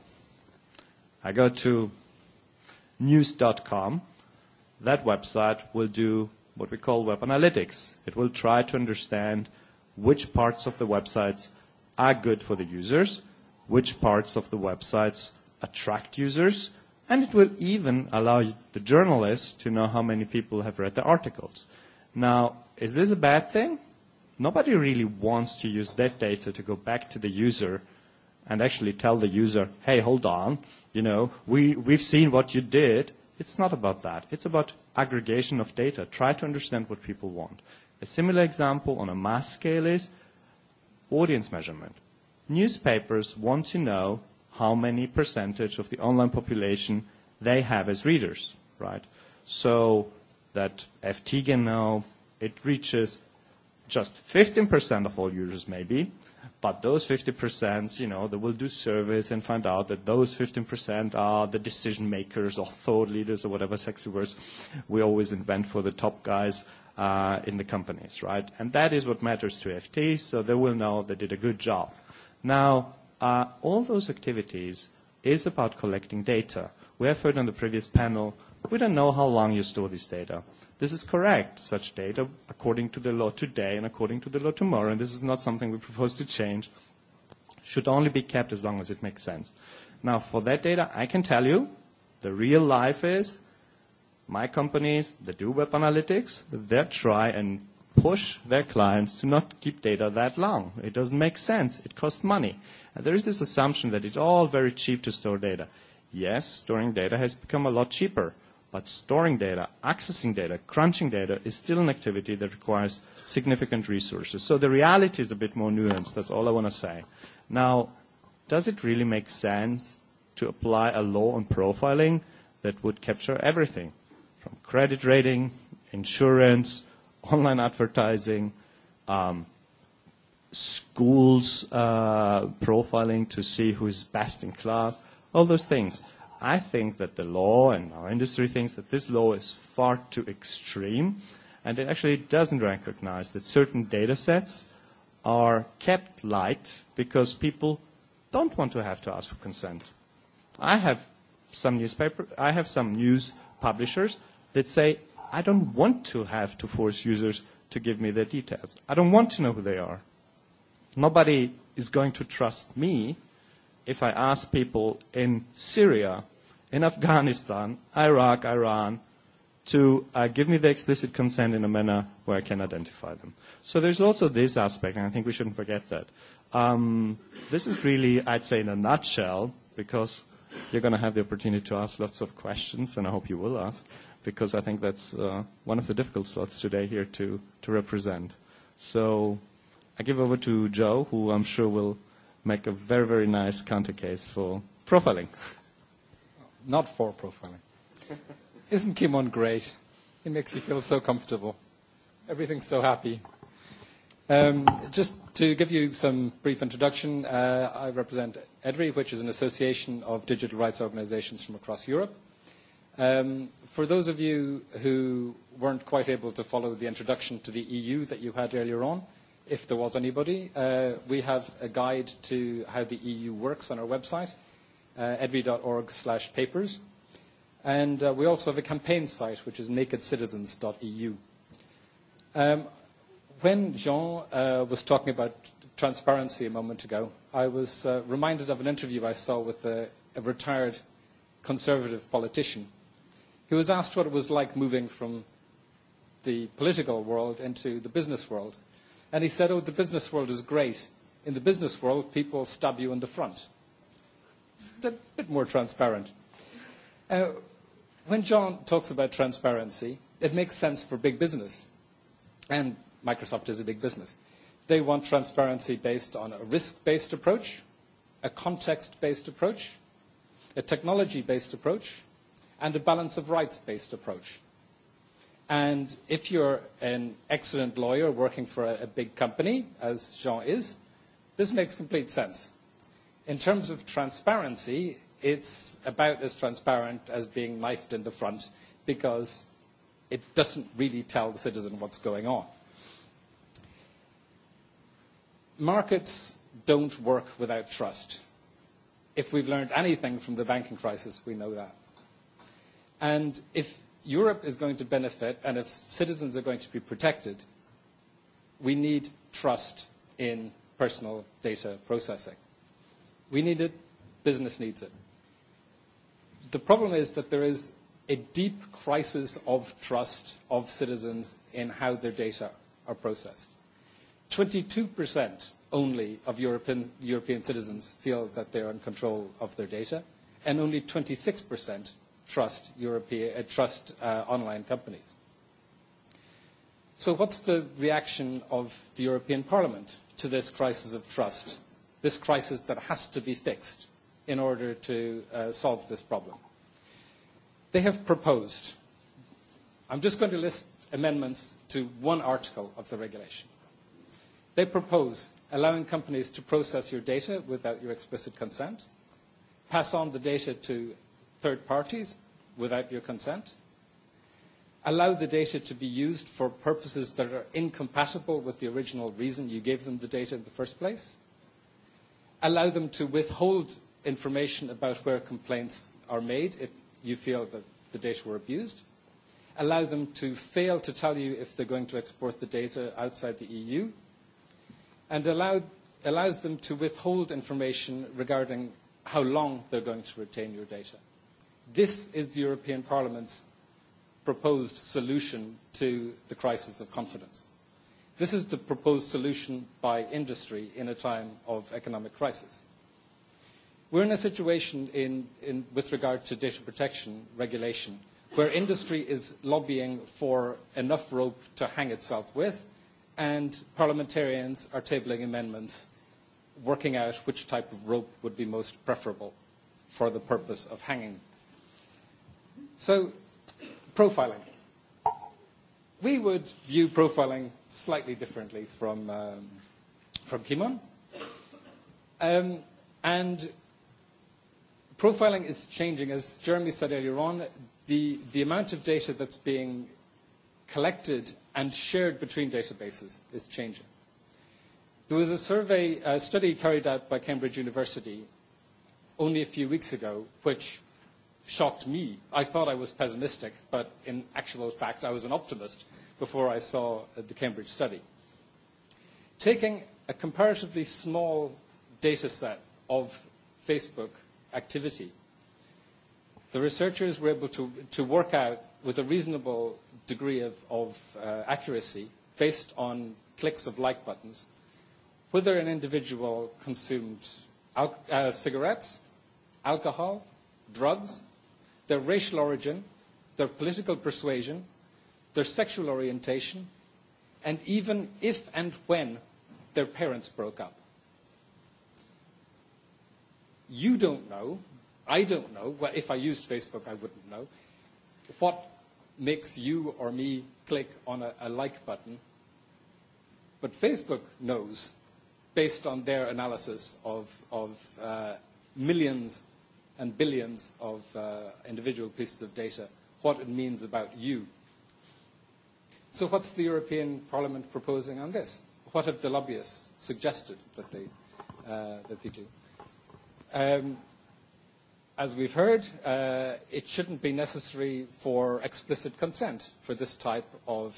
I go to news.com. That website will do what we call web analytics. It will try to understand which parts of the websites are good for the users, which parts of the websites attract users, and it will even allow the journalists to know how many people have read the articles. Now, is this a bad thing? Nobody really wants to use that data to go back to the user and actually tell the user, hey, hold on, you know, we, we've seen what you did. It's not about that. It's about aggregation of data. Try to understand what people want. A similar example on a mass scale is audience measurement. Newspapers want to know how many percentage of the online population they have as readers, right? So that FT can know it reaches just 15% of all users maybe, But those 50%, you know, they will do surveys and find out that those 15% are the decision makers or thought leaders or whatever sexy words we always invent for the top guys uh, in the companies, right? And that is what matters to FT, so they will know they did a good job. Now, uh, all those activities is about collecting data. We have heard on the previous panel We don't know how long you store this data. This is correct, such data, according to the law today and according to the law tomorrow, and this is not something we propose to change, should only be kept as long as it makes sense. Now, for that data, I can tell you the real life is my companies that do web analytics, they try and push their clients to not keep data that long. It doesn't make sense. It costs money. And there is this assumption that it's all very cheap to store data. Yes, storing data has become a lot cheaper. But storing data, accessing data, crunching data is still an activity that requires significant resources. So the reality is a bit more nuanced. That's all I want to say. Now, does it really make sense to apply a law on profiling that would capture everything from credit rating, insurance, online advertising, um, schools uh, profiling to see who is best in class, all those things? I think that the law and our industry thinks that this law is far too extreme and it actually doesn't recognize that certain data sets are kept light because people don't want to have to ask for consent. I have some newspaper, I have some news publishers that say, I don't want to have to force users to give me their details. I don't want to know who they are. Nobody is going to trust me if I ask people in Syria in Afghanistan, Iraq, Iran, to uh, give me the explicit consent in a manner where I can identify them. So there's also this aspect, and I think we shouldn't forget that. Um, this is really, I'd say, in a nutshell, because you're going to have the opportunity to ask lots of questions, and I hope you will ask, because I think that's uh, one of the difficult slots today here to, to represent. So I give over to Joe, who I'm sure will make a very, very nice counter case for profiling not for profiling. Isn't Kimon great? He makes you feel so comfortable. Everything's so happy. Um, just to give you some brief introduction, uh, I represent EDRI, which is an association of digital rights organizations from across Europe. Um, for those of you who weren't quite able to follow the introduction to the EU that you had earlier on, if there was anybody, uh, we have a guide to how the EU works on our website edvi.org slash papers. And uh, we also have a campaign site, which is nakedcitizens.eu. Um, when Jean uh, was talking about transparency a moment ago, I was uh, reminded of an interview I saw with a, a retired conservative politician. He was asked what it was like moving from the political world into the business world. And he said, oh, the business world is great. In the business world, people stab you in the front a bit more transparent. Uh, when John talks about transparency, it makes sense for big business. And Microsoft is a big business. They want transparency based on a risk-based approach, a context-based approach, a technology-based approach, and a balance of rights-based approach. And if you're an excellent lawyer working for a, a big company, as Jean is, this makes complete sense. In terms of transparency, it's about as transparent as being knifed in the front because it doesn't really tell the citizen what's going on. Markets don't work without trust. If we've learned anything from the banking crisis, we know that. And if Europe is going to benefit and if citizens are going to be protected, we need trust in personal data processing. We need it. Business needs it. The problem is that there is a deep crisis of trust of citizens in how their data are processed. 22% only of European, European citizens feel that they are in control of their data, and only 26% trust, European, uh, trust uh, online companies. So what's the reaction of the European Parliament to this crisis of trust this crisis that has to be fixed in order to solve this problem. They have proposed, I'm just going to list amendments to one article of the regulation. They propose allowing companies to process your data without your explicit consent, pass on the data to third parties without your consent, allow the data to be used for purposes that are incompatible with the original reason you gave them the data in the first place, allow them to withhold information about where complaints are made if you feel that the data were abused, allow them to fail to tell you if they're going to export the data outside the EU, and allow, allows them to withhold information regarding how long they're going to retain your data. This is the European Parliament's proposed solution to the crisis of confidence. This is the proposed solution by industry in a time of economic crisis. We're in a situation in, in, with regard to data protection regulation where industry is lobbying for enough rope to hang itself with, and parliamentarians are tabling amendments working out which type of rope would be most preferable for the purpose of hanging. So, profiling. We would view profiling slightly differently from, um, from Kimon. Um, and profiling is changing. As Jeremy said earlier on, the, the amount of data that's being collected and shared between databases is changing. There was a survey, a study carried out by Cambridge University only a few weeks ago, which shocked me. I thought I was pessimistic, but in actual fact, I was an optimist before I saw the Cambridge study. Taking a comparatively small data set of Facebook activity, the researchers were able to, to work out with a reasonable degree of, of uh, accuracy based on clicks of like buttons whether an individual consumed al- uh, cigarettes, alcohol, drugs, their racial origin, their political persuasion, their sexual orientation, and even if and when their parents broke up. You don't know, I don't know, well, if I used Facebook, I wouldn't know, what makes you or me click on a, a like button. But Facebook knows based on their analysis of, of uh, millions and billions of uh, individual pieces of data, what it means about you. So what's the European Parliament proposing on this? What have the lobbyists suggested that they, uh, that they do? Um, as we've heard, uh, it shouldn't be necessary for explicit consent for this type of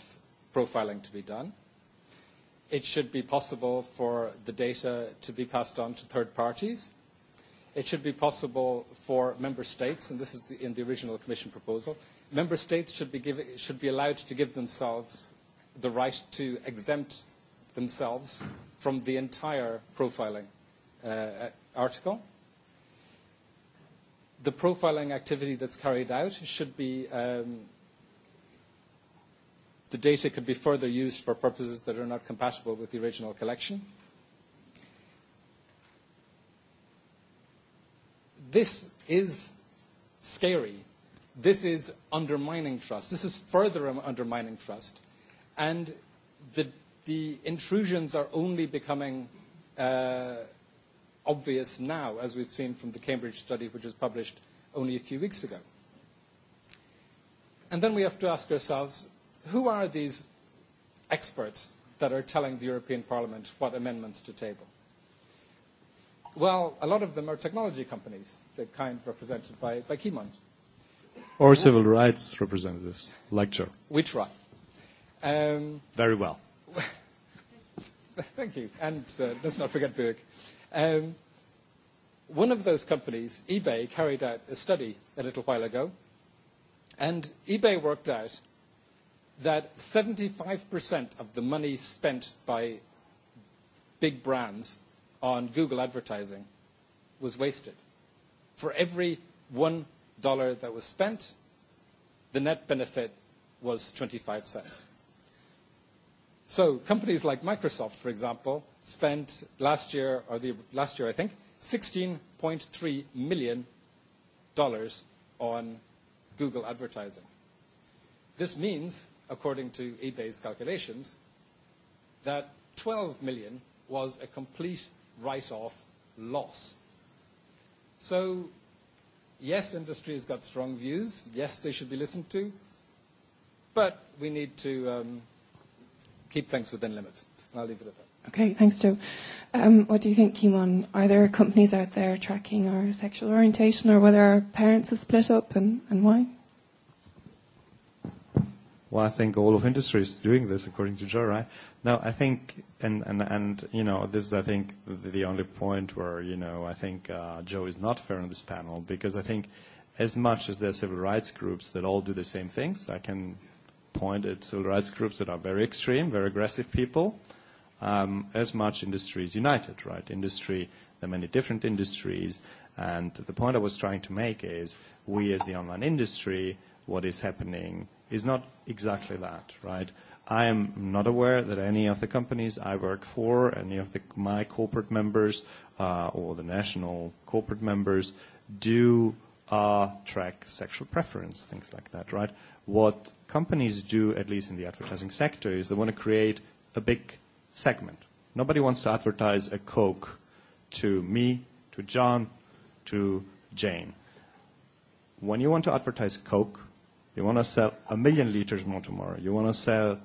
profiling to be done. It should be possible for the data to be passed on to third parties it should be possible for member states, and this is in the original Commission proposal, member states should be, give, should be allowed to give themselves the right to exempt themselves from the entire profiling article. The profiling activity that's carried out should be, the data could be further used for purposes that are not compatible with the original collection This is scary. This is undermining trust. This is further undermining trust. And the, the intrusions are only becoming uh, obvious now, as we've seen from the Cambridge study, which was published only a few weeks ago. And then we have to ask ourselves, who are these experts that are telling the European Parliament what amendments to table? Well, a lot of them are technology companies, the kind represented by, by Kimon. Or civil rights representatives, like Joe. We try. Um, Very well. thank you. And uh, let's not forget Berg. Um, one of those companies, eBay, carried out a study a little while ago, and eBay worked out that 75% of the money spent by big brands on Google advertising was wasted. For every one dollar that was spent, the net benefit was 25 cents. So companies like Microsoft, for example, spent last year, or the last year I think, $16.3 million on Google advertising. This means, according to eBay's calculations, that 12 million was a complete write off loss. So, yes, industry has got strong views. Yes, they should be listened to. But we need to um, keep things within limits. And I'll leave it at that. Okay, thanks, Joe. Um, what do you think, Kimon? Are there companies out there tracking our sexual orientation or whether our parents have split up and, and why? well, I think all of industry is doing this according to Joe, right? No, I think, and, and, and you know, this is, I think, the, the only point where, you know, I think uh, Joe is not fair on this panel because I think as much as there are civil rights groups that all do the same things, I can point at civil rights groups that are very extreme, very aggressive people, um, as much industry is united, right? Industry, there are many different industries, and the point I was trying to make is we as the online industry, what is happening – is not exactly that, right? I am not aware that any of the companies I work for, any of the, my corporate members uh, or the national corporate members do uh, track sexual preference, things like that, right? What companies do, at least in the advertising sector, is they want to create a big segment. Nobody wants to advertise a Coke to me, to John, to Jane. When you want to advertise Coke, You want to sell a million liters more tomorrow. You want to sell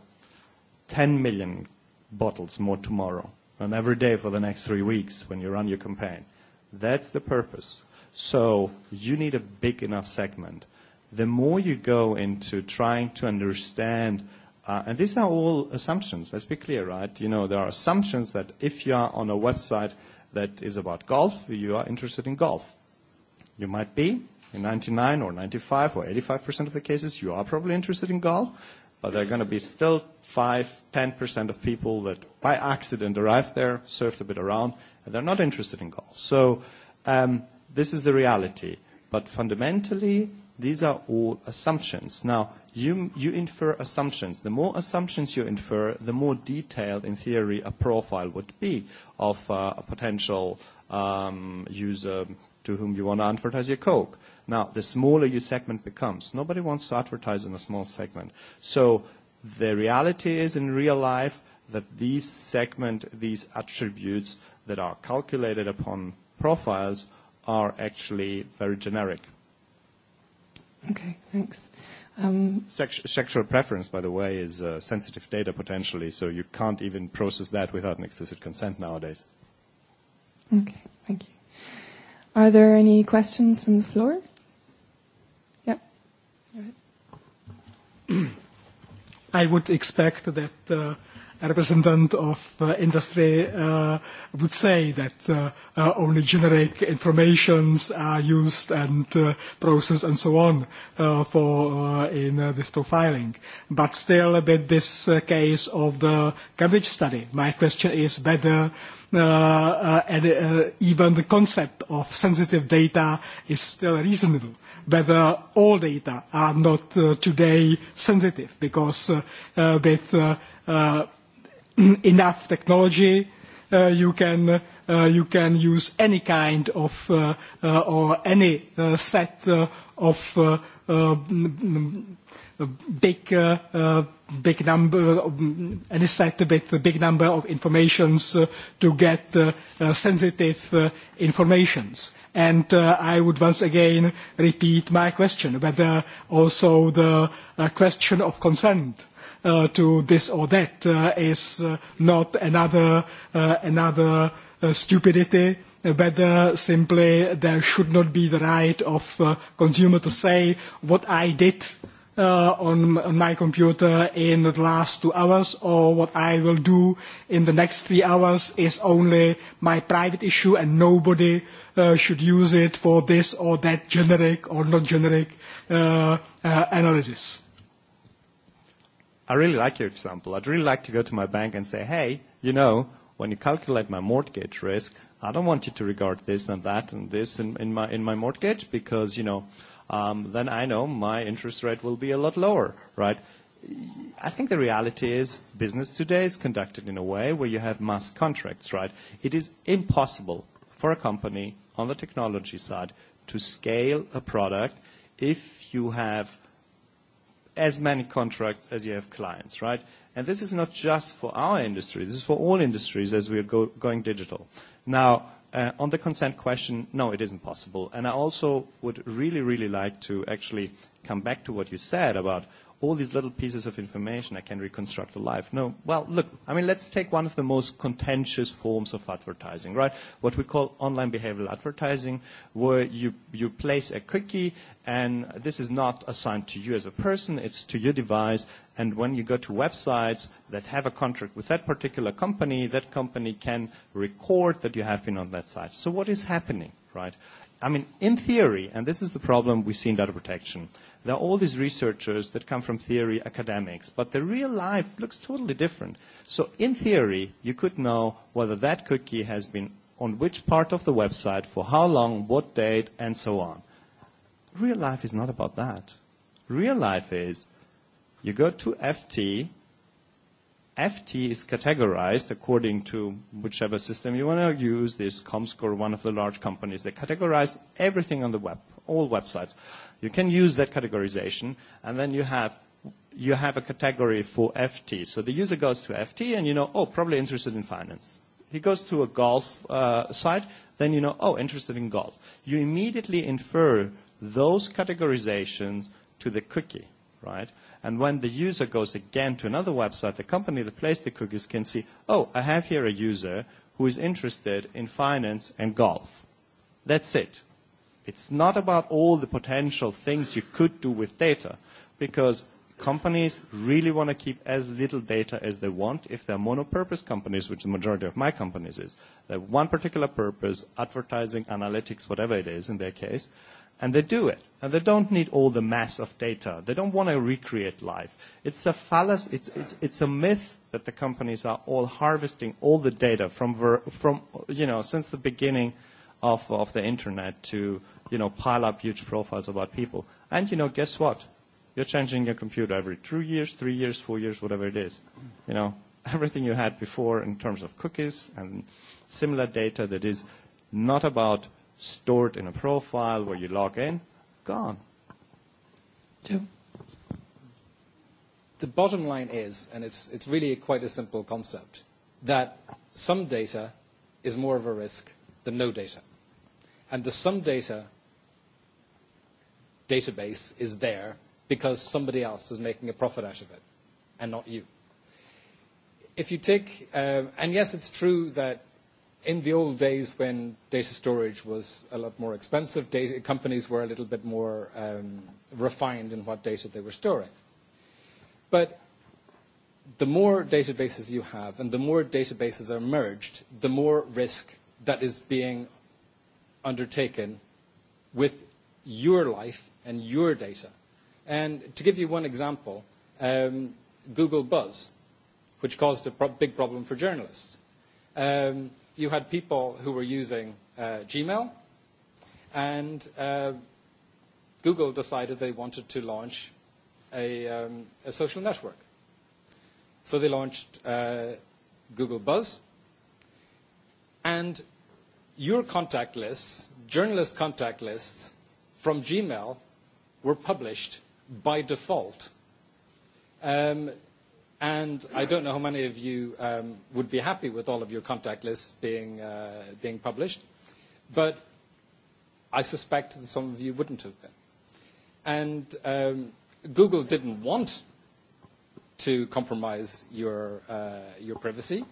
10 million bottles more tomorrow and every day for the next three weeks when you run your campaign. That's the purpose. So you need a big enough segment. The more you go into trying to understand, uh, and these are all assumptions, let's be clear, right? You know, there are assumptions that if you are on a website that is about golf, you are interested in golf. You might be, in 99 or 95 or 85% of the cases, you are probably interested in golf, but there are going to be still 5, 10% of people that by accident arrived there, surfed a bit around, and they're not interested in golf. So um, this is the reality. But fundamentally, these are all assumptions. Now, you, you infer assumptions. The more assumptions you infer, the more detailed, in theory, a profile would be of uh, a potential um, user to whom you want to advertise your Coke Now, the smaller your segment becomes, nobody wants to advertise in a small segment. So the reality is in real life that these segment, these attributes that are calculated upon profiles are actually very generic. Okay, thanks. Um, Sex- sexual preference, by the way, is uh, sensitive data potentially, so you can't even process that without an explicit consent nowadays. Okay, thank you. Are there any questions from the floor? I would expect that uh, a representative of uh, industry uh, would say that uh, uh, only generic informations are used and uh, processed and so on uh, for uh, in uh, this profiling. But still, with this uh, case of the Cambridge study, my question is whether uh, uh, and, uh, even the concept of sensitive data is still reasonable whether all data are not today sensitive because with enough technology you can you can use any kind of or any set of big big number, and is set with a big number of informations to get sensitive informations. And I would once again repeat my question, whether also the question of consent to this or that is not another, another stupidity, whether simply there should not be the right of consumer to say what I did uh, on, on my computer in the last two hours or what I will do in the next three hours is only my private issue and nobody uh, should use it for this or that generic or not generic uh, uh, analysis. I really like your example. I'd really like to go to my bank and say, hey, you know, when you calculate my mortgage risk, I don't want you to regard this and that and this in, in, my, in my mortgage because, you know, uh, um, then I know my interest rate will be a lot lower, right? I think the reality is business today is conducted in a way where you have mass contracts, right? It is impossible for a company on the technology side to scale a product if you have as many contracts as you have clients, right? And this is not just for our industry, this is for all industries as we are go going digital. Now, on the consent question, no, it isn't possible. And I also would really, really like to actually come back to what you said about – all these little pieces of information, I can reconstruct a life. No, well, look, I mean, let's take one of the most contentious forms of advertising, right? What we call online behavioral advertising, where you, you place a cookie, and this is not assigned to you as a person, it's to your device, and when you go to websites that have a contract with that particular company, that company can record that you have been on that site. So what is happening, right? Uh, I mean, in theory, and this is the problem we see in data protection, there are all these researchers that come from theory academics, but the real life looks totally different. So in theory, you could know whether that cookie has been on which part of the website, for how long, what date, and so on. Real life is not about that. Real life is you go to FT, FT is categorized according to whichever system you want to use. There's Comscore, one of the large companies. They categorize everything on the web, all websites. You can use that categorization, and then you have you have a category for FT. So the user goes to FT, and you know, oh, probably interested in finance. He goes to a golf uh, site, then you know, oh, interested in golf. You immediately infer those categorizations to the cookie, right? And when the user goes again to another website, the company that placed the cookies can see, oh, I have here a user who is interested in finance and golf. That's it. It's not about all the potential things you could do with data, because companies really want to keep as little data as they want if they're monopurpose companies, which the majority of my companies is. They have one particular purpose, advertising, analytics, whatever it is in their case, And they do it. And they don't need all the mass of data. They don't want to recreate life. It's a fallacy. It's, it's, it's a myth that the companies are all harvesting all the data from, from you know, since the beginning of, of the internet to, you know, pile up huge profiles about people. And, you know, guess what? You're changing your computer every two years, three years, four years, whatever it is. You know, everything you had before in terms of cookies and similar data that is not about – stored in a profile where you log in, gone. Two. The bottom line is, and it's, it's really quite a simple concept, that some data is more of a risk than no data. And the some data database is there because somebody else is making a profit out of it and not you. If you take, um, and yes, it's true that in the old days when data storage was a lot more expensive, data, companies were a little bit more um, refined in what data they were storing. But the more databases you have and the more databases are merged, the more risk that is being undertaken with your life and your data. And to give you one example, um, Google Buzz, which caused a big problem for journalists. Um, you had people who were using uh, Gmail, and uh, Google decided they wanted to launch a, um, a social network. So they launched uh, Google Buzz, and your contact lists, journalist contact lists from Gmail, were published by default. Um, And I don't know how many of you um, would be happy with all of your contact lists being, uh, being published, but I suspect that some of you wouldn't have been. And um, Google didn't want to compromise your, uh, your privacy,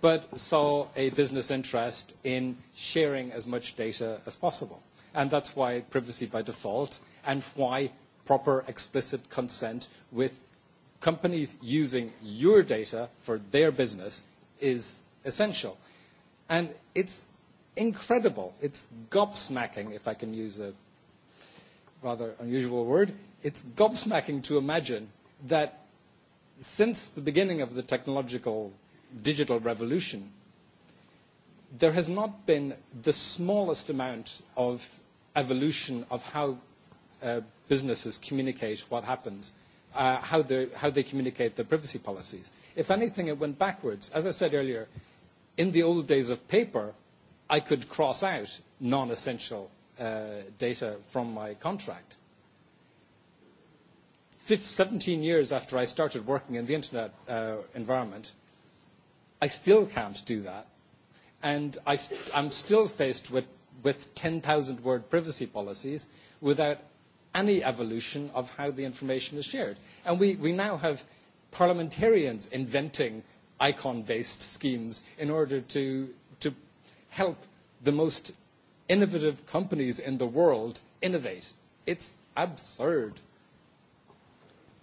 but saw a business interest in sharing as much data as possible. And that's why privacy by default and why proper explicit consent with companies using your data for their business is essential. And it's incredible. It's gobsmacking, if I can use a rather unusual word. It's gobsmacking to imagine that since the beginning of the technological digital revolution, there has not been the smallest amount of evolution of how uh, businesses communicate what happens uh, how, how they communicate their privacy policies. If anything, it went backwards. As I said earlier, in the old days of paper, I could cross out non-essential uh, data from my contract. Fifth, 17 years after I started working in the internet uh, environment, I still can't do that. And I st- I'm still faced with, with 10,000 word privacy policies without any evolution of how the information is shared. And we, we now have parliamentarians inventing icon-based schemes in order to, to help the most innovative companies in the world innovate. It's absurd.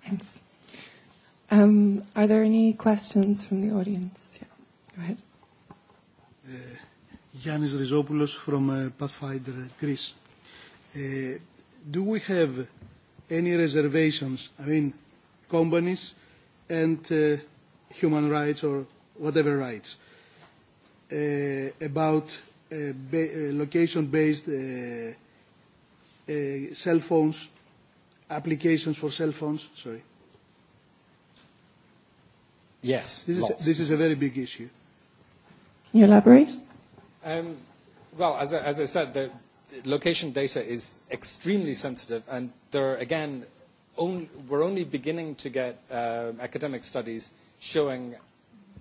Thanks. Um, are there any questions from the audience? Yeah, go ahead. Uh, Yannis Rizopoulos from uh, Pathfinder Greece. Uh, do we have any reservations, I mean, companies and uh, human rights or whatever rights, uh, about uh, ba- location-based uh, uh, cell phones, applications for cell phones, sorry? Yes, this is, a, this is a very big issue. Can you elaborate? Um, well, as I, as I said, the, location data is extremely sensitive, and there are, again, only, we're only beginning to get uh, academic studies showing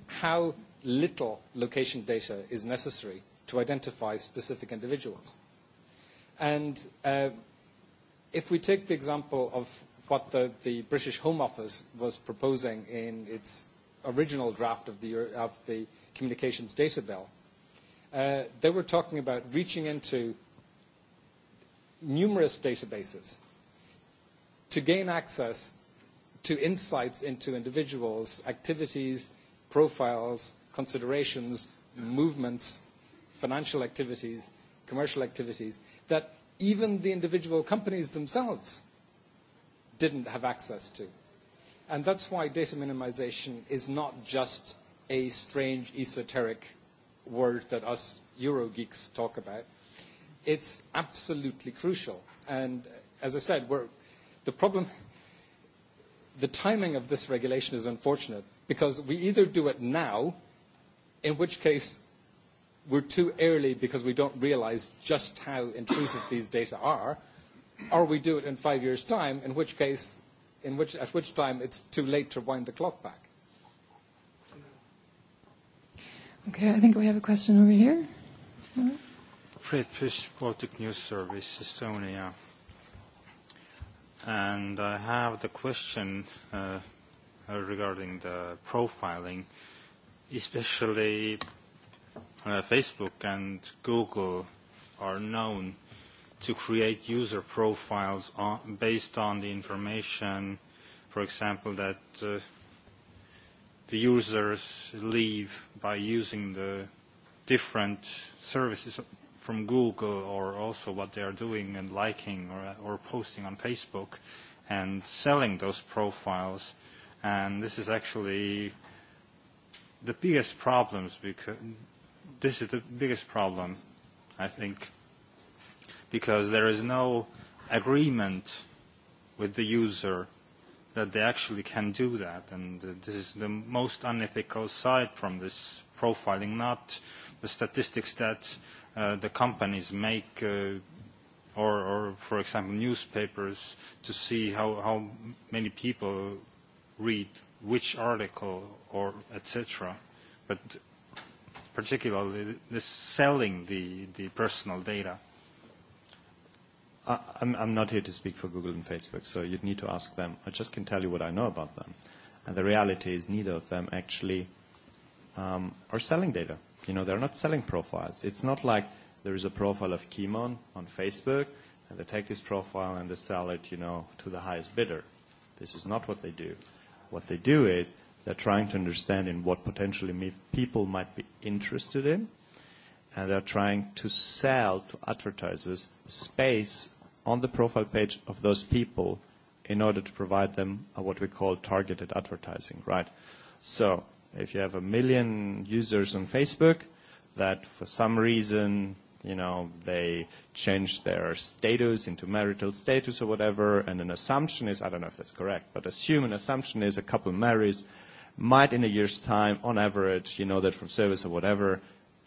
how little location data is necessary to identify specific individuals. And uh, if we take the example of what the, the British Home Office was proposing in its original draft of the, of the Communications Data Bill, uh, they were talking about reaching into numerous databases to gain access to insights into individuals, activities, profiles, considerations, movements, financial activities, commercial activities that even the individual companies themselves didn't have access to. And that's why data minimization is not just a strange esoteric word that us Euro geeks talk about it's absolutely crucial. And as I said, we're, the problem, the timing of this regulation is unfortunate because we either do it now, in which case we're too early because we don't realize just how intrusive these data are, or we do it in five years' time, in which case, in which, at which time it's too late to wind the clock back. Okay, I think we have a question over here. All right. British Baltic News Service, Estonia. And I have the question uh, regarding the profiling, especially uh, Facebook and Google are known to create user profiles on, based on the information, for example, that uh, the users leave by using the different services from Google or also what they are doing and liking or, or posting on Facebook and selling those profiles. And this is actually the biggest problems because this is the biggest problem, I think, because there is no agreement with the user that they actually can do that. And this is the most unethical side from this profiling, not the statistics that the companies make or, or for example, newspapers to see how, how many people read which article or etc. But particularly this selling the, the personal data. I, I'm, I'm not here to speak for Google and Facebook, so you'd need to ask them. I just can tell you what I know about them. And the reality is neither of them actually um, are selling data You know, they're not selling profiles. It's not like there is a profile of Kimon on Facebook, and they take this profile and they sell it, you know, to the highest bidder. This is not what they do. What they do is they're trying to understand in what potentially me- people might be interested in, and they're trying to sell to advertisers space on the profile page of those people in order to provide them what we call targeted advertising, right? So If you have a million users on Facebook that for some reason, you know, they change their status into marital status or whatever, and an assumption is, I don't know if that's correct, but assume an assumption is a couple marries, might in a year's time, on average, you know that from service or whatever,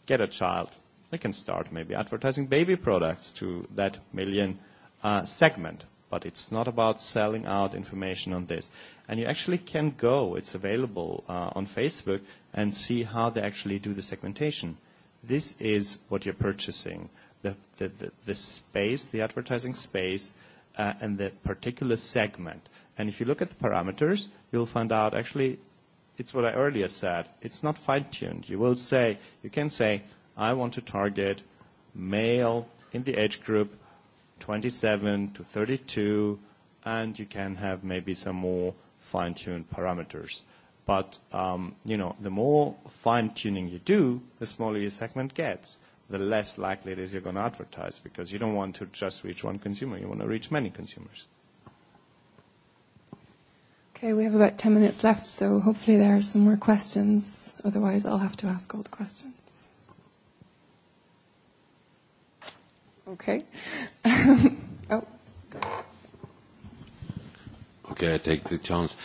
get a child. They can start maybe advertising baby products to that million uh, segment but it's not about selling out information on this. And you actually can go, it's available uh, on Facebook, and see how they actually do the segmentation. This is what you're purchasing. The, the, the, the space, the advertising space, uh, and the particular segment. And if you look at the parameters, you'll find out actually, it's what I earlier said, it's not fine-tuned. You will say, you can say, I want to target male in the age group 27 to 32, and you can have maybe some more fine-tuned parameters. But um, you know, the more fine-tuning you do, the smaller your segment gets. The less likely it is you're going to advertise because you don't want to just reach one consumer. You want to reach many consumers. Okay, we have about 10 minutes left, so hopefully there are some more questions. Otherwise, I'll have to ask all the questions. Okay. oh. Okay, I take the chance.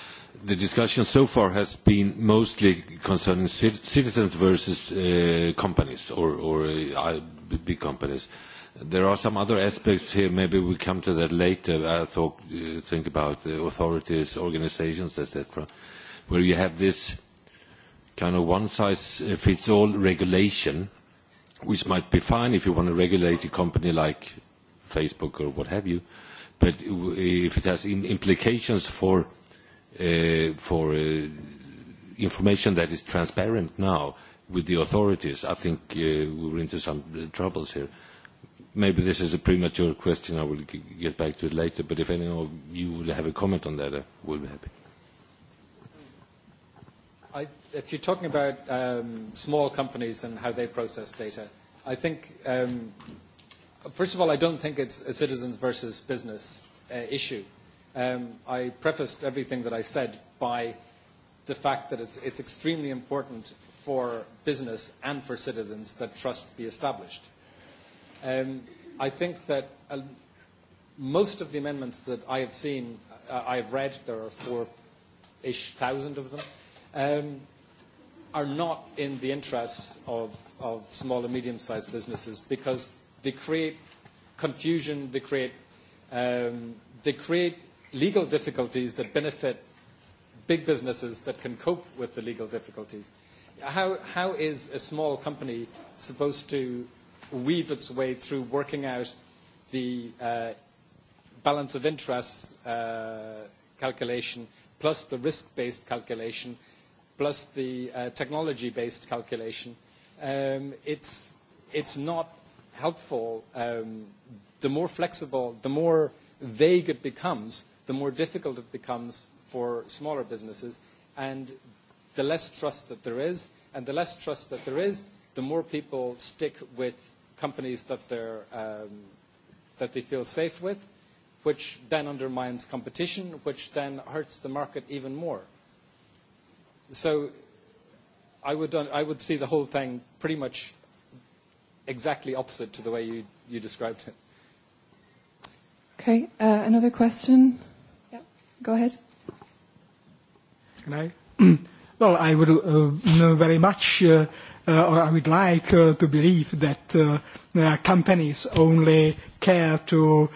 The discussion so far has been mostly concerning citizens versus uh, companies or, or uh, big companies. There are some other aspects here. Maybe we come to that later. I thought, uh, think about the authorities, organizations, etc., where you have this kind of one-size-fits-all regulation – which might be fine if you want to regulate a company like Facebook or what have you. But if it has implications for information that is transparent now with the authorities, I think we're into some troubles here. Maybe this is a premature question. I will get back to it later. But if any of you would have a comment on that, I would be happy if you're talking about um, small companies and how they process data, I think, um, first of all, I don't think it's a citizens versus business uh, issue. Um, I prefaced everything that I said by the fact that it's, it's extremely important for business and for citizens that trust be established. Um, I think that uh, most of the amendments that I have seen, uh, I have read, there are four-ish thousand of them, um, are not in the interests of, of small and medium-sized businesses because they create confusion, they create, um, they create legal difficulties that benefit big businesses that can cope with the legal difficulties. How, how is a small company supposed to weave its way through working out the uh, balance of interests uh, calculation plus the risk-based calculation plus the technology-based calculation, it's not helpful. The more flexible, the more vague it becomes, the more difficult it becomes for smaller businesses, and the less trust that there is. And the less trust that there is, the more people stick with companies that, they're, um, that they feel safe with, which then undermines competition, which then hurts the market even more. So I would, I would see the whole thing pretty much exactly opposite to the way you, you described it. Okay, uh, another question? Yeah, go ahead. Can I? well, I would uh, know very much. Uh, or I would like to believe that companies only care to,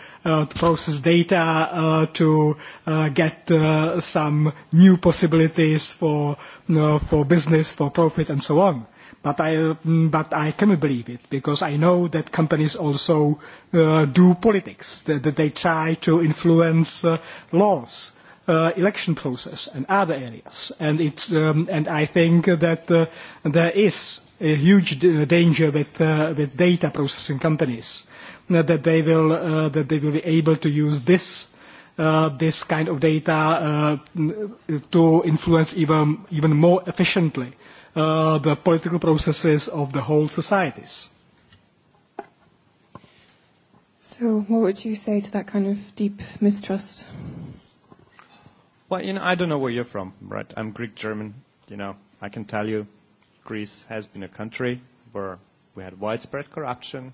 process data to get some new possibilities for, for business, for profit, and so on. But I, but I cannot believe it because I know that companies also do politics, that, they try to influence laws uh, election process and other areas. And, it's, um, and I think that uh, there is a huge danger with, uh, with data processing companies that they will uh, that they will be able to use this uh, this kind of data uh, to influence even even more efficiently uh, the political processes of the whole societies. So, what would you say to that kind of deep mistrust? Well, you know, I don't know where you're from, right? I'm Greek German. You know, I can tell you, Greece has been a country where we had widespread corruption.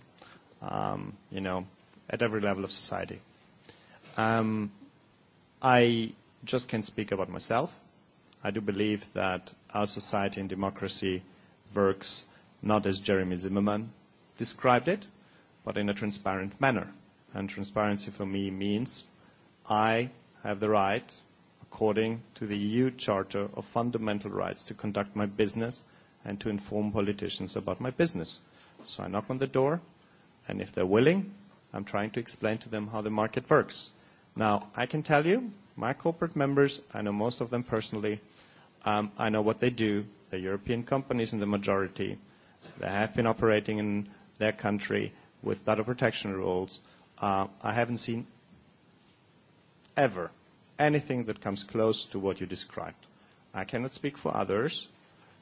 Um, you know, at every level of society. Um, I just can speak about myself. I do believe that our society and democracy works not as Jeremy Zimmerman described it, but in a transparent manner. And transparency for me means I have the right according to the EU Charter of Fundamental Rights to conduct my business and to inform politicians about my business. So I knock on the door, and if they're willing, I'm trying to explain to them how the market works. Now, I can tell you, my corporate members, I know most of them personally, um, I know what they do. They're European companies in the majority. They have been operating in their country with data protection rules. Uh, I haven't seen ever anything that comes close to what you described. I cannot speak for others,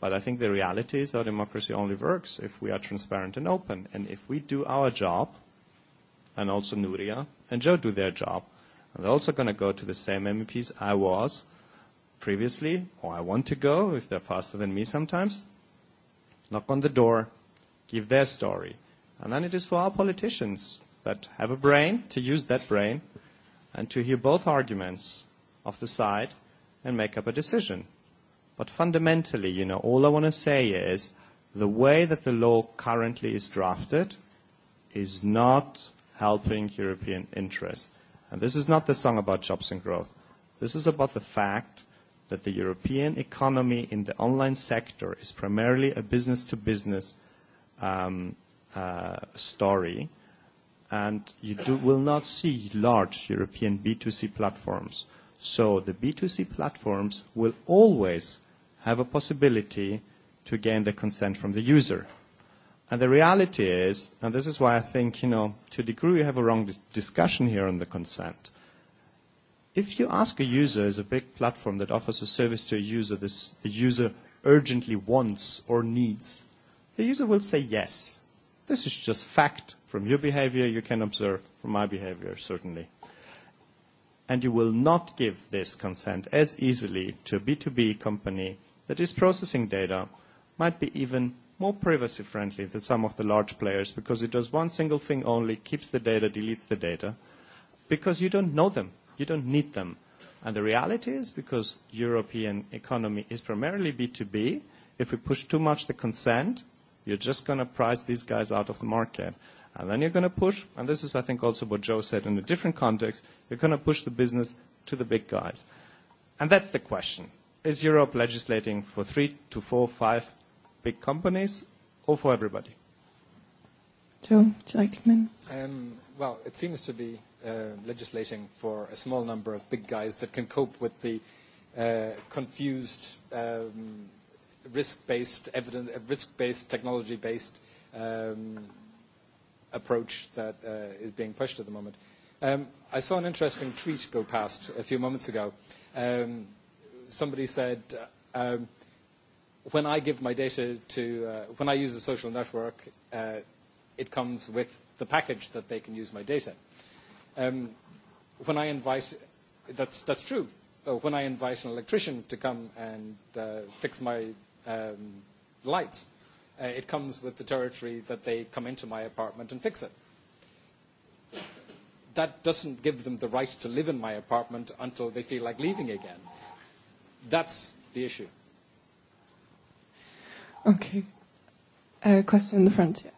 but I think the reality is our democracy only works if we are transparent and open, and if we do our job, and also Nuria and Joe do their job. And they're also going to go to the same MEPs I was previously, or I want to go if they're faster than me sometimes. Knock on the door, give their story. And then it is for our politicians that have a brain to use that brain and to hear both arguments of the side and make up a decision. But fundamentally, you know, all I want to say is the way that the law currently is drafted is not helping European interests. And this is not the song about jobs and growth. This is about the fact that the European economy in the online sector is primarily a business-to-business um, uh, story and you do, will not see large European B2C platforms. So the B2C platforms will always have a possibility to gain the consent from the user. And the reality is, and this is why I think, you know, to a degree we have a wrong dis- discussion here on the consent. If you ask a user, as a big platform that offers a service to a user, this, the user urgently wants or needs, the user will say yes. This is just fact From your behavior, you can observe from my behavior, certainly. And you will not give this consent as easily to a B2B company that is processing data, might be even more privacy friendly than some of the large players because it does one single thing only, keeps the data, deletes the data, because you don't know them, you don't need them. And the reality is because European economy is primarily B2B, if we push too much the consent, you're just going to price these guys out of the market. And then you're going to push, and this is, I think, also what Joe said in a different context, you're going to push the business to the big guys. And that's the question. Is Europe legislating for three to four, five big companies or for everybody? Joe, would you like to come in? Um, well, it seems to be uh, legislating for a small number of big guys that can cope with the uh, confused, um, risk-based, evident, risk-based, technology-based um, approach that uh, is being pushed at the moment. Um, I saw an interesting tweet go past a few moments ago. Um, somebody said, um, when I give my data to, uh, when I use a social network, uh, it comes with the package that they can use my data. Um, when I invite, that's, that's true. Oh when I invite an electrician to come and uh, fix my um, lights, Uh, it comes with the territory that they come into my apartment and fix it. That doesn't give them the right to live in my apartment until they feel like leaving again. That's the issue. Okay. Uh, question in the front, yeah.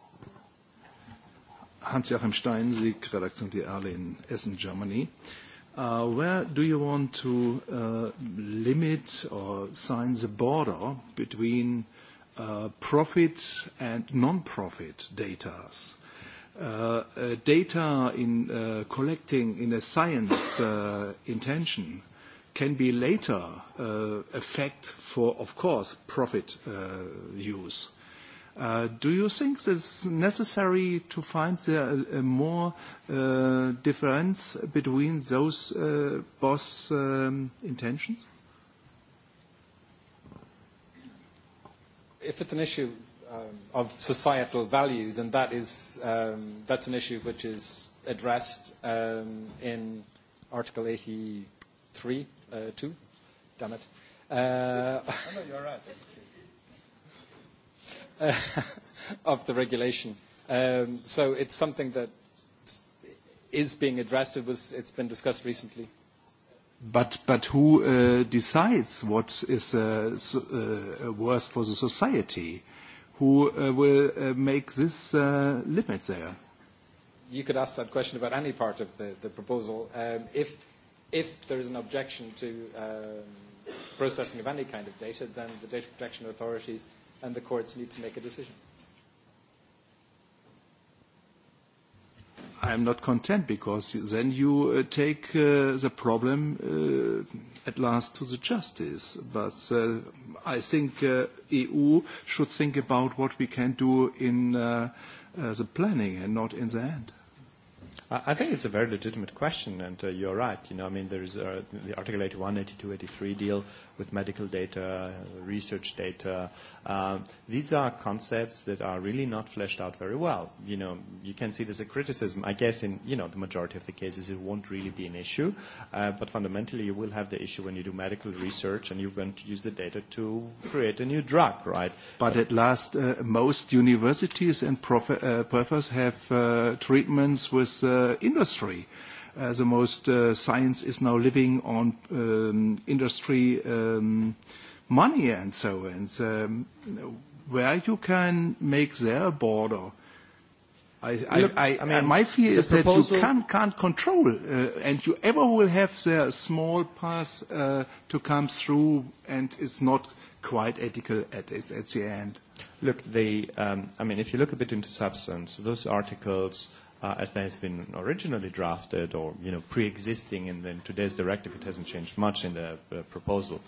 Hans-Joachim Steinsieg, Redaktion Die Erle in Essen, Germany. Uh, where do you want to uh, limit or sign the border between profit and non-profit data. Data in collecting in a science intention can be later effect for, of course, profit use. Do you think it's necessary to find a more difference between those both intentions? if it's an issue um, of societal value, then that is, um, that's an issue which is addressed um, in Article 83, uh, 2. Damn it. Uh, no, you're right. of the regulation. Um, so it's something that is being addressed. It was, it's been discussed recently But, but who uh, decides what is uh, uh, worst for the society? Who uh, will uh, make this uh, limit there? You could ask that question about any part of the, the proposal. Um, if, if there is an objection to um, processing of any kind of data, then the data protection authorities and the courts need to make a decision. I am not content because then you uh, take uh, the problem uh, at last to the justice. But uh, I think uh, EU should think about what we can do in uh, uh, the planning and not in the end. I think it's a very legitimate question, and uh, you're right. You know, I mean, there is uh, the Article 81, 82, 83 deal with medical data, research data. Uh, these are concepts that are really not fleshed out very well. You know, you can see this as a criticism. I guess in, you know, the majority of the cases it won't really be an issue, uh, but fundamentally you will have the issue when you do medical research and you're going to use the data to create a new drug, right? But at last, uh, most universities and prof- uh, professors have uh, treatments with uh, industry the most science is now living on industry money and so on. Where you can make their border, I mean, my fear is that you can't control, and you ever will have the small pass to come through, and it's not quite ethical at the end. Look, the, I mean, if you look a bit into substance, those articles uh, as that has been originally drafted or you know pre-existing in, the, in today's directive, it hasn't changed much in the uh, proposal.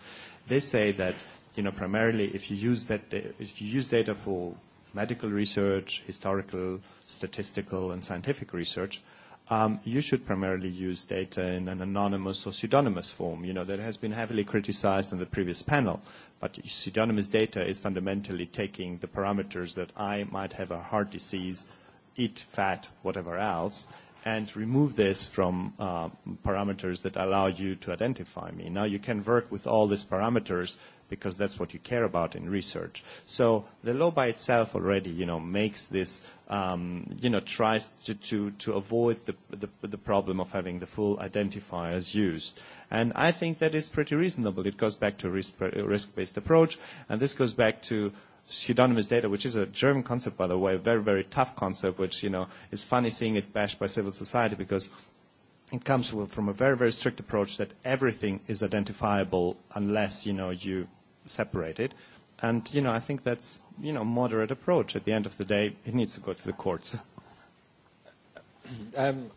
They say that you know primarily if you use that if you use data for medical research, historical, statistical, and scientific research, um, you should primarily use data in an anonymous or pseudonymous form. You know, that has been heavily criticized in the previous panel, but pseudonymous data is fundamentally taking the parameters that I might have a heart disease eat fat, whatever else, and remove this from uh, parameters that allow you to identify me. Now you can work with all these parameters because that's what you care about in research. So the law by itself already, you know, makes this, um, you know, tries to, to, to avoid the, the, the problem of having the full identifiers used. And I think that is pretty reasonable. It goes back to risk, risk-based approach, and this goes back to pseudonymous data, which is a German concept, by the way, a very, very tough concept, which, you know, it's funny seeing it bashed by civil society because it comes from a very, very strict approach that everything is identifiable unless, you know, you separate it. And, you know, I think that's, you know, moderate approach. At the end of the day, it needs to go to the courts. Um,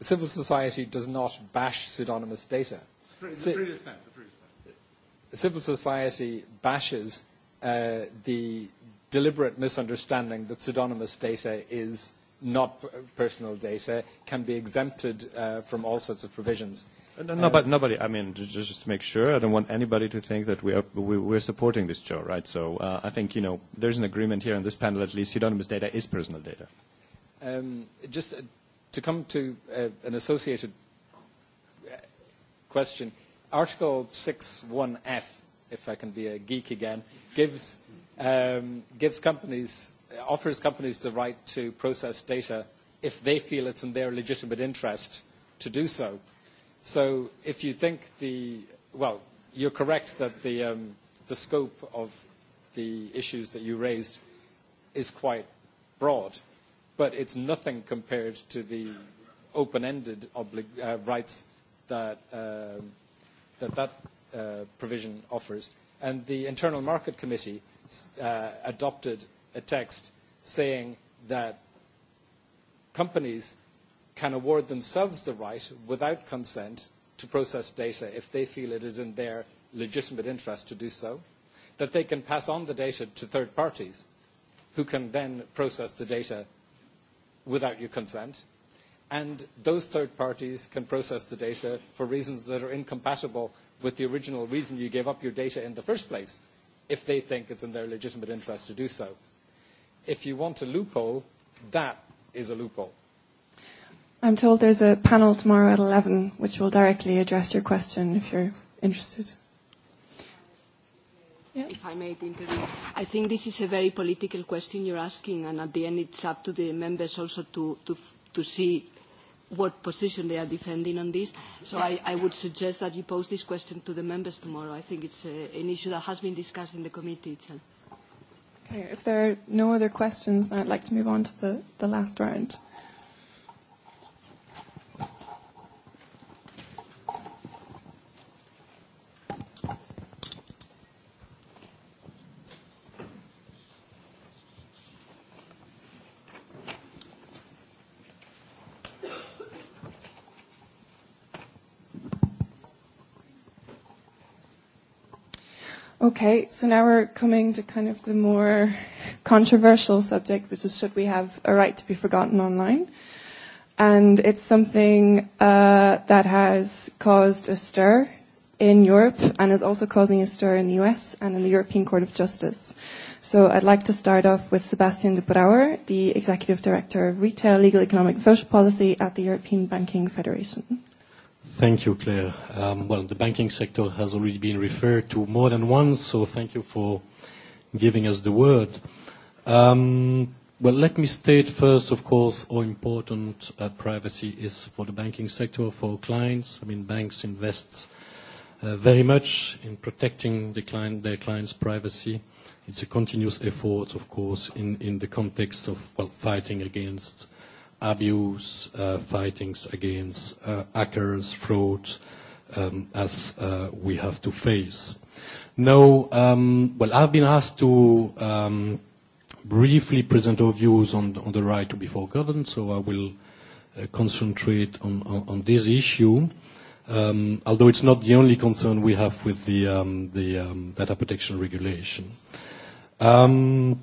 civil society does not bash pseudonymous data. It's previous time civil society bashes uh, the deliberate misunderstanding that pseudonymous data is not personal data, can be exempted uh, from all sorts of provisions. No, no, but nobody. I mean, just to make sure, I don't want anybody to think that we are we, we're supporting this Joe, right? So uh, I think you know there's an agreement here on this panel. At least pseudonymous data is personal data. Um, just to come to uh, an associated question, Article 6.1f, if I can be a geek again, gives, um, gives companies, offers companies the right to process data if they feel it's in their legitimate interest to do so. So if you think the, well, you're correct that the, um, the scope of the issues that you raised is quite broad, but it's nothing compared to the open-ended rights that um, that that provision offers. And the Internal Market Committee adopted a text saying that companies can award themselves the right, without consent, to process data if they feel it is in their legitimate interest to do so, that they can pass on the data to third parties who can then process the data without your consent, and those third parties can process the data for reasons that are incompatible with the original reason you gave up your data in the first place, if they think it's in their legitimate interest to do so. If you want a loophole, that is a loophole. I'm told there's a panel tomorrow at 11 which will directly address your question if you're interested. Yeah. If I may intervene, I think this is a very political question you're asking, and at the end, it's up to the members also to to to see what position they are defending on this. So I, I would suggest that you pose this question to the members tomorrow. I think it's a, an issue that has been discussed in the committee itself. Okay, if there are no other questions, then I'd like to move on to the, the last round. Okay, so now we're coming to kind of the more controversial subject, which is should we have a right to be forgotten online? And it's something uh, that has caused a stir in Europe and is also causing a stir in the US and in the European Court of Justice. So I'd like to start off with Sebastian de Brouwer, the Executive Director of Retail, Legal, Economic and Social Policy at the European Banking Federation. Thank you, Claire. Um, well, the banking sector has already been referred to more than once, so thank you for giving us the word. Um, well, let me state first, of course, how important uh, privacy is for the banking sector, for clients. I mean, banks invest uh, very much in protecting the client, their clients' privacy. It's a continuous effort, of course, in, in the context of well, fighting against abuse, uh, fightings against uh, hackers, fraud, um, as uh, we have to face. Now, um, well, I've been asked to um, briefly present our views on, on the right to be forgotten, so I will uh, concentrate on, on, on this issue. Um, although it's not the only concern we have with the, um, the um, data protection regulation. Um,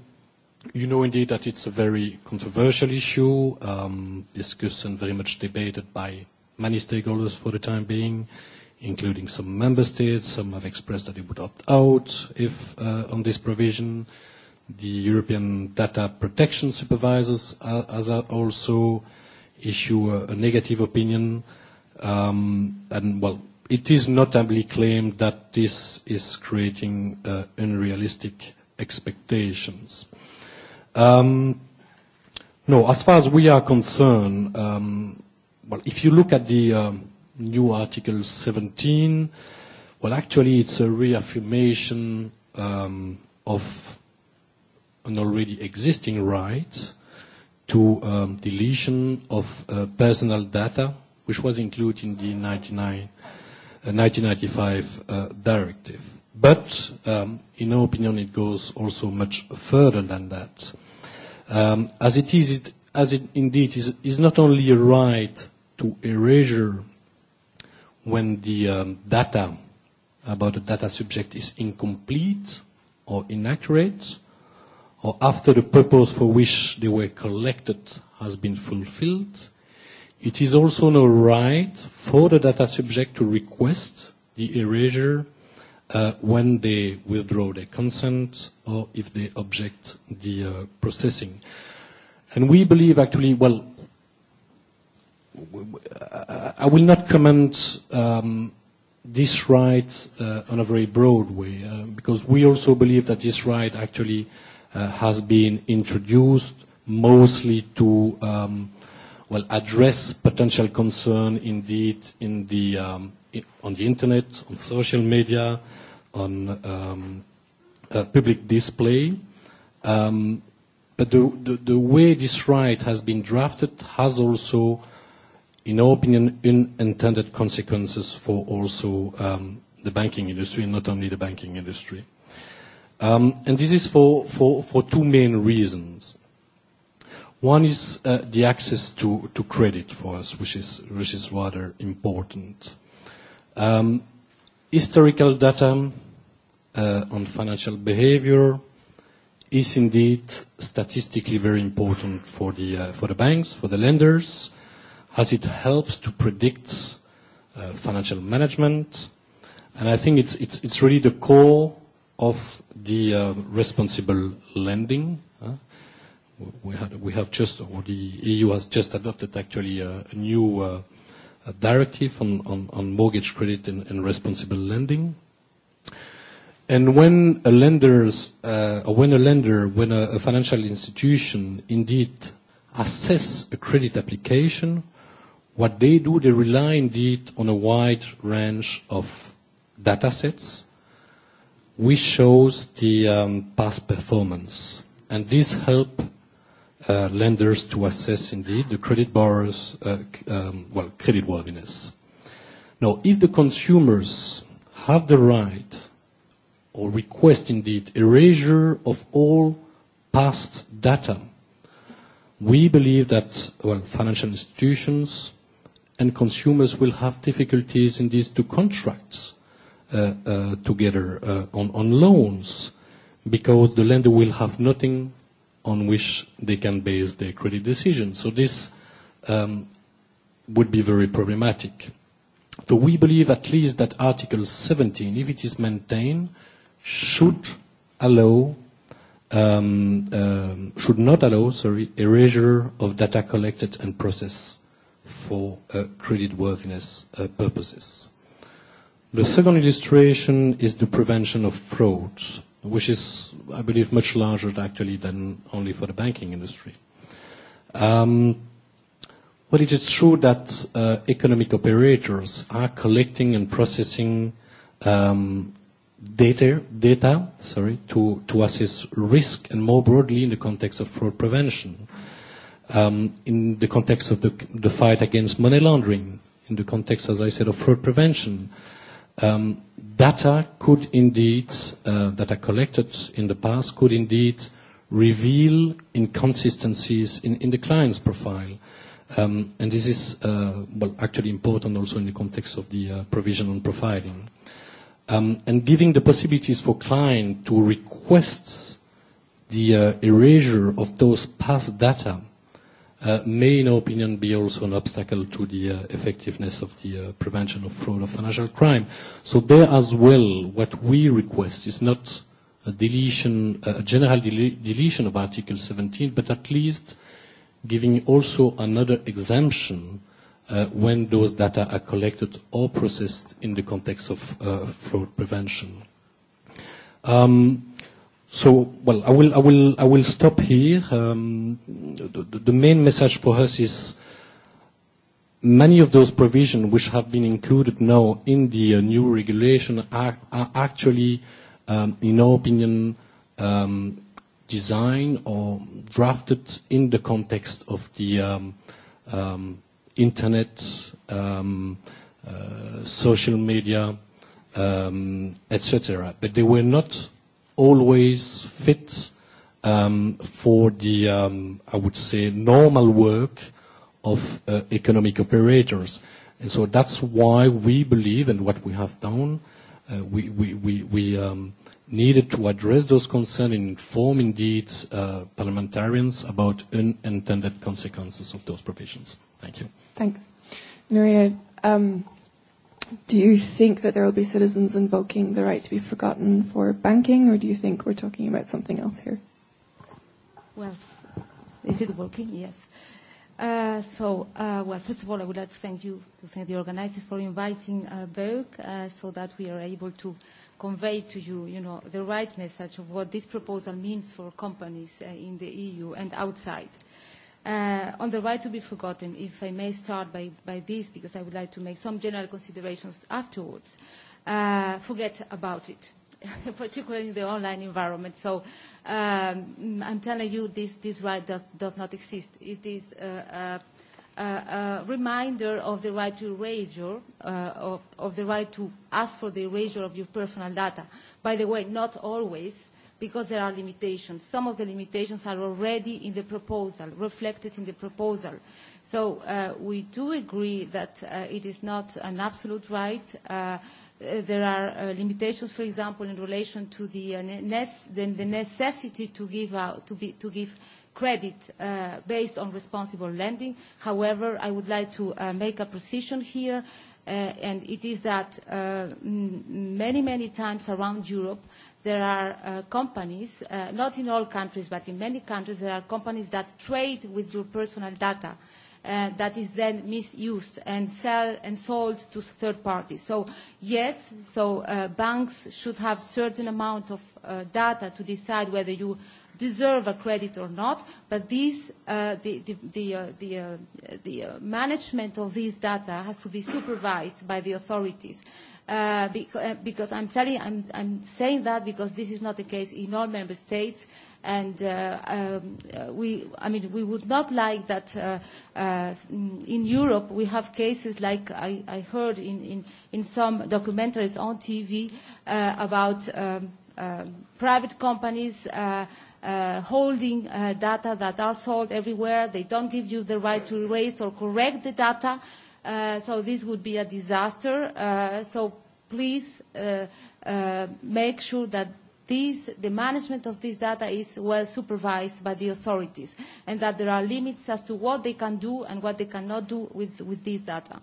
You know indeed that it's a very controversial issue, um, discussed and very much debated by many stakeholders for the time being, including some member states. Some have expressed that they would opt out if uh, on this provision. The European data protection supervisors has also issued a, negative opinion. Um, and well, it is notably claimed that this is creating uh, unrealistic expectations. Um, no, as far as we are concerned, um, well, if you look at the um, new Article 17, well, actually, it's a reaffirmation um, of an already existing right to um, deletion of uh, personal data, which was included in the 99, uh, 1995 uh, directive. But um, in our opinion, it goes also much further than that. Um, as it is, it, as it indeed is, is not only a right to erasure when the um, data about the data subject is incomplete or inaccurate, or after the purpose for which they were collected has been fulfilled, it is also no right for the data subject to request the erasure uh, when they withdraw their consent or if they object the uh, processing. And we believe actually, well, I will not comment um, this right uh, on a very broad way, uh, because we also believe that this right actually uh, has been introduced mostly to um, well address potential concern indeed in the um, on the internet, on social media, on um, uh, public display. Um, but the, the, the way this right has been drafted has also, in our opinion, unintended consequences for also um, the banking industry, not only the banking industry. Um, and this is for, for, for two main reasons. One is uh, the access to, to credit for us, which is, which is rather important Um, historical data uh, on financial behavior is indeed statistically very important for the, uh, for the banks, for the lenders, as it helps to predict uh, financial management. And I think it's, it's, it's really the core of the uh, responsible lending. Uh, we, had, we have just, or the EU has just adopted actually a, a new uh, a directive on, on, on mortgage credit and, and responsible lending. And when a lender's, uh, or when a lender, when a, a financial institution indeed assess a credit application, what they do, they rely indeed on a wide range of data sets, which shows the um, past performance. And this helps lenders to assess indeed the credit borrowers, well, creditworthiness. Now, if the consumers have the right or request indeed erasure of all past data, we believe that, well, financial institutions and consumers will have difficulties in these two contracts together on loans because the lender will have nothing on which they can base their credit decision. So this um, would be very problematic. So we believe at least that Article 17, if it is maintained, should allow um, um, should not allow sorry erasure of data collected and processed for uh, creditworthiness uh, purposes. The second illustration is the prevention of fraud which is, I believe, much larger actually than only for the banking industry. Um, well, it is true that uh, economic operators are collecting and processing um, data, data sorry, to, to assess risk and more broadly in the context of fraud prevention, um, in the context of the, the fight against money laundering, in the context, as I said, of fraud prevention um, data could indeed, uh, that are collected in the past, could indeed reveal inconsistencies in, in the client's profile. Um, and this is uh, well, actually important also in the context of the uh, provision on profiling. Um, and giving the possibilities for client to request the uh, erasure of those past data may, in our opinion, be also an obstacle to the effectiveness of the prevention of fraud or financial crime. So there as well, what we request is not a deletion, a general deletion of Article 17, but at least giving also another exemption when those data are collected or processed in the context of fraud prevention. Um, So, well, I will I I will stop here. The main message for us is many of those provisions which have been included now in the new regulation are actually, in our opinion, designed or drafted in the context of the internet, social media, et cetera. But they were not always fit um, for the, um, I would say, normal work of uh, economic operators. And so that's why we believe and what we have done, uh, we, we, we, we um, needed to address those concerns and inform indeed uh, parliamentarians about unintended consequences of those provisions. Thank you. Thanks. Maria, um, do you think that there will be citizens invoking the right to be forgotten for banking, or do you think we're talking about something else here? Well, is it working? Yes. Uh, so, uh, well, first of all, I would like to thank you, to thank the organizers for inviting uh, Berg, uh, so that we are able to convey to you, you know, the right message of what this proposal means for companies uh, in the EU and outside. Uh, on the right to be forgotten, if I may start by, by this, because I would like to make some general considerations afterwards, uh, forget about it, particularly in the online environment. So um, I'm telling you, this, this right does, does not exist. It is a, a reminder of the right to erasure, uh, of, of the right to ask for the erasure of your personal data. By the way, not always because there are limitations. Some of the limitations are already in the proposal, reflected in the proposal. So uh, we do agree that uh, it is not an absolute right. Uh, there are uh, limitations, for example, in relation to the, uh, ne the necessity to give, out, to be, to give credit uh, based on responsible lending. However, I would like to uh, make a precision here, uh, and it is that uh, many, many times around Europe, uh, there are uh, companies, uh, not in all countries, but in many countries, there are companies that trade with your personal data uh, that is then misused and sell and sold to third parties. So yes, so uh, banks should have certain amount of uh, data to decide whether you deserve a credit or not, but these, uh, the, the, the, uh, the, uh, the uh, management of these data has to be supervised by the authorities uh, because I'm, telling, I'm, I'm saying that because this is not the case in all member states and uh, um, we, I mean, we would not like that uh, uh, in Europe we have cases like I, I heard in, in, in some documentaries on TV uh, about um, uh, private companies uh, uh, holding uh, data that are sold everywhere. They don't give you the right to erase or correct the data. Uh, so this would be a disaster. Uh, so please uh, uh, make sure that this, the management of this data is well supervised by the authorities and that there are limits as to what they can do and what they cannot do with, with this data.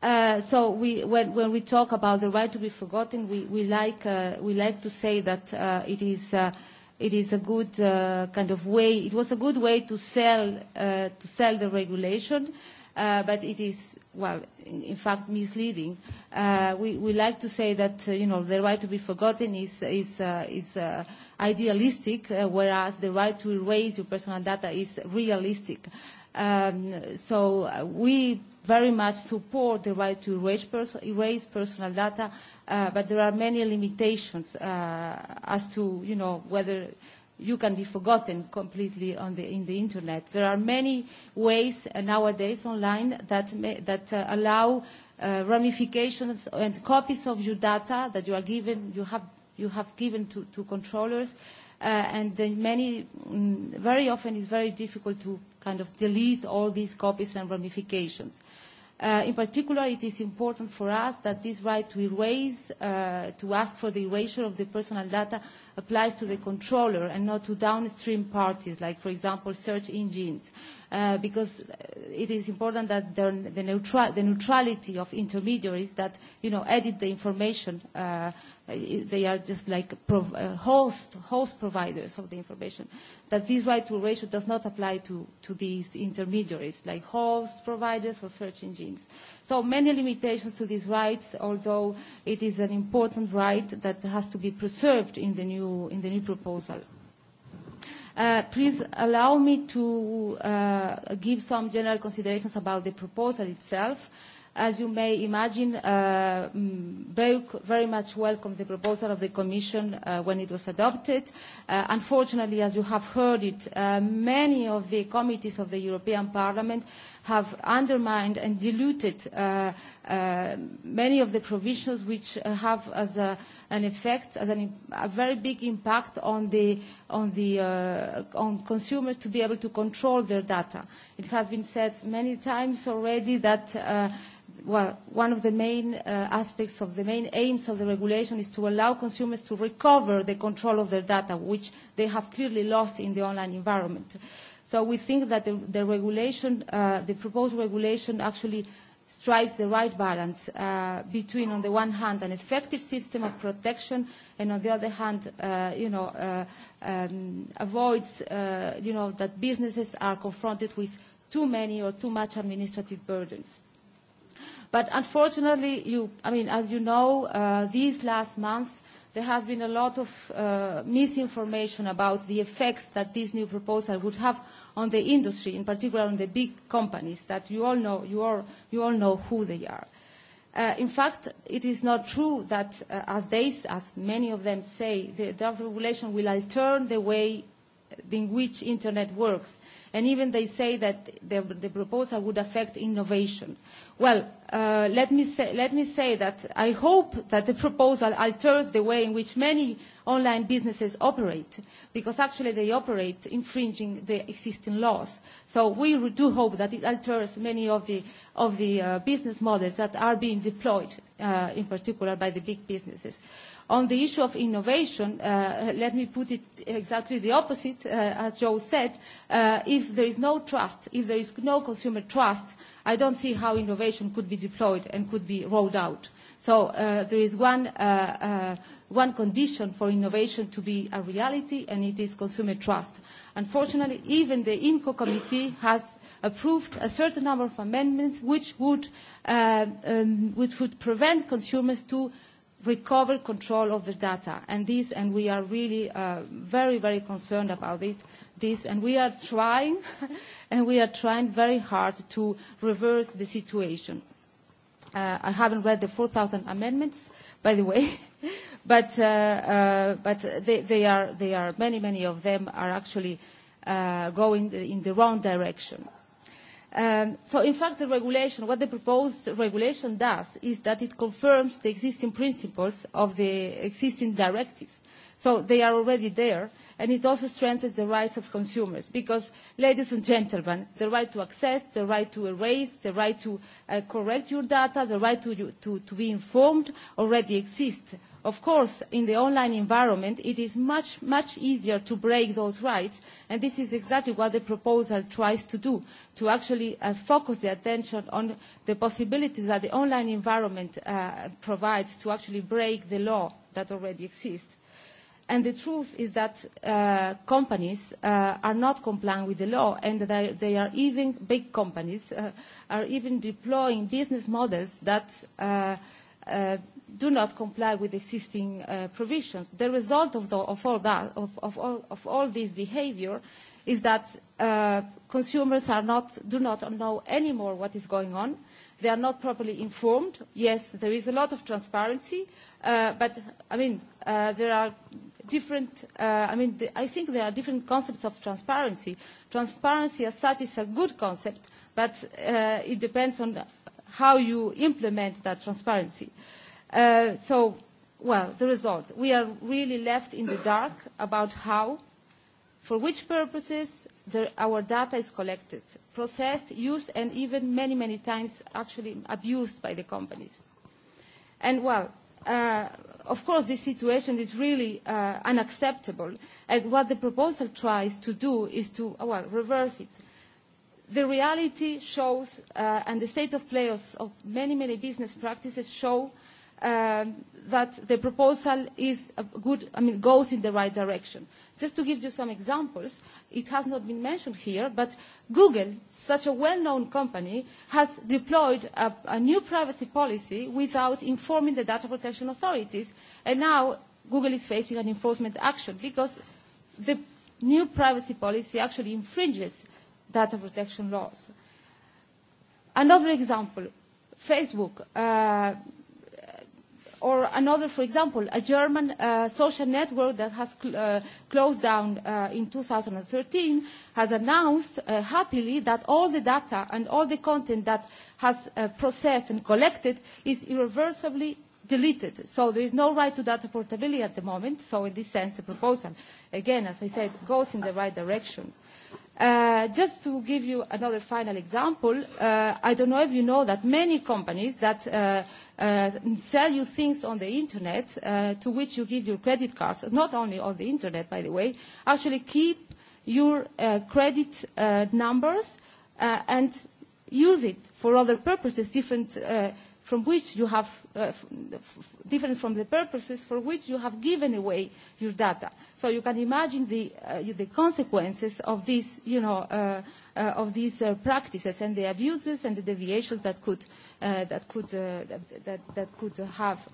Uh, so we, when, when we talk about the right to be forgotten, we, we, like, uh, we like to say that uh, it is uh, it is a good uh, kind of way. It was a good way to sell uh, to sell the regulation uh, but it is, well, in, in fact, misleading. Uh, we, we like to say that, uh, you know, the right to be forgotten is, is, uh, is uh, idealistic, uh, whereas the right to erase your personal data is realistic. Um, so we very much support the right to erase, pers- erase personal data, uh, but there are many limitations uh, as to, you know, whether you can be forgotten completely on the, in the internet. There are many ways nowadays online that, may, that uh, allow uh, ramifications and copies of your data that you are given, you have, you have given to, to controllers. Uh, and then many, mm, very often it's very difficult to kind of delete all these copies and ramifications. Uh, Uh, in particular, it is important for us that this right to erase, uh, to ask for the erasure of the personal data applies to the controller and not to downstream parties, like, for example, search engines. Uh, uh, because it is important that the, the, neutral, the neutrality of intermediaries that you know edit the information. Uh, they are just like prov- uh, host host providers of the information. That this right to ratio does not apply to to these intermediaries like host providers or search engines. So many limitations to these rights, although it is an important right that has to be preserved in the new in the new proposal. Uh, please allow me to uh, give some general considerations about the proposal itself. As you may imagine, uh, BEUC very much welcomed the proposal of the Commission uh, when it was adopted. Uh, unfortunately, as you have heard it, uh, many of the committees of the European Parliament have undermined and diluted uh, uh, many of the provisions which have as a, an effect, as an, a very big impact on the on the uh, on consumers to be able to control their data. It has been said many times already that. Uh, well, one of the main uh, aspects of the main aims of the regulation is to allow consumers to recover the control of their data, which they have clearly lost in the online environment. Uh, So we think that the, regulation, uh, the proposed regulation actually strikes the right balance between, on the one hand, an effective system of protection, and on the other hand, you know, avoids, that businesses are confronted with too many or too much administrative burdens. But unfortunately, as you know, these last months, there has been a lot of uh, misinformation about the effects that this new proposal would have on the industry, in particular on the big companies that you all know, you all, you all know who they are. Uh, in fact, it is not true that, uh, as they, as many of them say, the draft regulation will alter the way in which internet works. And even they say that the, the proposal would affect innovation. Well, uh, let, me say, let me say that I hope that the proposal alters the way in which many online businesses operate, because actually they operate infringing the existing laws. So we do hope that it alters many of the, of the uh, business models that are being deployed, uh, in particular by the big businesses. Uh, On the issue of innovation, uh, let me put it exactly the opposite, uh, as Joe said. Uh, if there is no trust, if there is no consumer trust, I don't see how innovation could be deployed and could be rolled out. So uh, there is one, uh, uh, one condition for innovation to be a reality, and it is consumer trust. Unfortunately, even the IMCO committee has approved a certain number of amendments which would, uh, um, which would prevent consumers to recover control of the data. And this, and we are really uh, very, very concerned about it, this, and we are trying, and we are trying very hard to reverse the situation. Uh, I haven't read the 4,000 amendments, by the way, but, uh, uh, but they, they, are, they are, many, many of them are actually uh, going in the wrong direction. Um, so in fact the regulation, what the proposed regulation does is that it confirms the existing principles of the existing directive. So they are already there and it also strengthens the rights of consumers because, ladies and gentlemen, the right to access, the right to erase, the right to uh, correct your data, the right to, to, to be informed already exists Of course, in the online environment, it is much, much easier to break those rights, and this is exactly what the proposal tries to do, to actually uh, focus the attention on the possibilities that the online environment uh, provides to actually break the law that already exists. And the truth is that uh, companies uh, are not complying with the law, and they, they are even big companies uh, are even deploying business models that uh, uh, do not comply with existing uh, provisions. The result of, the, of, all, that, of, of, all, of all this behavior is that uh, consumers are not, do not know anymore what is going on. They are not properly informed. Yes, there is a lot of transparency, uh, but I mean, uh, there are different, uh, I mean, the, I think there are different concepts of transparency. Transparency as such is a good concept, but uh, it depends on how you implement that transparency. Uh, so, well, the result. We are really left in the dark about how, for which purposes the, our data is collected, processed, used, and even many, many times actually abused by the companies. And, well, uh, of course, this situation is really uh, unacceptable. And what the proposal tries to do is to, well, reverse it. The reality shows, uh, and the state of play of, of many, many business practices show that the proposal is a good, I mean, goes in the right direction. Just to give you some examples, it has not been mentioned here, but Google, such a well-known company, has deployed a, a new privacy policy without informing the data protection authorities, and now Google is facing an enforcement action because the new privacy policy actually infringes data protection laws. Another example, Facebook. Uh, or another, for example, a German uh, social network that has cl uh, closed down uh, in 2013 has announced uh, happily that all the data and all the content that has uh, processed and collected is irreversibly deleted. So there is no right to data portability at the moment. So in this sense, the proposal, again, as I said, goes in the right direction. Uh, just to give you another final example, uh, I don't know if you know that many companies that uh, uh, sell you things on the internet uh, to which you give your credit cards, not only on the internet, by the way, actually keep your uh, credit uh, numbers uh, and use it for other purposes, different uh, from which you have, uh, different from the purposes for which you have given away your data. So you can imagine the, uh, the consequences of these, you know, uh, uh, of these uh, practices and the abuses and the deviations that could, uh, that could, uh, that, that, that could have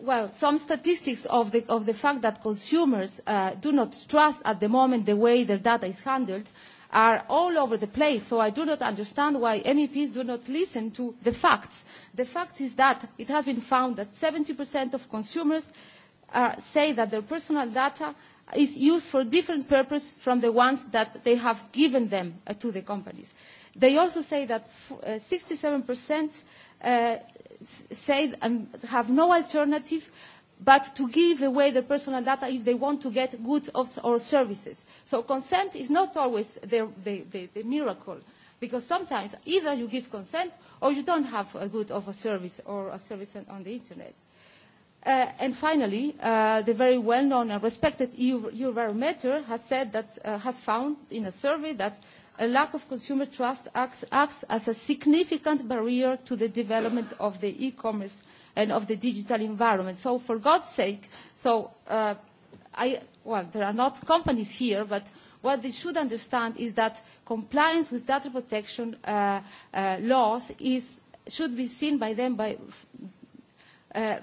well, some statistics of the, of the fact that consumers uh, do not trust at the moment the way their data is handled are all over the place, so I do not understand why MEPs do not listen to the facts. The fact is that it has been found that 70% of consumers uh, say that their personal data is used for different purposes from the ones that they have given them uh, to the companies. They also say that f- uh, 67% uh, say and have no alternative but to give away their personal data if they want to get goods or services. So consent is not always the, the, the, the miracle, because sometimes either you give consent or you don't have a good of a service or a service on the internet. Uh, and finally, uh, the very well-known and respected EU barometer has said that uh, has found in a survey that a lack of consumer trust acts, acts as a significant barrier to the development of the e-commerce and of the digital environment. So for God's sake, so uh, I, well, there are not companies here, but what they should understand is that compliance with data protection uh, uh, laws is, should be seen by them by, uh,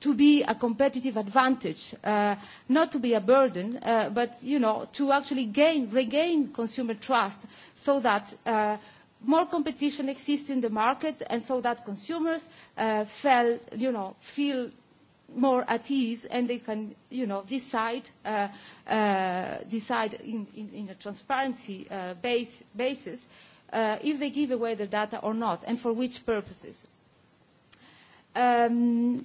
to be a competitive advantage, uh, not to be a burden, uh, but you know, to actually gain, regain consumer trust so that uh, more competition exists in the market, and so that consumers uh, you know, feel more at ease and they can, you know, decide, uh, uh, decide in, in, in a transparency uh, base, basis uh, if they give away the data or not and for which purposes. Um,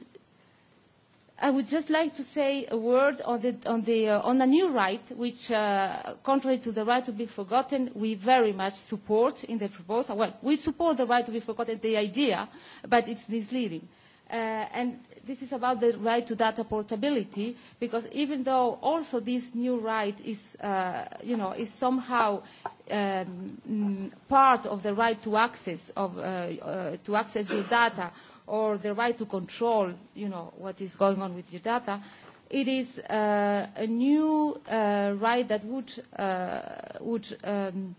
I would just like to say a word on, the, on, the, uh, on a new right, which, uh, contrary to the right to be forgotten, we very much support in the proposal. Well, we support the right to be forgotten, the idea, but it's misleading. Uh, and this is about the right to data portability, because even though also this new right is, uh, you know, is somehow um, part of the right to access, of, uh, uh, to access your data, or the right to control, you know, what is going on with your data, it is uh, a new uh, right that would, uh, would um,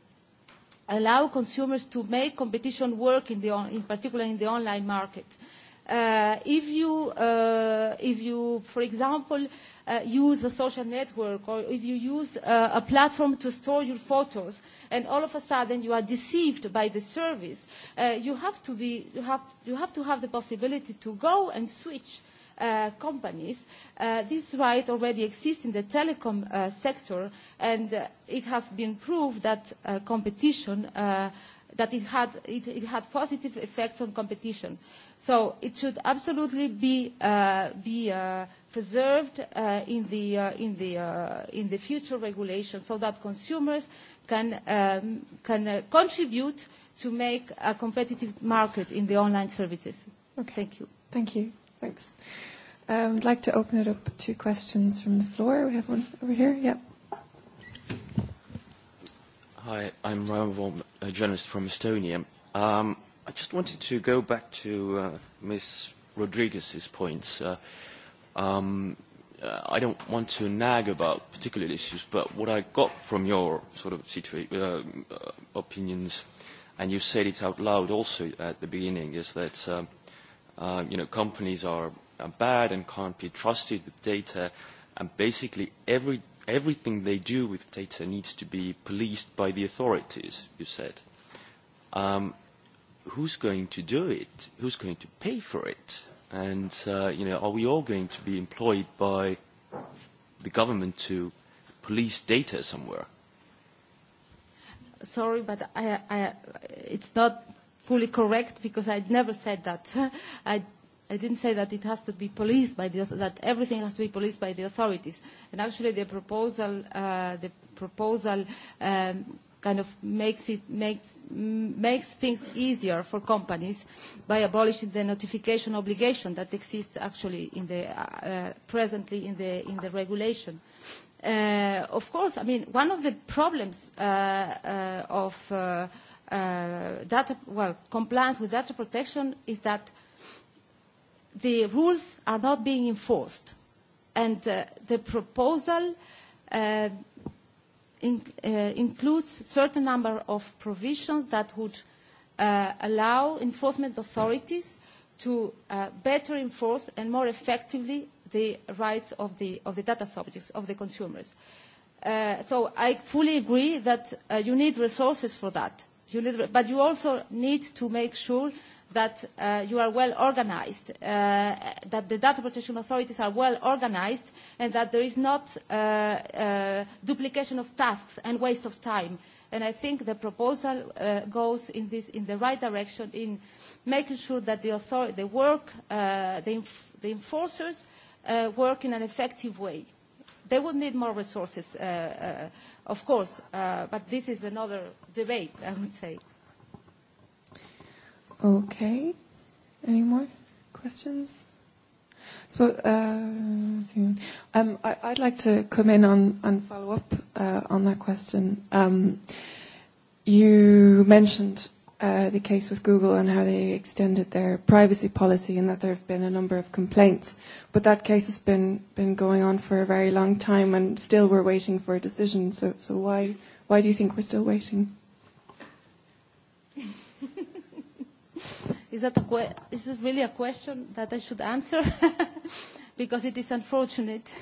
allow consumers to make competition work, in, the on, in particular in the online market. Uh, if, you, uh, if you, for example, uh, uh, use a social network or if you use uh, a platform to store your photos and all of a sudden you are deceived by the service, uh, you, have to be, you, have, you have to have the possibility to go and switch uh, companies. Uh, this right already exists in the telecom uh, sector, and uh, it has been proved that uh, competition, uh, that it had, it, it had positive effects on competition. So it should absolutely be, uh, be uh, preserved uh, in, the, uh, in, the, uh, in the future regulation so that consumers can, um, can uh, contribute to make a competitive market in the online services. Okay. Thank you. Thank you. Thanks. Um, I'd like to open it up to questions from the floor. We have one over here. Yep. Hi, I'm Raoul, a journalist from Estonia. Um, I just wanted to go back to uh, Ms. Rodriguez's points. Uh, Um, I don't want to nag about particular issues, but what I got from your sort of situa- uh, opinions, and you said it out loud also at the beginning, is that uh uh, you know companies are, are bad and can't be trusted with data, and basically every everything they do with data needs to be policed by the authorities. You said. Um, who's going to do it? Who's going to pay for it? And, uh, you know, are we all going to be employed by the government to police data somewhere? Sorry, but I, I, it's not fully correct because I never said that. I I didn't say that it has to be policed by the, that everything has to be policed by the authorities. And actually, the proposal, uh, the proposal um, kind of makes it makes makes things easier for companies by abolishing the notification obligation that exists actually in the uh, presently in the in the regulation. Uh, of course, I mean one of the problems uh, uh, of uh, uh, data well compliance with data protection is that the rules are not being enforced, and uh, the proposal. Uh, in, uh, includes a certain number of provisions that would uh, allow enforcement authorities to uh, better enforce and more effectively the rights of the, of the data subjects, of the consumers. Uh, so I fully agree that uh, you need resources for that. You need, but you also need to make sure that uh, you are well organized, uh, that the data protection authorities are well organized, and that there is not uh, uh, duplication of tasks and waste of time. And I think the proposal uh, goes in, this, in the right direction in making sure that the, the work, uh, the, inf the enforcers uh, work in an effective way. They would need more resources, uh, uh, of course, uh, but this is another debate, I would say. Okay. Any more questions? So, um, I, I'd like to come in on and follow up uh, on that question. Um, you mentioned uh, the case with Google and how they extended their privacy policy, and that there have been a number of complaints. But that case has been been going on for a very long time, and still we're waiting for a decision. So, so why why do you think we're still waiting? is that a que- is it really a question that I should answer? because it is unfortunate.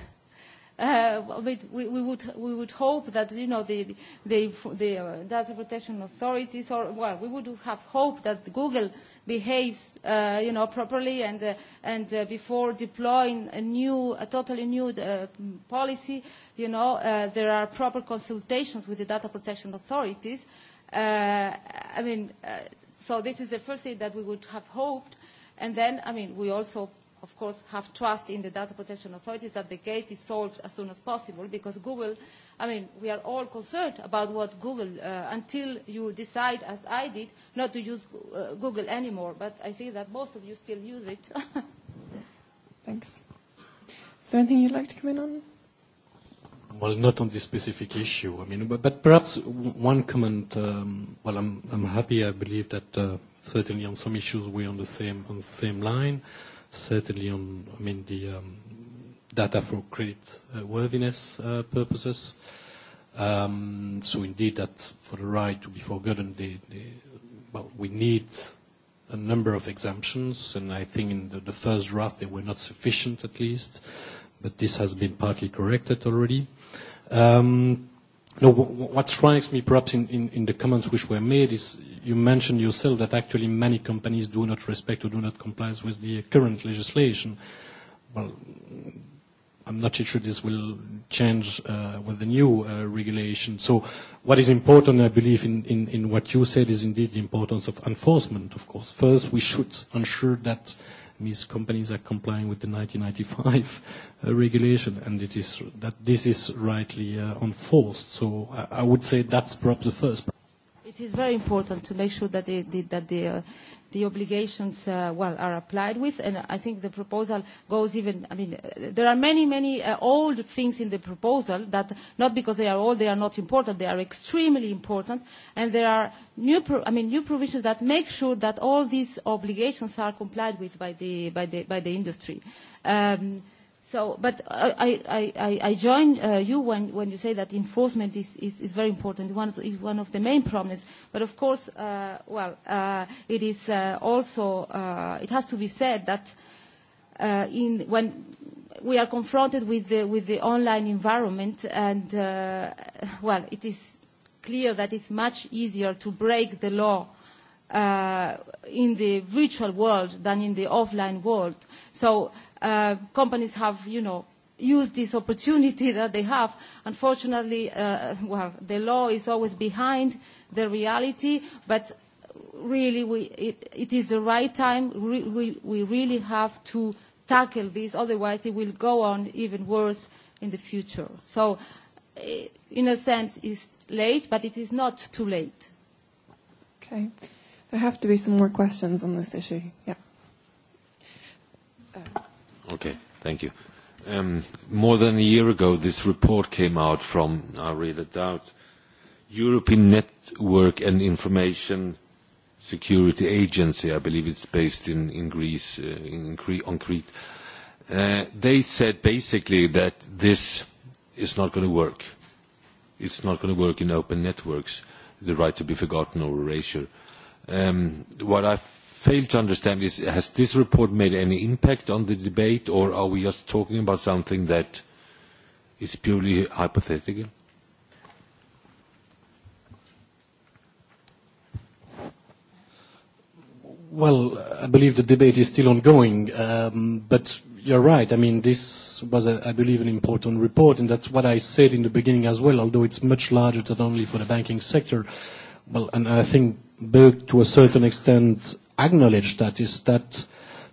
Uh, we, we, would, we would hope that you know the, the, the uh, data protection authorities, or well, we would have hoped that Google behaves uh, you know properly and uh, and uh, before deploying a new, a totally new uh, policy, you know uh, there are proper consultations with the data protection authorities. Uh, I mean. Uh, So this is the first thing that we would have hoped. And then, I mean, we also, of course, have trust in the data protection authorities that the case is solved as soon as possible because Google, I mean, we are all concerned about what Google, uh, until you decide, as I did, not to use uh, Google anymore. But I think that most of you still use it. Thanks. Is there anything you'd like to come in on? well, not on this specific issue. I mean, but, but perhaps one comment. Um, well, I'm, I'm happy. I believe that uh, certainly on some issues we're on the same on the same line. Certainly on, I mean, the um, data for credit uh, worthiness uh, purposes. Um, so indeed, that for the right to be forgotten, the the well, we need a number of exemptions, and I think in the, the first draft they were not sufficient, at least but this has been partly corrected already. Um, what strikes me perhaps in, in, in the comments which were made is you mentioned yourself that actually many companies do not respect or do not comply with the current legislation. Well, I'm not sure this will change uh, with the new uh, regulation. So what is important, I believe, in, in, in what you said is indeed the importance of enforcement, of course. First, we should ensure that means companies are complying with the 1995 regulation, and it is that this is rightly enforced. So I would say that's perhaps the first. It is very important to make sure that the the obligations uh, well are applied with. And I think the proposal goes even. I mean, there are many, many uh, old things in the proposal that not because they are old, they are not important. They are extremely important, and there are new. Pro- I mean, new provisions that make sure that all these obligations are complied with by the by the by the industry. Um, So, but I, I, I, I join uh, you when, when you say that enforcement is, is, is very important. One is one of the main problems. But of course, uh, well, uh, it is uh, also uh, it has to be said that uh, in when we are confronted with the, with the online environment, and uh, well, it is clear that it's much easier to break the law uh, in the virtual world than in the offline world. So uh, companies have, you know, used this opportunity that they have. Unfortunately, uh, well, the law is always behind the reality, but really we, it, it is the right time. we, we really have to tackle this, otherwise it will go on even worse in the future. So in a sense, it's late, but it is not too late. Okay. There have to be some more questions on this issue. Yeah. Okay, thank you. Um, more than a year ago, this report came out from, I read it out, European Network and Information Security Agency, I believe it's based in, in Greece, uh, in Cre on Crete. Uh, they said basically that this is not going to work. It's not going to work in open networks, the right to be forgotten or erasure. Uh, What I fail to understand is, has this report made any impact on the debate, or are we just talking about something that is purely hypothetical? Well, I believe the debate is still ongoing, but you're right. I mean, this was, I believe, an important report, and that's what I said in the beginning as well, although it's much larger than only for the banking sector. Well, and I think Bill, to a certain extent acknowledged that is that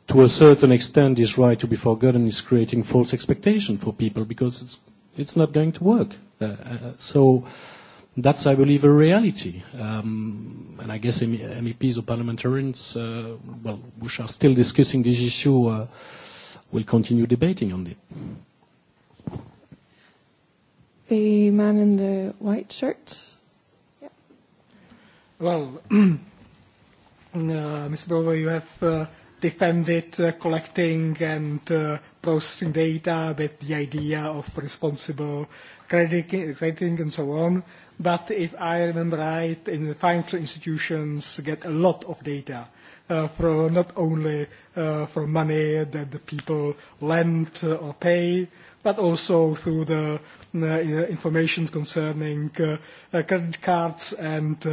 to a certain extent this right to be forgotten is creating false expectation for people because it's, it's not going to work. Uh, uh, so that's, I believe, a reality. Um, and I guess MEPs or parliamentarians, uh, well, which are still discussing this issue, uh, will continue debating on it. The man in the white shirt. Well, Mr. Dover, you have defended collecting and processing data with the idea of responsible crediting and so on. But if I remember right, in the financial institutions get a lot of data from not only from money that the people lend or pay, but also through the information concerning credit cards and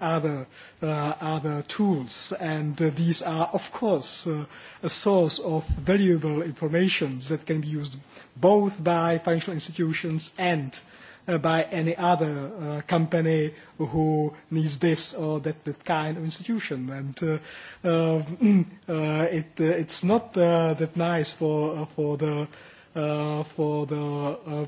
other other tools. And These are, of course, a source of valuable information that can be used both by financial institutions and by any other company who needs this or that, that kind of institution. And uh, uh, it, uh, it's not uh, that nice for, uh, for the uh, for the uh,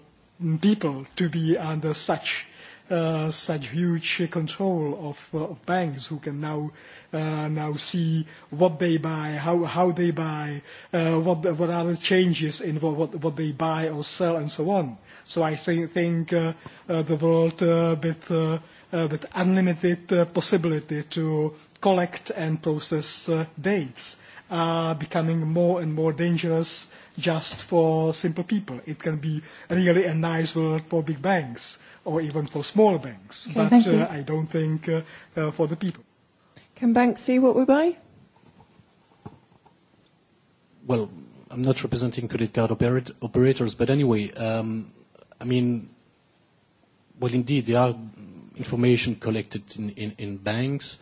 people to be under such uh, such huge control of, uh, of banks who can now uh, now see what they buy, how, how they buy, uh, what, what are the changes in what, what, what they buy or sell, and so on. So I think, think uh, uh, the world uh, with, uh, uh, with unlimited uh, possibility to collect and process uh, dates are becoming more and more dangerous just for simple people. It can be really a nice world for big banks or even for small banks, okay, but uh, I don't think uh, uh, for the people. Can banks see what we buy? Well, I'm not representing credit card operat- operators, but anyway, um, I mean, well, indeed, there are information collected in, in, in banks.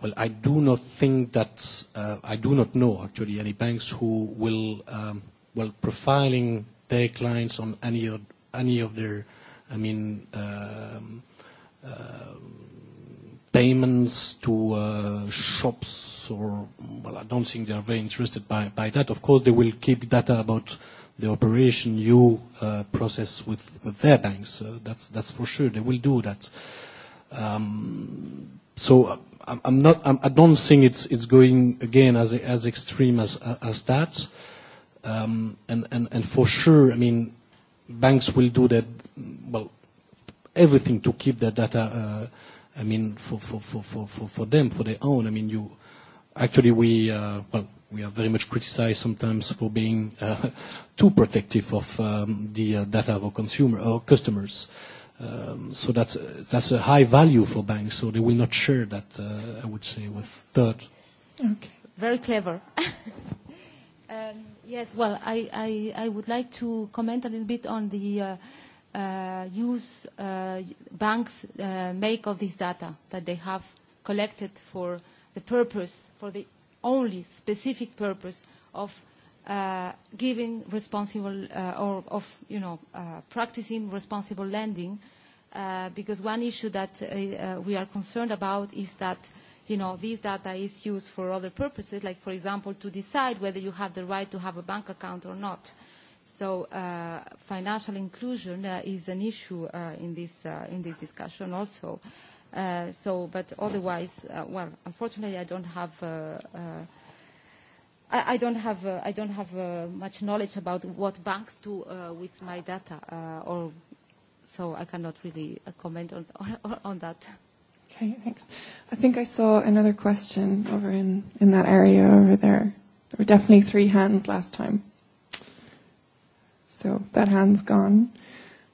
Well, I do not think that uh, I do not know actually any banks who will um, well profiling their clients on any of any of their, I mean, um, uh, payments to uh, shops or well, I don't think they are very interested by by that. Of course, they will keep data about the operation you uh, process with, with their banks. Uh, that's that's for sure. They will do that. Um, so. Uh, I'm not, I'm, I don't think it's, it's going again as, as extreme as, as that. Um, and, and, and for sure, I mean, banks will do that, well, everything to keep their data, uh, I mean, for, for, for, for, for, for them, for their own. I mean, you, actually we, uh, well, we are very much criticized sometimes for being uh, too protective of um, the uh, data of our consumer, our customers. Uh, So that's that's a high value for banks, so they will not share that, uh I would say, with third. Okay. Very clever. Um Yes, well, I I I would like to comment a little bit on the uh uh use uh banks uh make of this data that they have collected for the purpose, for the only specific purpose of uh, giving responsible uh, or of you know uh, practicing responsible lending, uh, because one issue that uh, we are concerned about is that you know this data is used for other purposes, like for example to decide whether you have the right to have a bank account or not. So uh, financial inclusion uh, is an issue uh, in this uh, in this discussion also. Uh, so, but otherwise, uh, well, unfortunately, I don't have. Uh, uh, I, I don't have, uh, I don't have uh, much knowledge about what banks do uh, with my data, uh, or so I cannot really uh, comment on, on, on that. Okay, thanks. I think I saw another question over in, in that area over there. There were definitely three hands last time. So that hand's gone.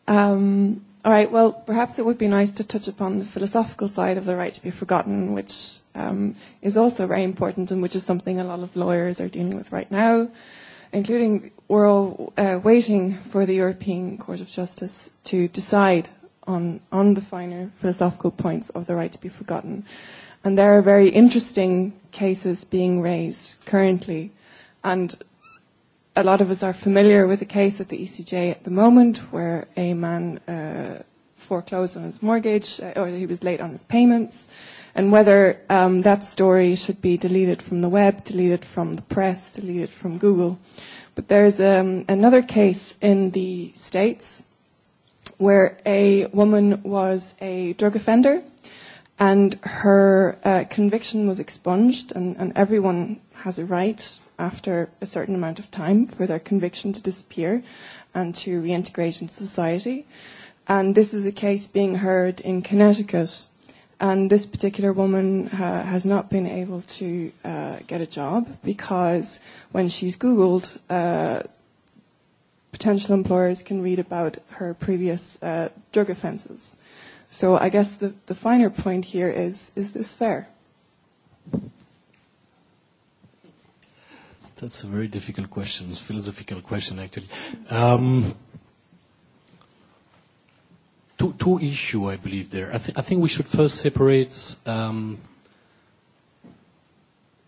Um, All right, well, perhaps it would be nice to touch upon the philosophical side of the right to be forgotten, which um, is also very important and which is something a lot of lawyers are dealing with right now, including we're all uh, waiting for the European Court of Justice to decide on, on the finer philosophical points of the right to be forgotten. And there are very interesting cases being raised currently. And a lot of us are familiar with the case at the ECJ at the moment where a man uh, foreclosed on his mortgage uh, or he was late on his payments and whether um, that story should be deleted from the web, deleted from the press, deleted from Google. But there's um, another case in the States where a woman was a drug offender and her uh, conviction was expunged and, and everyone has a right after a certain amount of time for their conviction to disappear and to reintegrate into society. And this is a case being heard in Connecticut. And this particular woman uh, has not been able to uh, get a job because when she's Googled, uh, potential employers can read about her previous uh, drug offenses. So I guess the, the finer point here is is this fair? That's a very difficult question, philosophical question, actually. Um, two, two issues, I believe, there. I, th- I think we should first separate, um,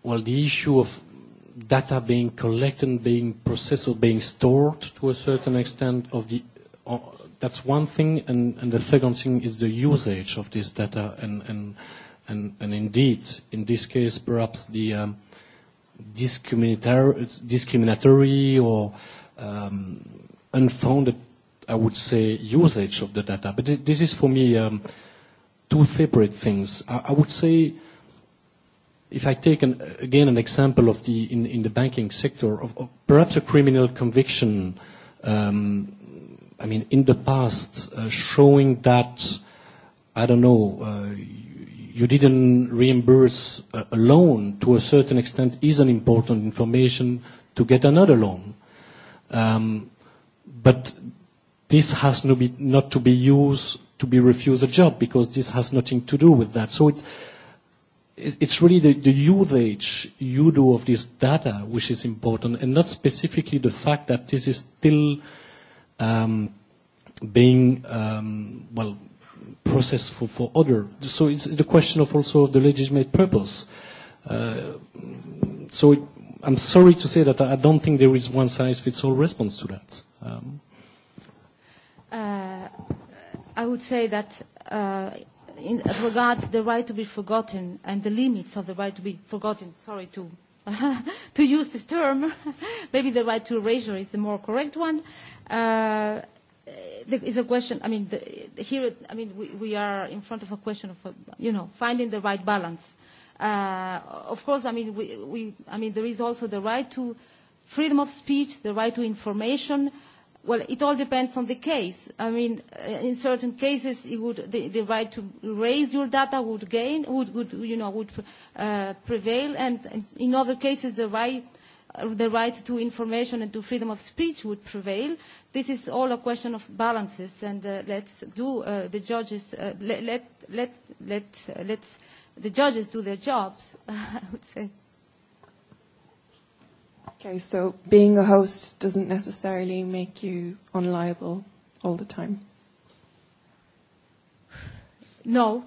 well, the issue of data being collected, being processed, or being stored to a certain extent of the. Uh, that's one thing, and, and the second thing is the usage of this data, and, and, and, and indeed, in this case, perhaps the. Um, discriminatory, discriminatory or um, unfounded, I would say, usage of the data. But this is for me um, two separate things. I, I would say, if I take an, again an example of the in, in the banking sector of, of perhaps a criminal conviction. Um, I mean, in the past, uh, showing that I don't know. Uh, you didn't reimburse a loan to a certain extent is an important information to get another loan. Um, but this has no be, not to be used to be refused a job because this has nothing to do with that. So it's, it's really the, the usage you do of this data which is important and not specifically the fact that this is still um, being, um, well, process for, for other. So it's the question of also the legitimate purpose. Uh, so it, I'm sorry to say that I don't think there is one size fits all response to that. Um. Uh, I would say that uh, in, as regards the right to be forgotten and the limits of the right to be forgotten, sorry to to use this term, maybe the right to erasure is the more correct one. Uh, there is a question. I mean, the, here, I mean, we, we are in front of a question of, you know, finding the right balance. Uh, of course, I mean, we, we, I mean, there is also the right to freedom of speech, the right to information. Well, it all depends on the case. I mean, in certain cases, it would, the, the right to raise your data would gain, would, would you know, would uh, prevail, and, and in other cases, the right the right to information and to freedom of speech would prevail. This is all a question of balances, and uh, let's do uh, the judges uh, let let let let uh, let's the judges do their jobs. I would say. Okay, so being a host doesn't necessarily make you unliable all the time. No.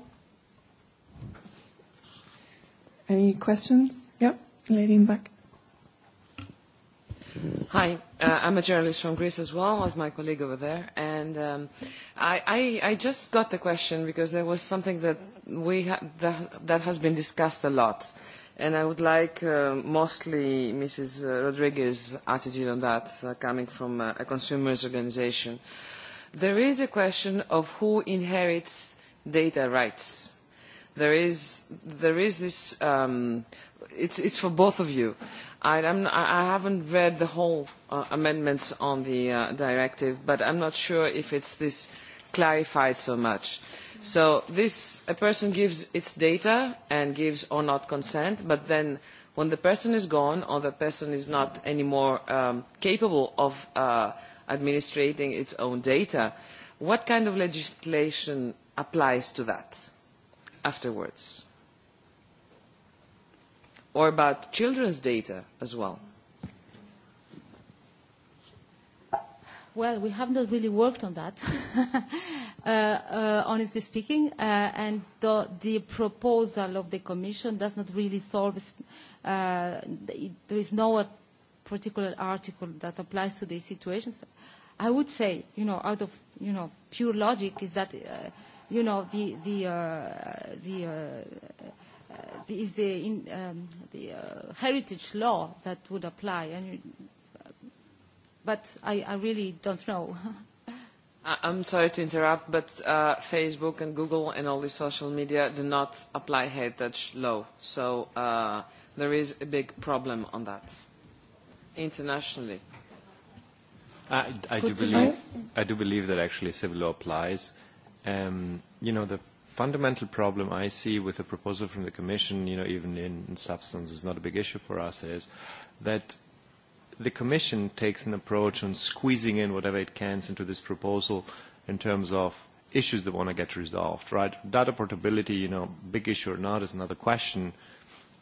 Any questions? Yep, lady in back. Hi, uh, I'm a journalist from Greece as well as my colleague over there, and um, I, I, I just got the question because there was something that we ha- that, that has been discussed a lot, and I would like uh, mostly Mrs. Rodriguez's attitude on that, uh, coming from a, a consumers' organization. There is a question of who inherits data rights. There is there is this. Um, it's it's for both of you I, I'm, I haven't read the whole uh, amendments on the uh, directive, but I'm not sure if it's this clarified so much. So this, a person gives its data and gives or not consent, but then when the person is gone or the person is not anymore um, capable of uh, administrating its own data, what kind of legislation applies to that afterwards? or about children's data as well? Well, we have not really worked on that, uh, uh, honestly speaking, uh, and the, the proposal of the Commission does not really solve, uh, there is no particular article that applies to these situations. I would say, you know, out of, you know, pure logic is that, uh, you know, the, the, uh, the uh, is the, in, um, the uh, heritage law that would apply. And, but I, I really don't know. I'm sorry to interrupt, but uh, Facebook and Google and all the social media do not apply heritage law. So uh, there is a big problem on that internationally. I, I, do believe, I do believe that actually civil law applies. Um, you know, the fundamental problem I see with the proposal from the Commission, you know, even in, in substance, is not a big issue for us, is that the Commission takes an approach on squeezing in whatever it can into this proposal in terms of issues that want to get resolved, right? Data portability, you know, big issue or not is another question.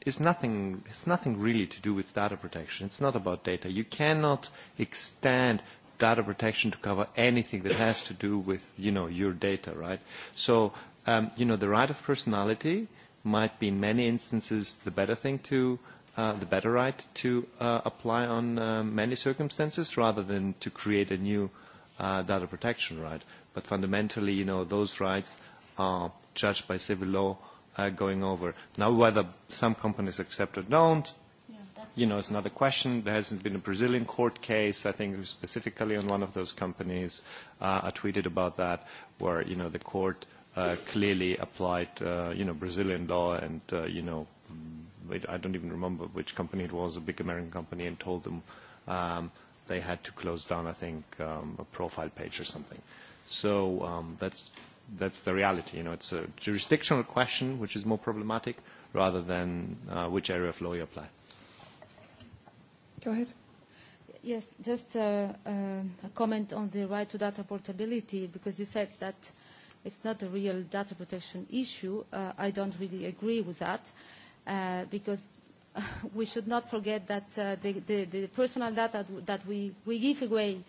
It's nothing, it's nothing really to do with data protection. It's not about data. You cannot extend data protection to cover anything that has to do with, you know, your data, right? So um, you know, the right of personality might be in many instances the better thing to, uh, the better right to uh, apply on uh, many circumstances rather than to create a new uh, data protection right. But fundamentally, you know, those rights are judged by civil law uh, going over. Now, whether some companies accept or don't, you know, it's another question. There hasn't been a Brazilian court case, I think, specifically on one of those companies. Uh, I tweeted about that, where, you know, the court – uh, clearly applied, uh, you know, Brazilian law and, uh, you know, I don't even remember which company it was, a big American company, and told them um, they had to close down, I think, um, a profile page or something. So um, that's that's the reality. You know, it's a jurisdictional question, which is more problematic, rather than uh, which area of law you apply. Go ahead. Yes, just uh, uh, a comment on the right to data portability, because you said that it's not a real data protection issue. Uh, I don't really agree with that uh, because we should not forget that uh, the, the, the personal data that we, we give away,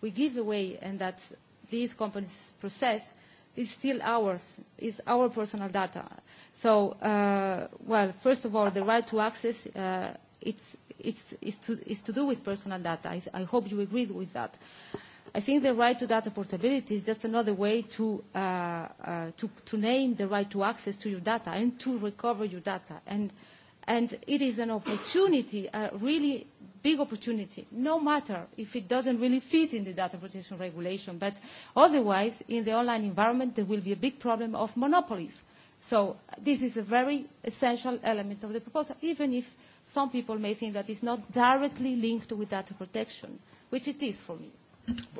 we give away, and that these companies process is still ours, is our personal data. So, uh, well, first of all, the right to access uh, it's, it's, it's, to, it's to do with personal data. I, I hope you agree with that. Uh, I think the right to data portability is just another way to, uh, uh, to, to name the right to access to your data and to recover your data. And, and it is an opportunity, a really big opportunity, no matter if it doesn't really fit in the data protection regulation. But otherwise, in the online environment, there will be a big problem of monopolies. So this is a very essential element of the proposal, even if some people may think that it's not directly linked with data protection, which it is for me.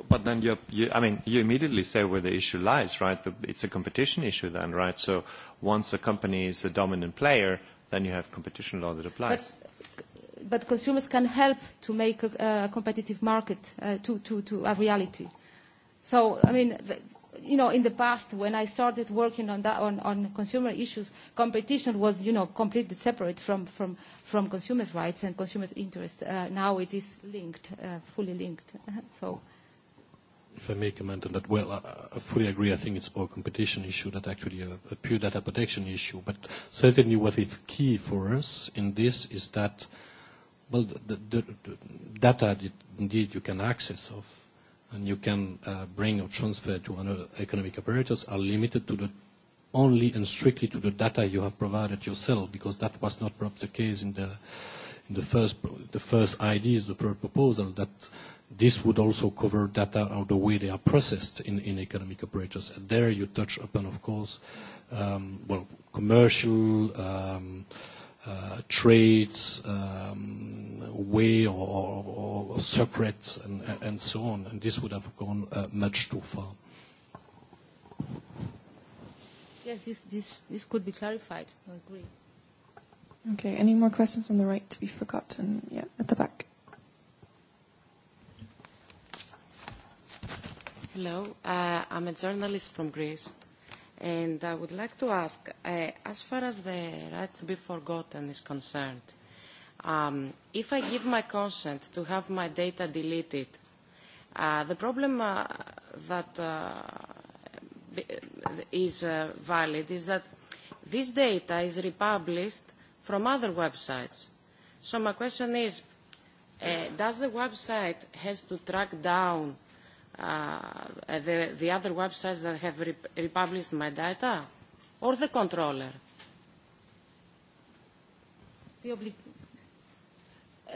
But then you, you, I mean, you immediately say where the issue lies, right? It's a competition issue then, right? So once a company is a dominant player, then you have competition law that applies. But, but consumers can help to make a, a competitive market uh, to, to, to a reality. So, I mean, the, you know, in the past when I started working on that on, on consumer issues, competition was you know completely separate from from from consumers' rights and consumers' interests. Uh, now it is linked, uh, fully linked. so if I may comment on that, well, I, I fully agree. I think it's more a competition issue than actually a, pure data protection issue. But certainly what is key for us in this is that, well, the, the, the data that indeed you can access of and you can uh, bring or transfer to other economic operators are limited to the only and strictly to the data you have provided yourself, because that was not perhaps the case in the in the first the first ideas, the first proposal that This would also cover data or the way they are processed in, in economic operators. And there you touch upon, of course, um, well, commercial um, uh, trades, um, way or, or, or secrets, and, and so on. And this would have gone uh, much too far. Yes, this, this, this could be clarified. I agree. Okay, any more questions on the right to be forgotten? Yeah, at the back. Hello, uh, I'm a journalist from Greece, and I would like to ask, uh, as far as the right to be forgotten is concerned, um, if I give my consent to have my data deleted, uh, the problem uh, that uh, is uh, valid is that this data is republished from other websites. So my question is, uh, does the website has to track down the, the other websites that have re republished my data or the controller? The,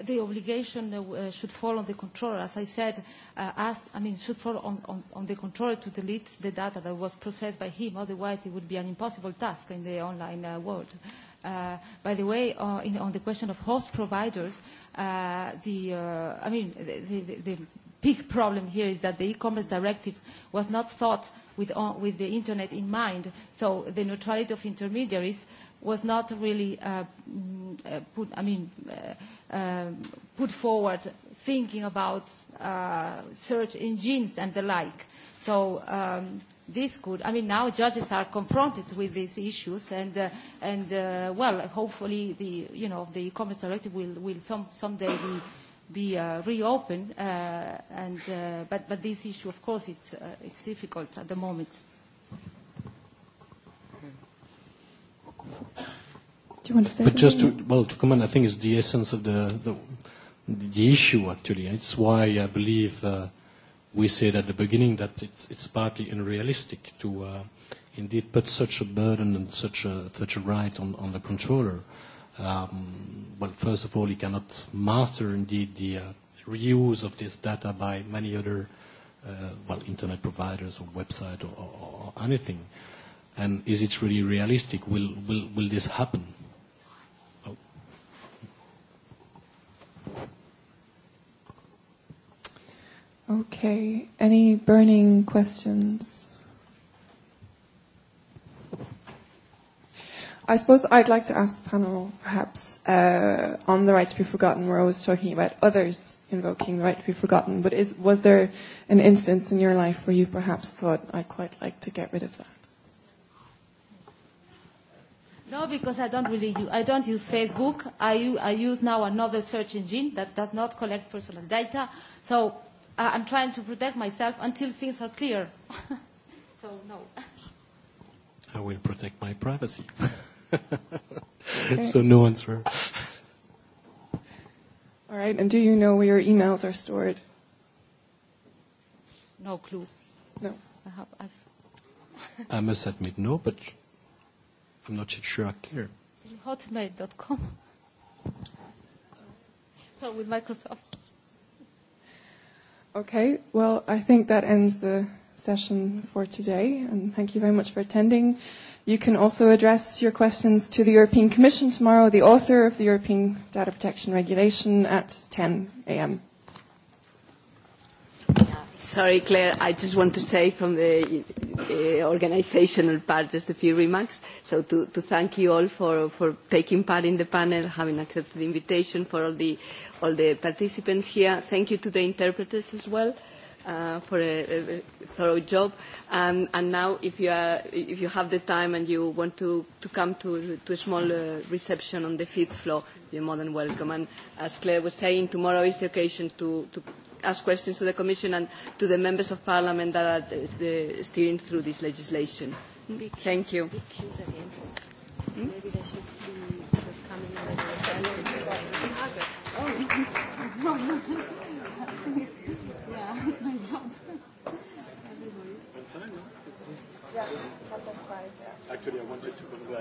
the obligation uh, should fall on the controller. As I said, uh, as, I mean, should fall on, on, on the controller to delete the data that was processed by him. Otherwise, it would be an impossible task in the online uh, world. Uh, by the way, uh, in, on the question of host providers, uh, the, uh, I mean, the, the, the big problem here is that the e-commerce directive was not thought with, uh, with the internet in mind, so the neutrality of intermediaries was not really uh, put, I mean, uh, uh, put forward thinking about uh, search engines and the like. So um, this could, I mean, now judges are confronted with these issues, and uh, and uh, well, hopefully the you know the e-commerce directive will will some someday be be uh, reopened. Uh, and, uh, but, but this issue, of course, it's, uh, it's difficult at the moment. Do you want to say but just to, well, to comment, I think it's the essence of the, the, the issue, actually. It's why I believe uh, we said at the beginning that it's, it's partly unrealistic to uh, indeed put such a burden and such a, such a right on, on the controller. Uh, um, well, first of all, you cannot master indeed the uh, reuse of this data by many other, uh, well, internet providers or website or, or, or anything. And is it really realistic? Will, will, will this happen? Okay. Any burning questions? I suppose I'd like to ask the panel, perhaps, uh, on the right to be forgotten. We're always talking about others invoking the right to be forgotten, but is, was there an instance in your life where you perhaps thought, I'd quite like to get rid of that? No, because I don't really use, I don't use Facebook. I, I use now another search engine that does not collect personal data. So uh, I'm trying to protect myself until things are clear. so, no. I will protect my privacy okay. so one's for. All right, and do you know where your emails are stored? No clue. No. I have, I've I must admit, no, but I'm not sure I care. Hotmail.com. So with Microsoft. Okay, well, I think that ends the session for today, and thank you very much for attending. You can also address your questions to the European Commission tomorrow, the author of the European Data Protection Regulation, at 10 a.m. Sorry, Claire, I just want to say from the uh, organizational part just a few remarks. So to, to thank you all for, for taking part in the panel, having accepted the invitation for all the, all the participants here. Thank you to the interpreters as well uh, for a, a thorough job. Um, and now, if you, are, if you have the time and you want to, to come to, to a small uh, reception on the fifth floor, you're more than welcome. And as Claire was saying, tomorrow is the occasion to, to ask questions to the Commission and to the members of Parliament that are the, the steering through this legislation. Thank you. Maybe they should be sort of coming Yeah, that's job. Yeah, Actually, I wanted to congratulate.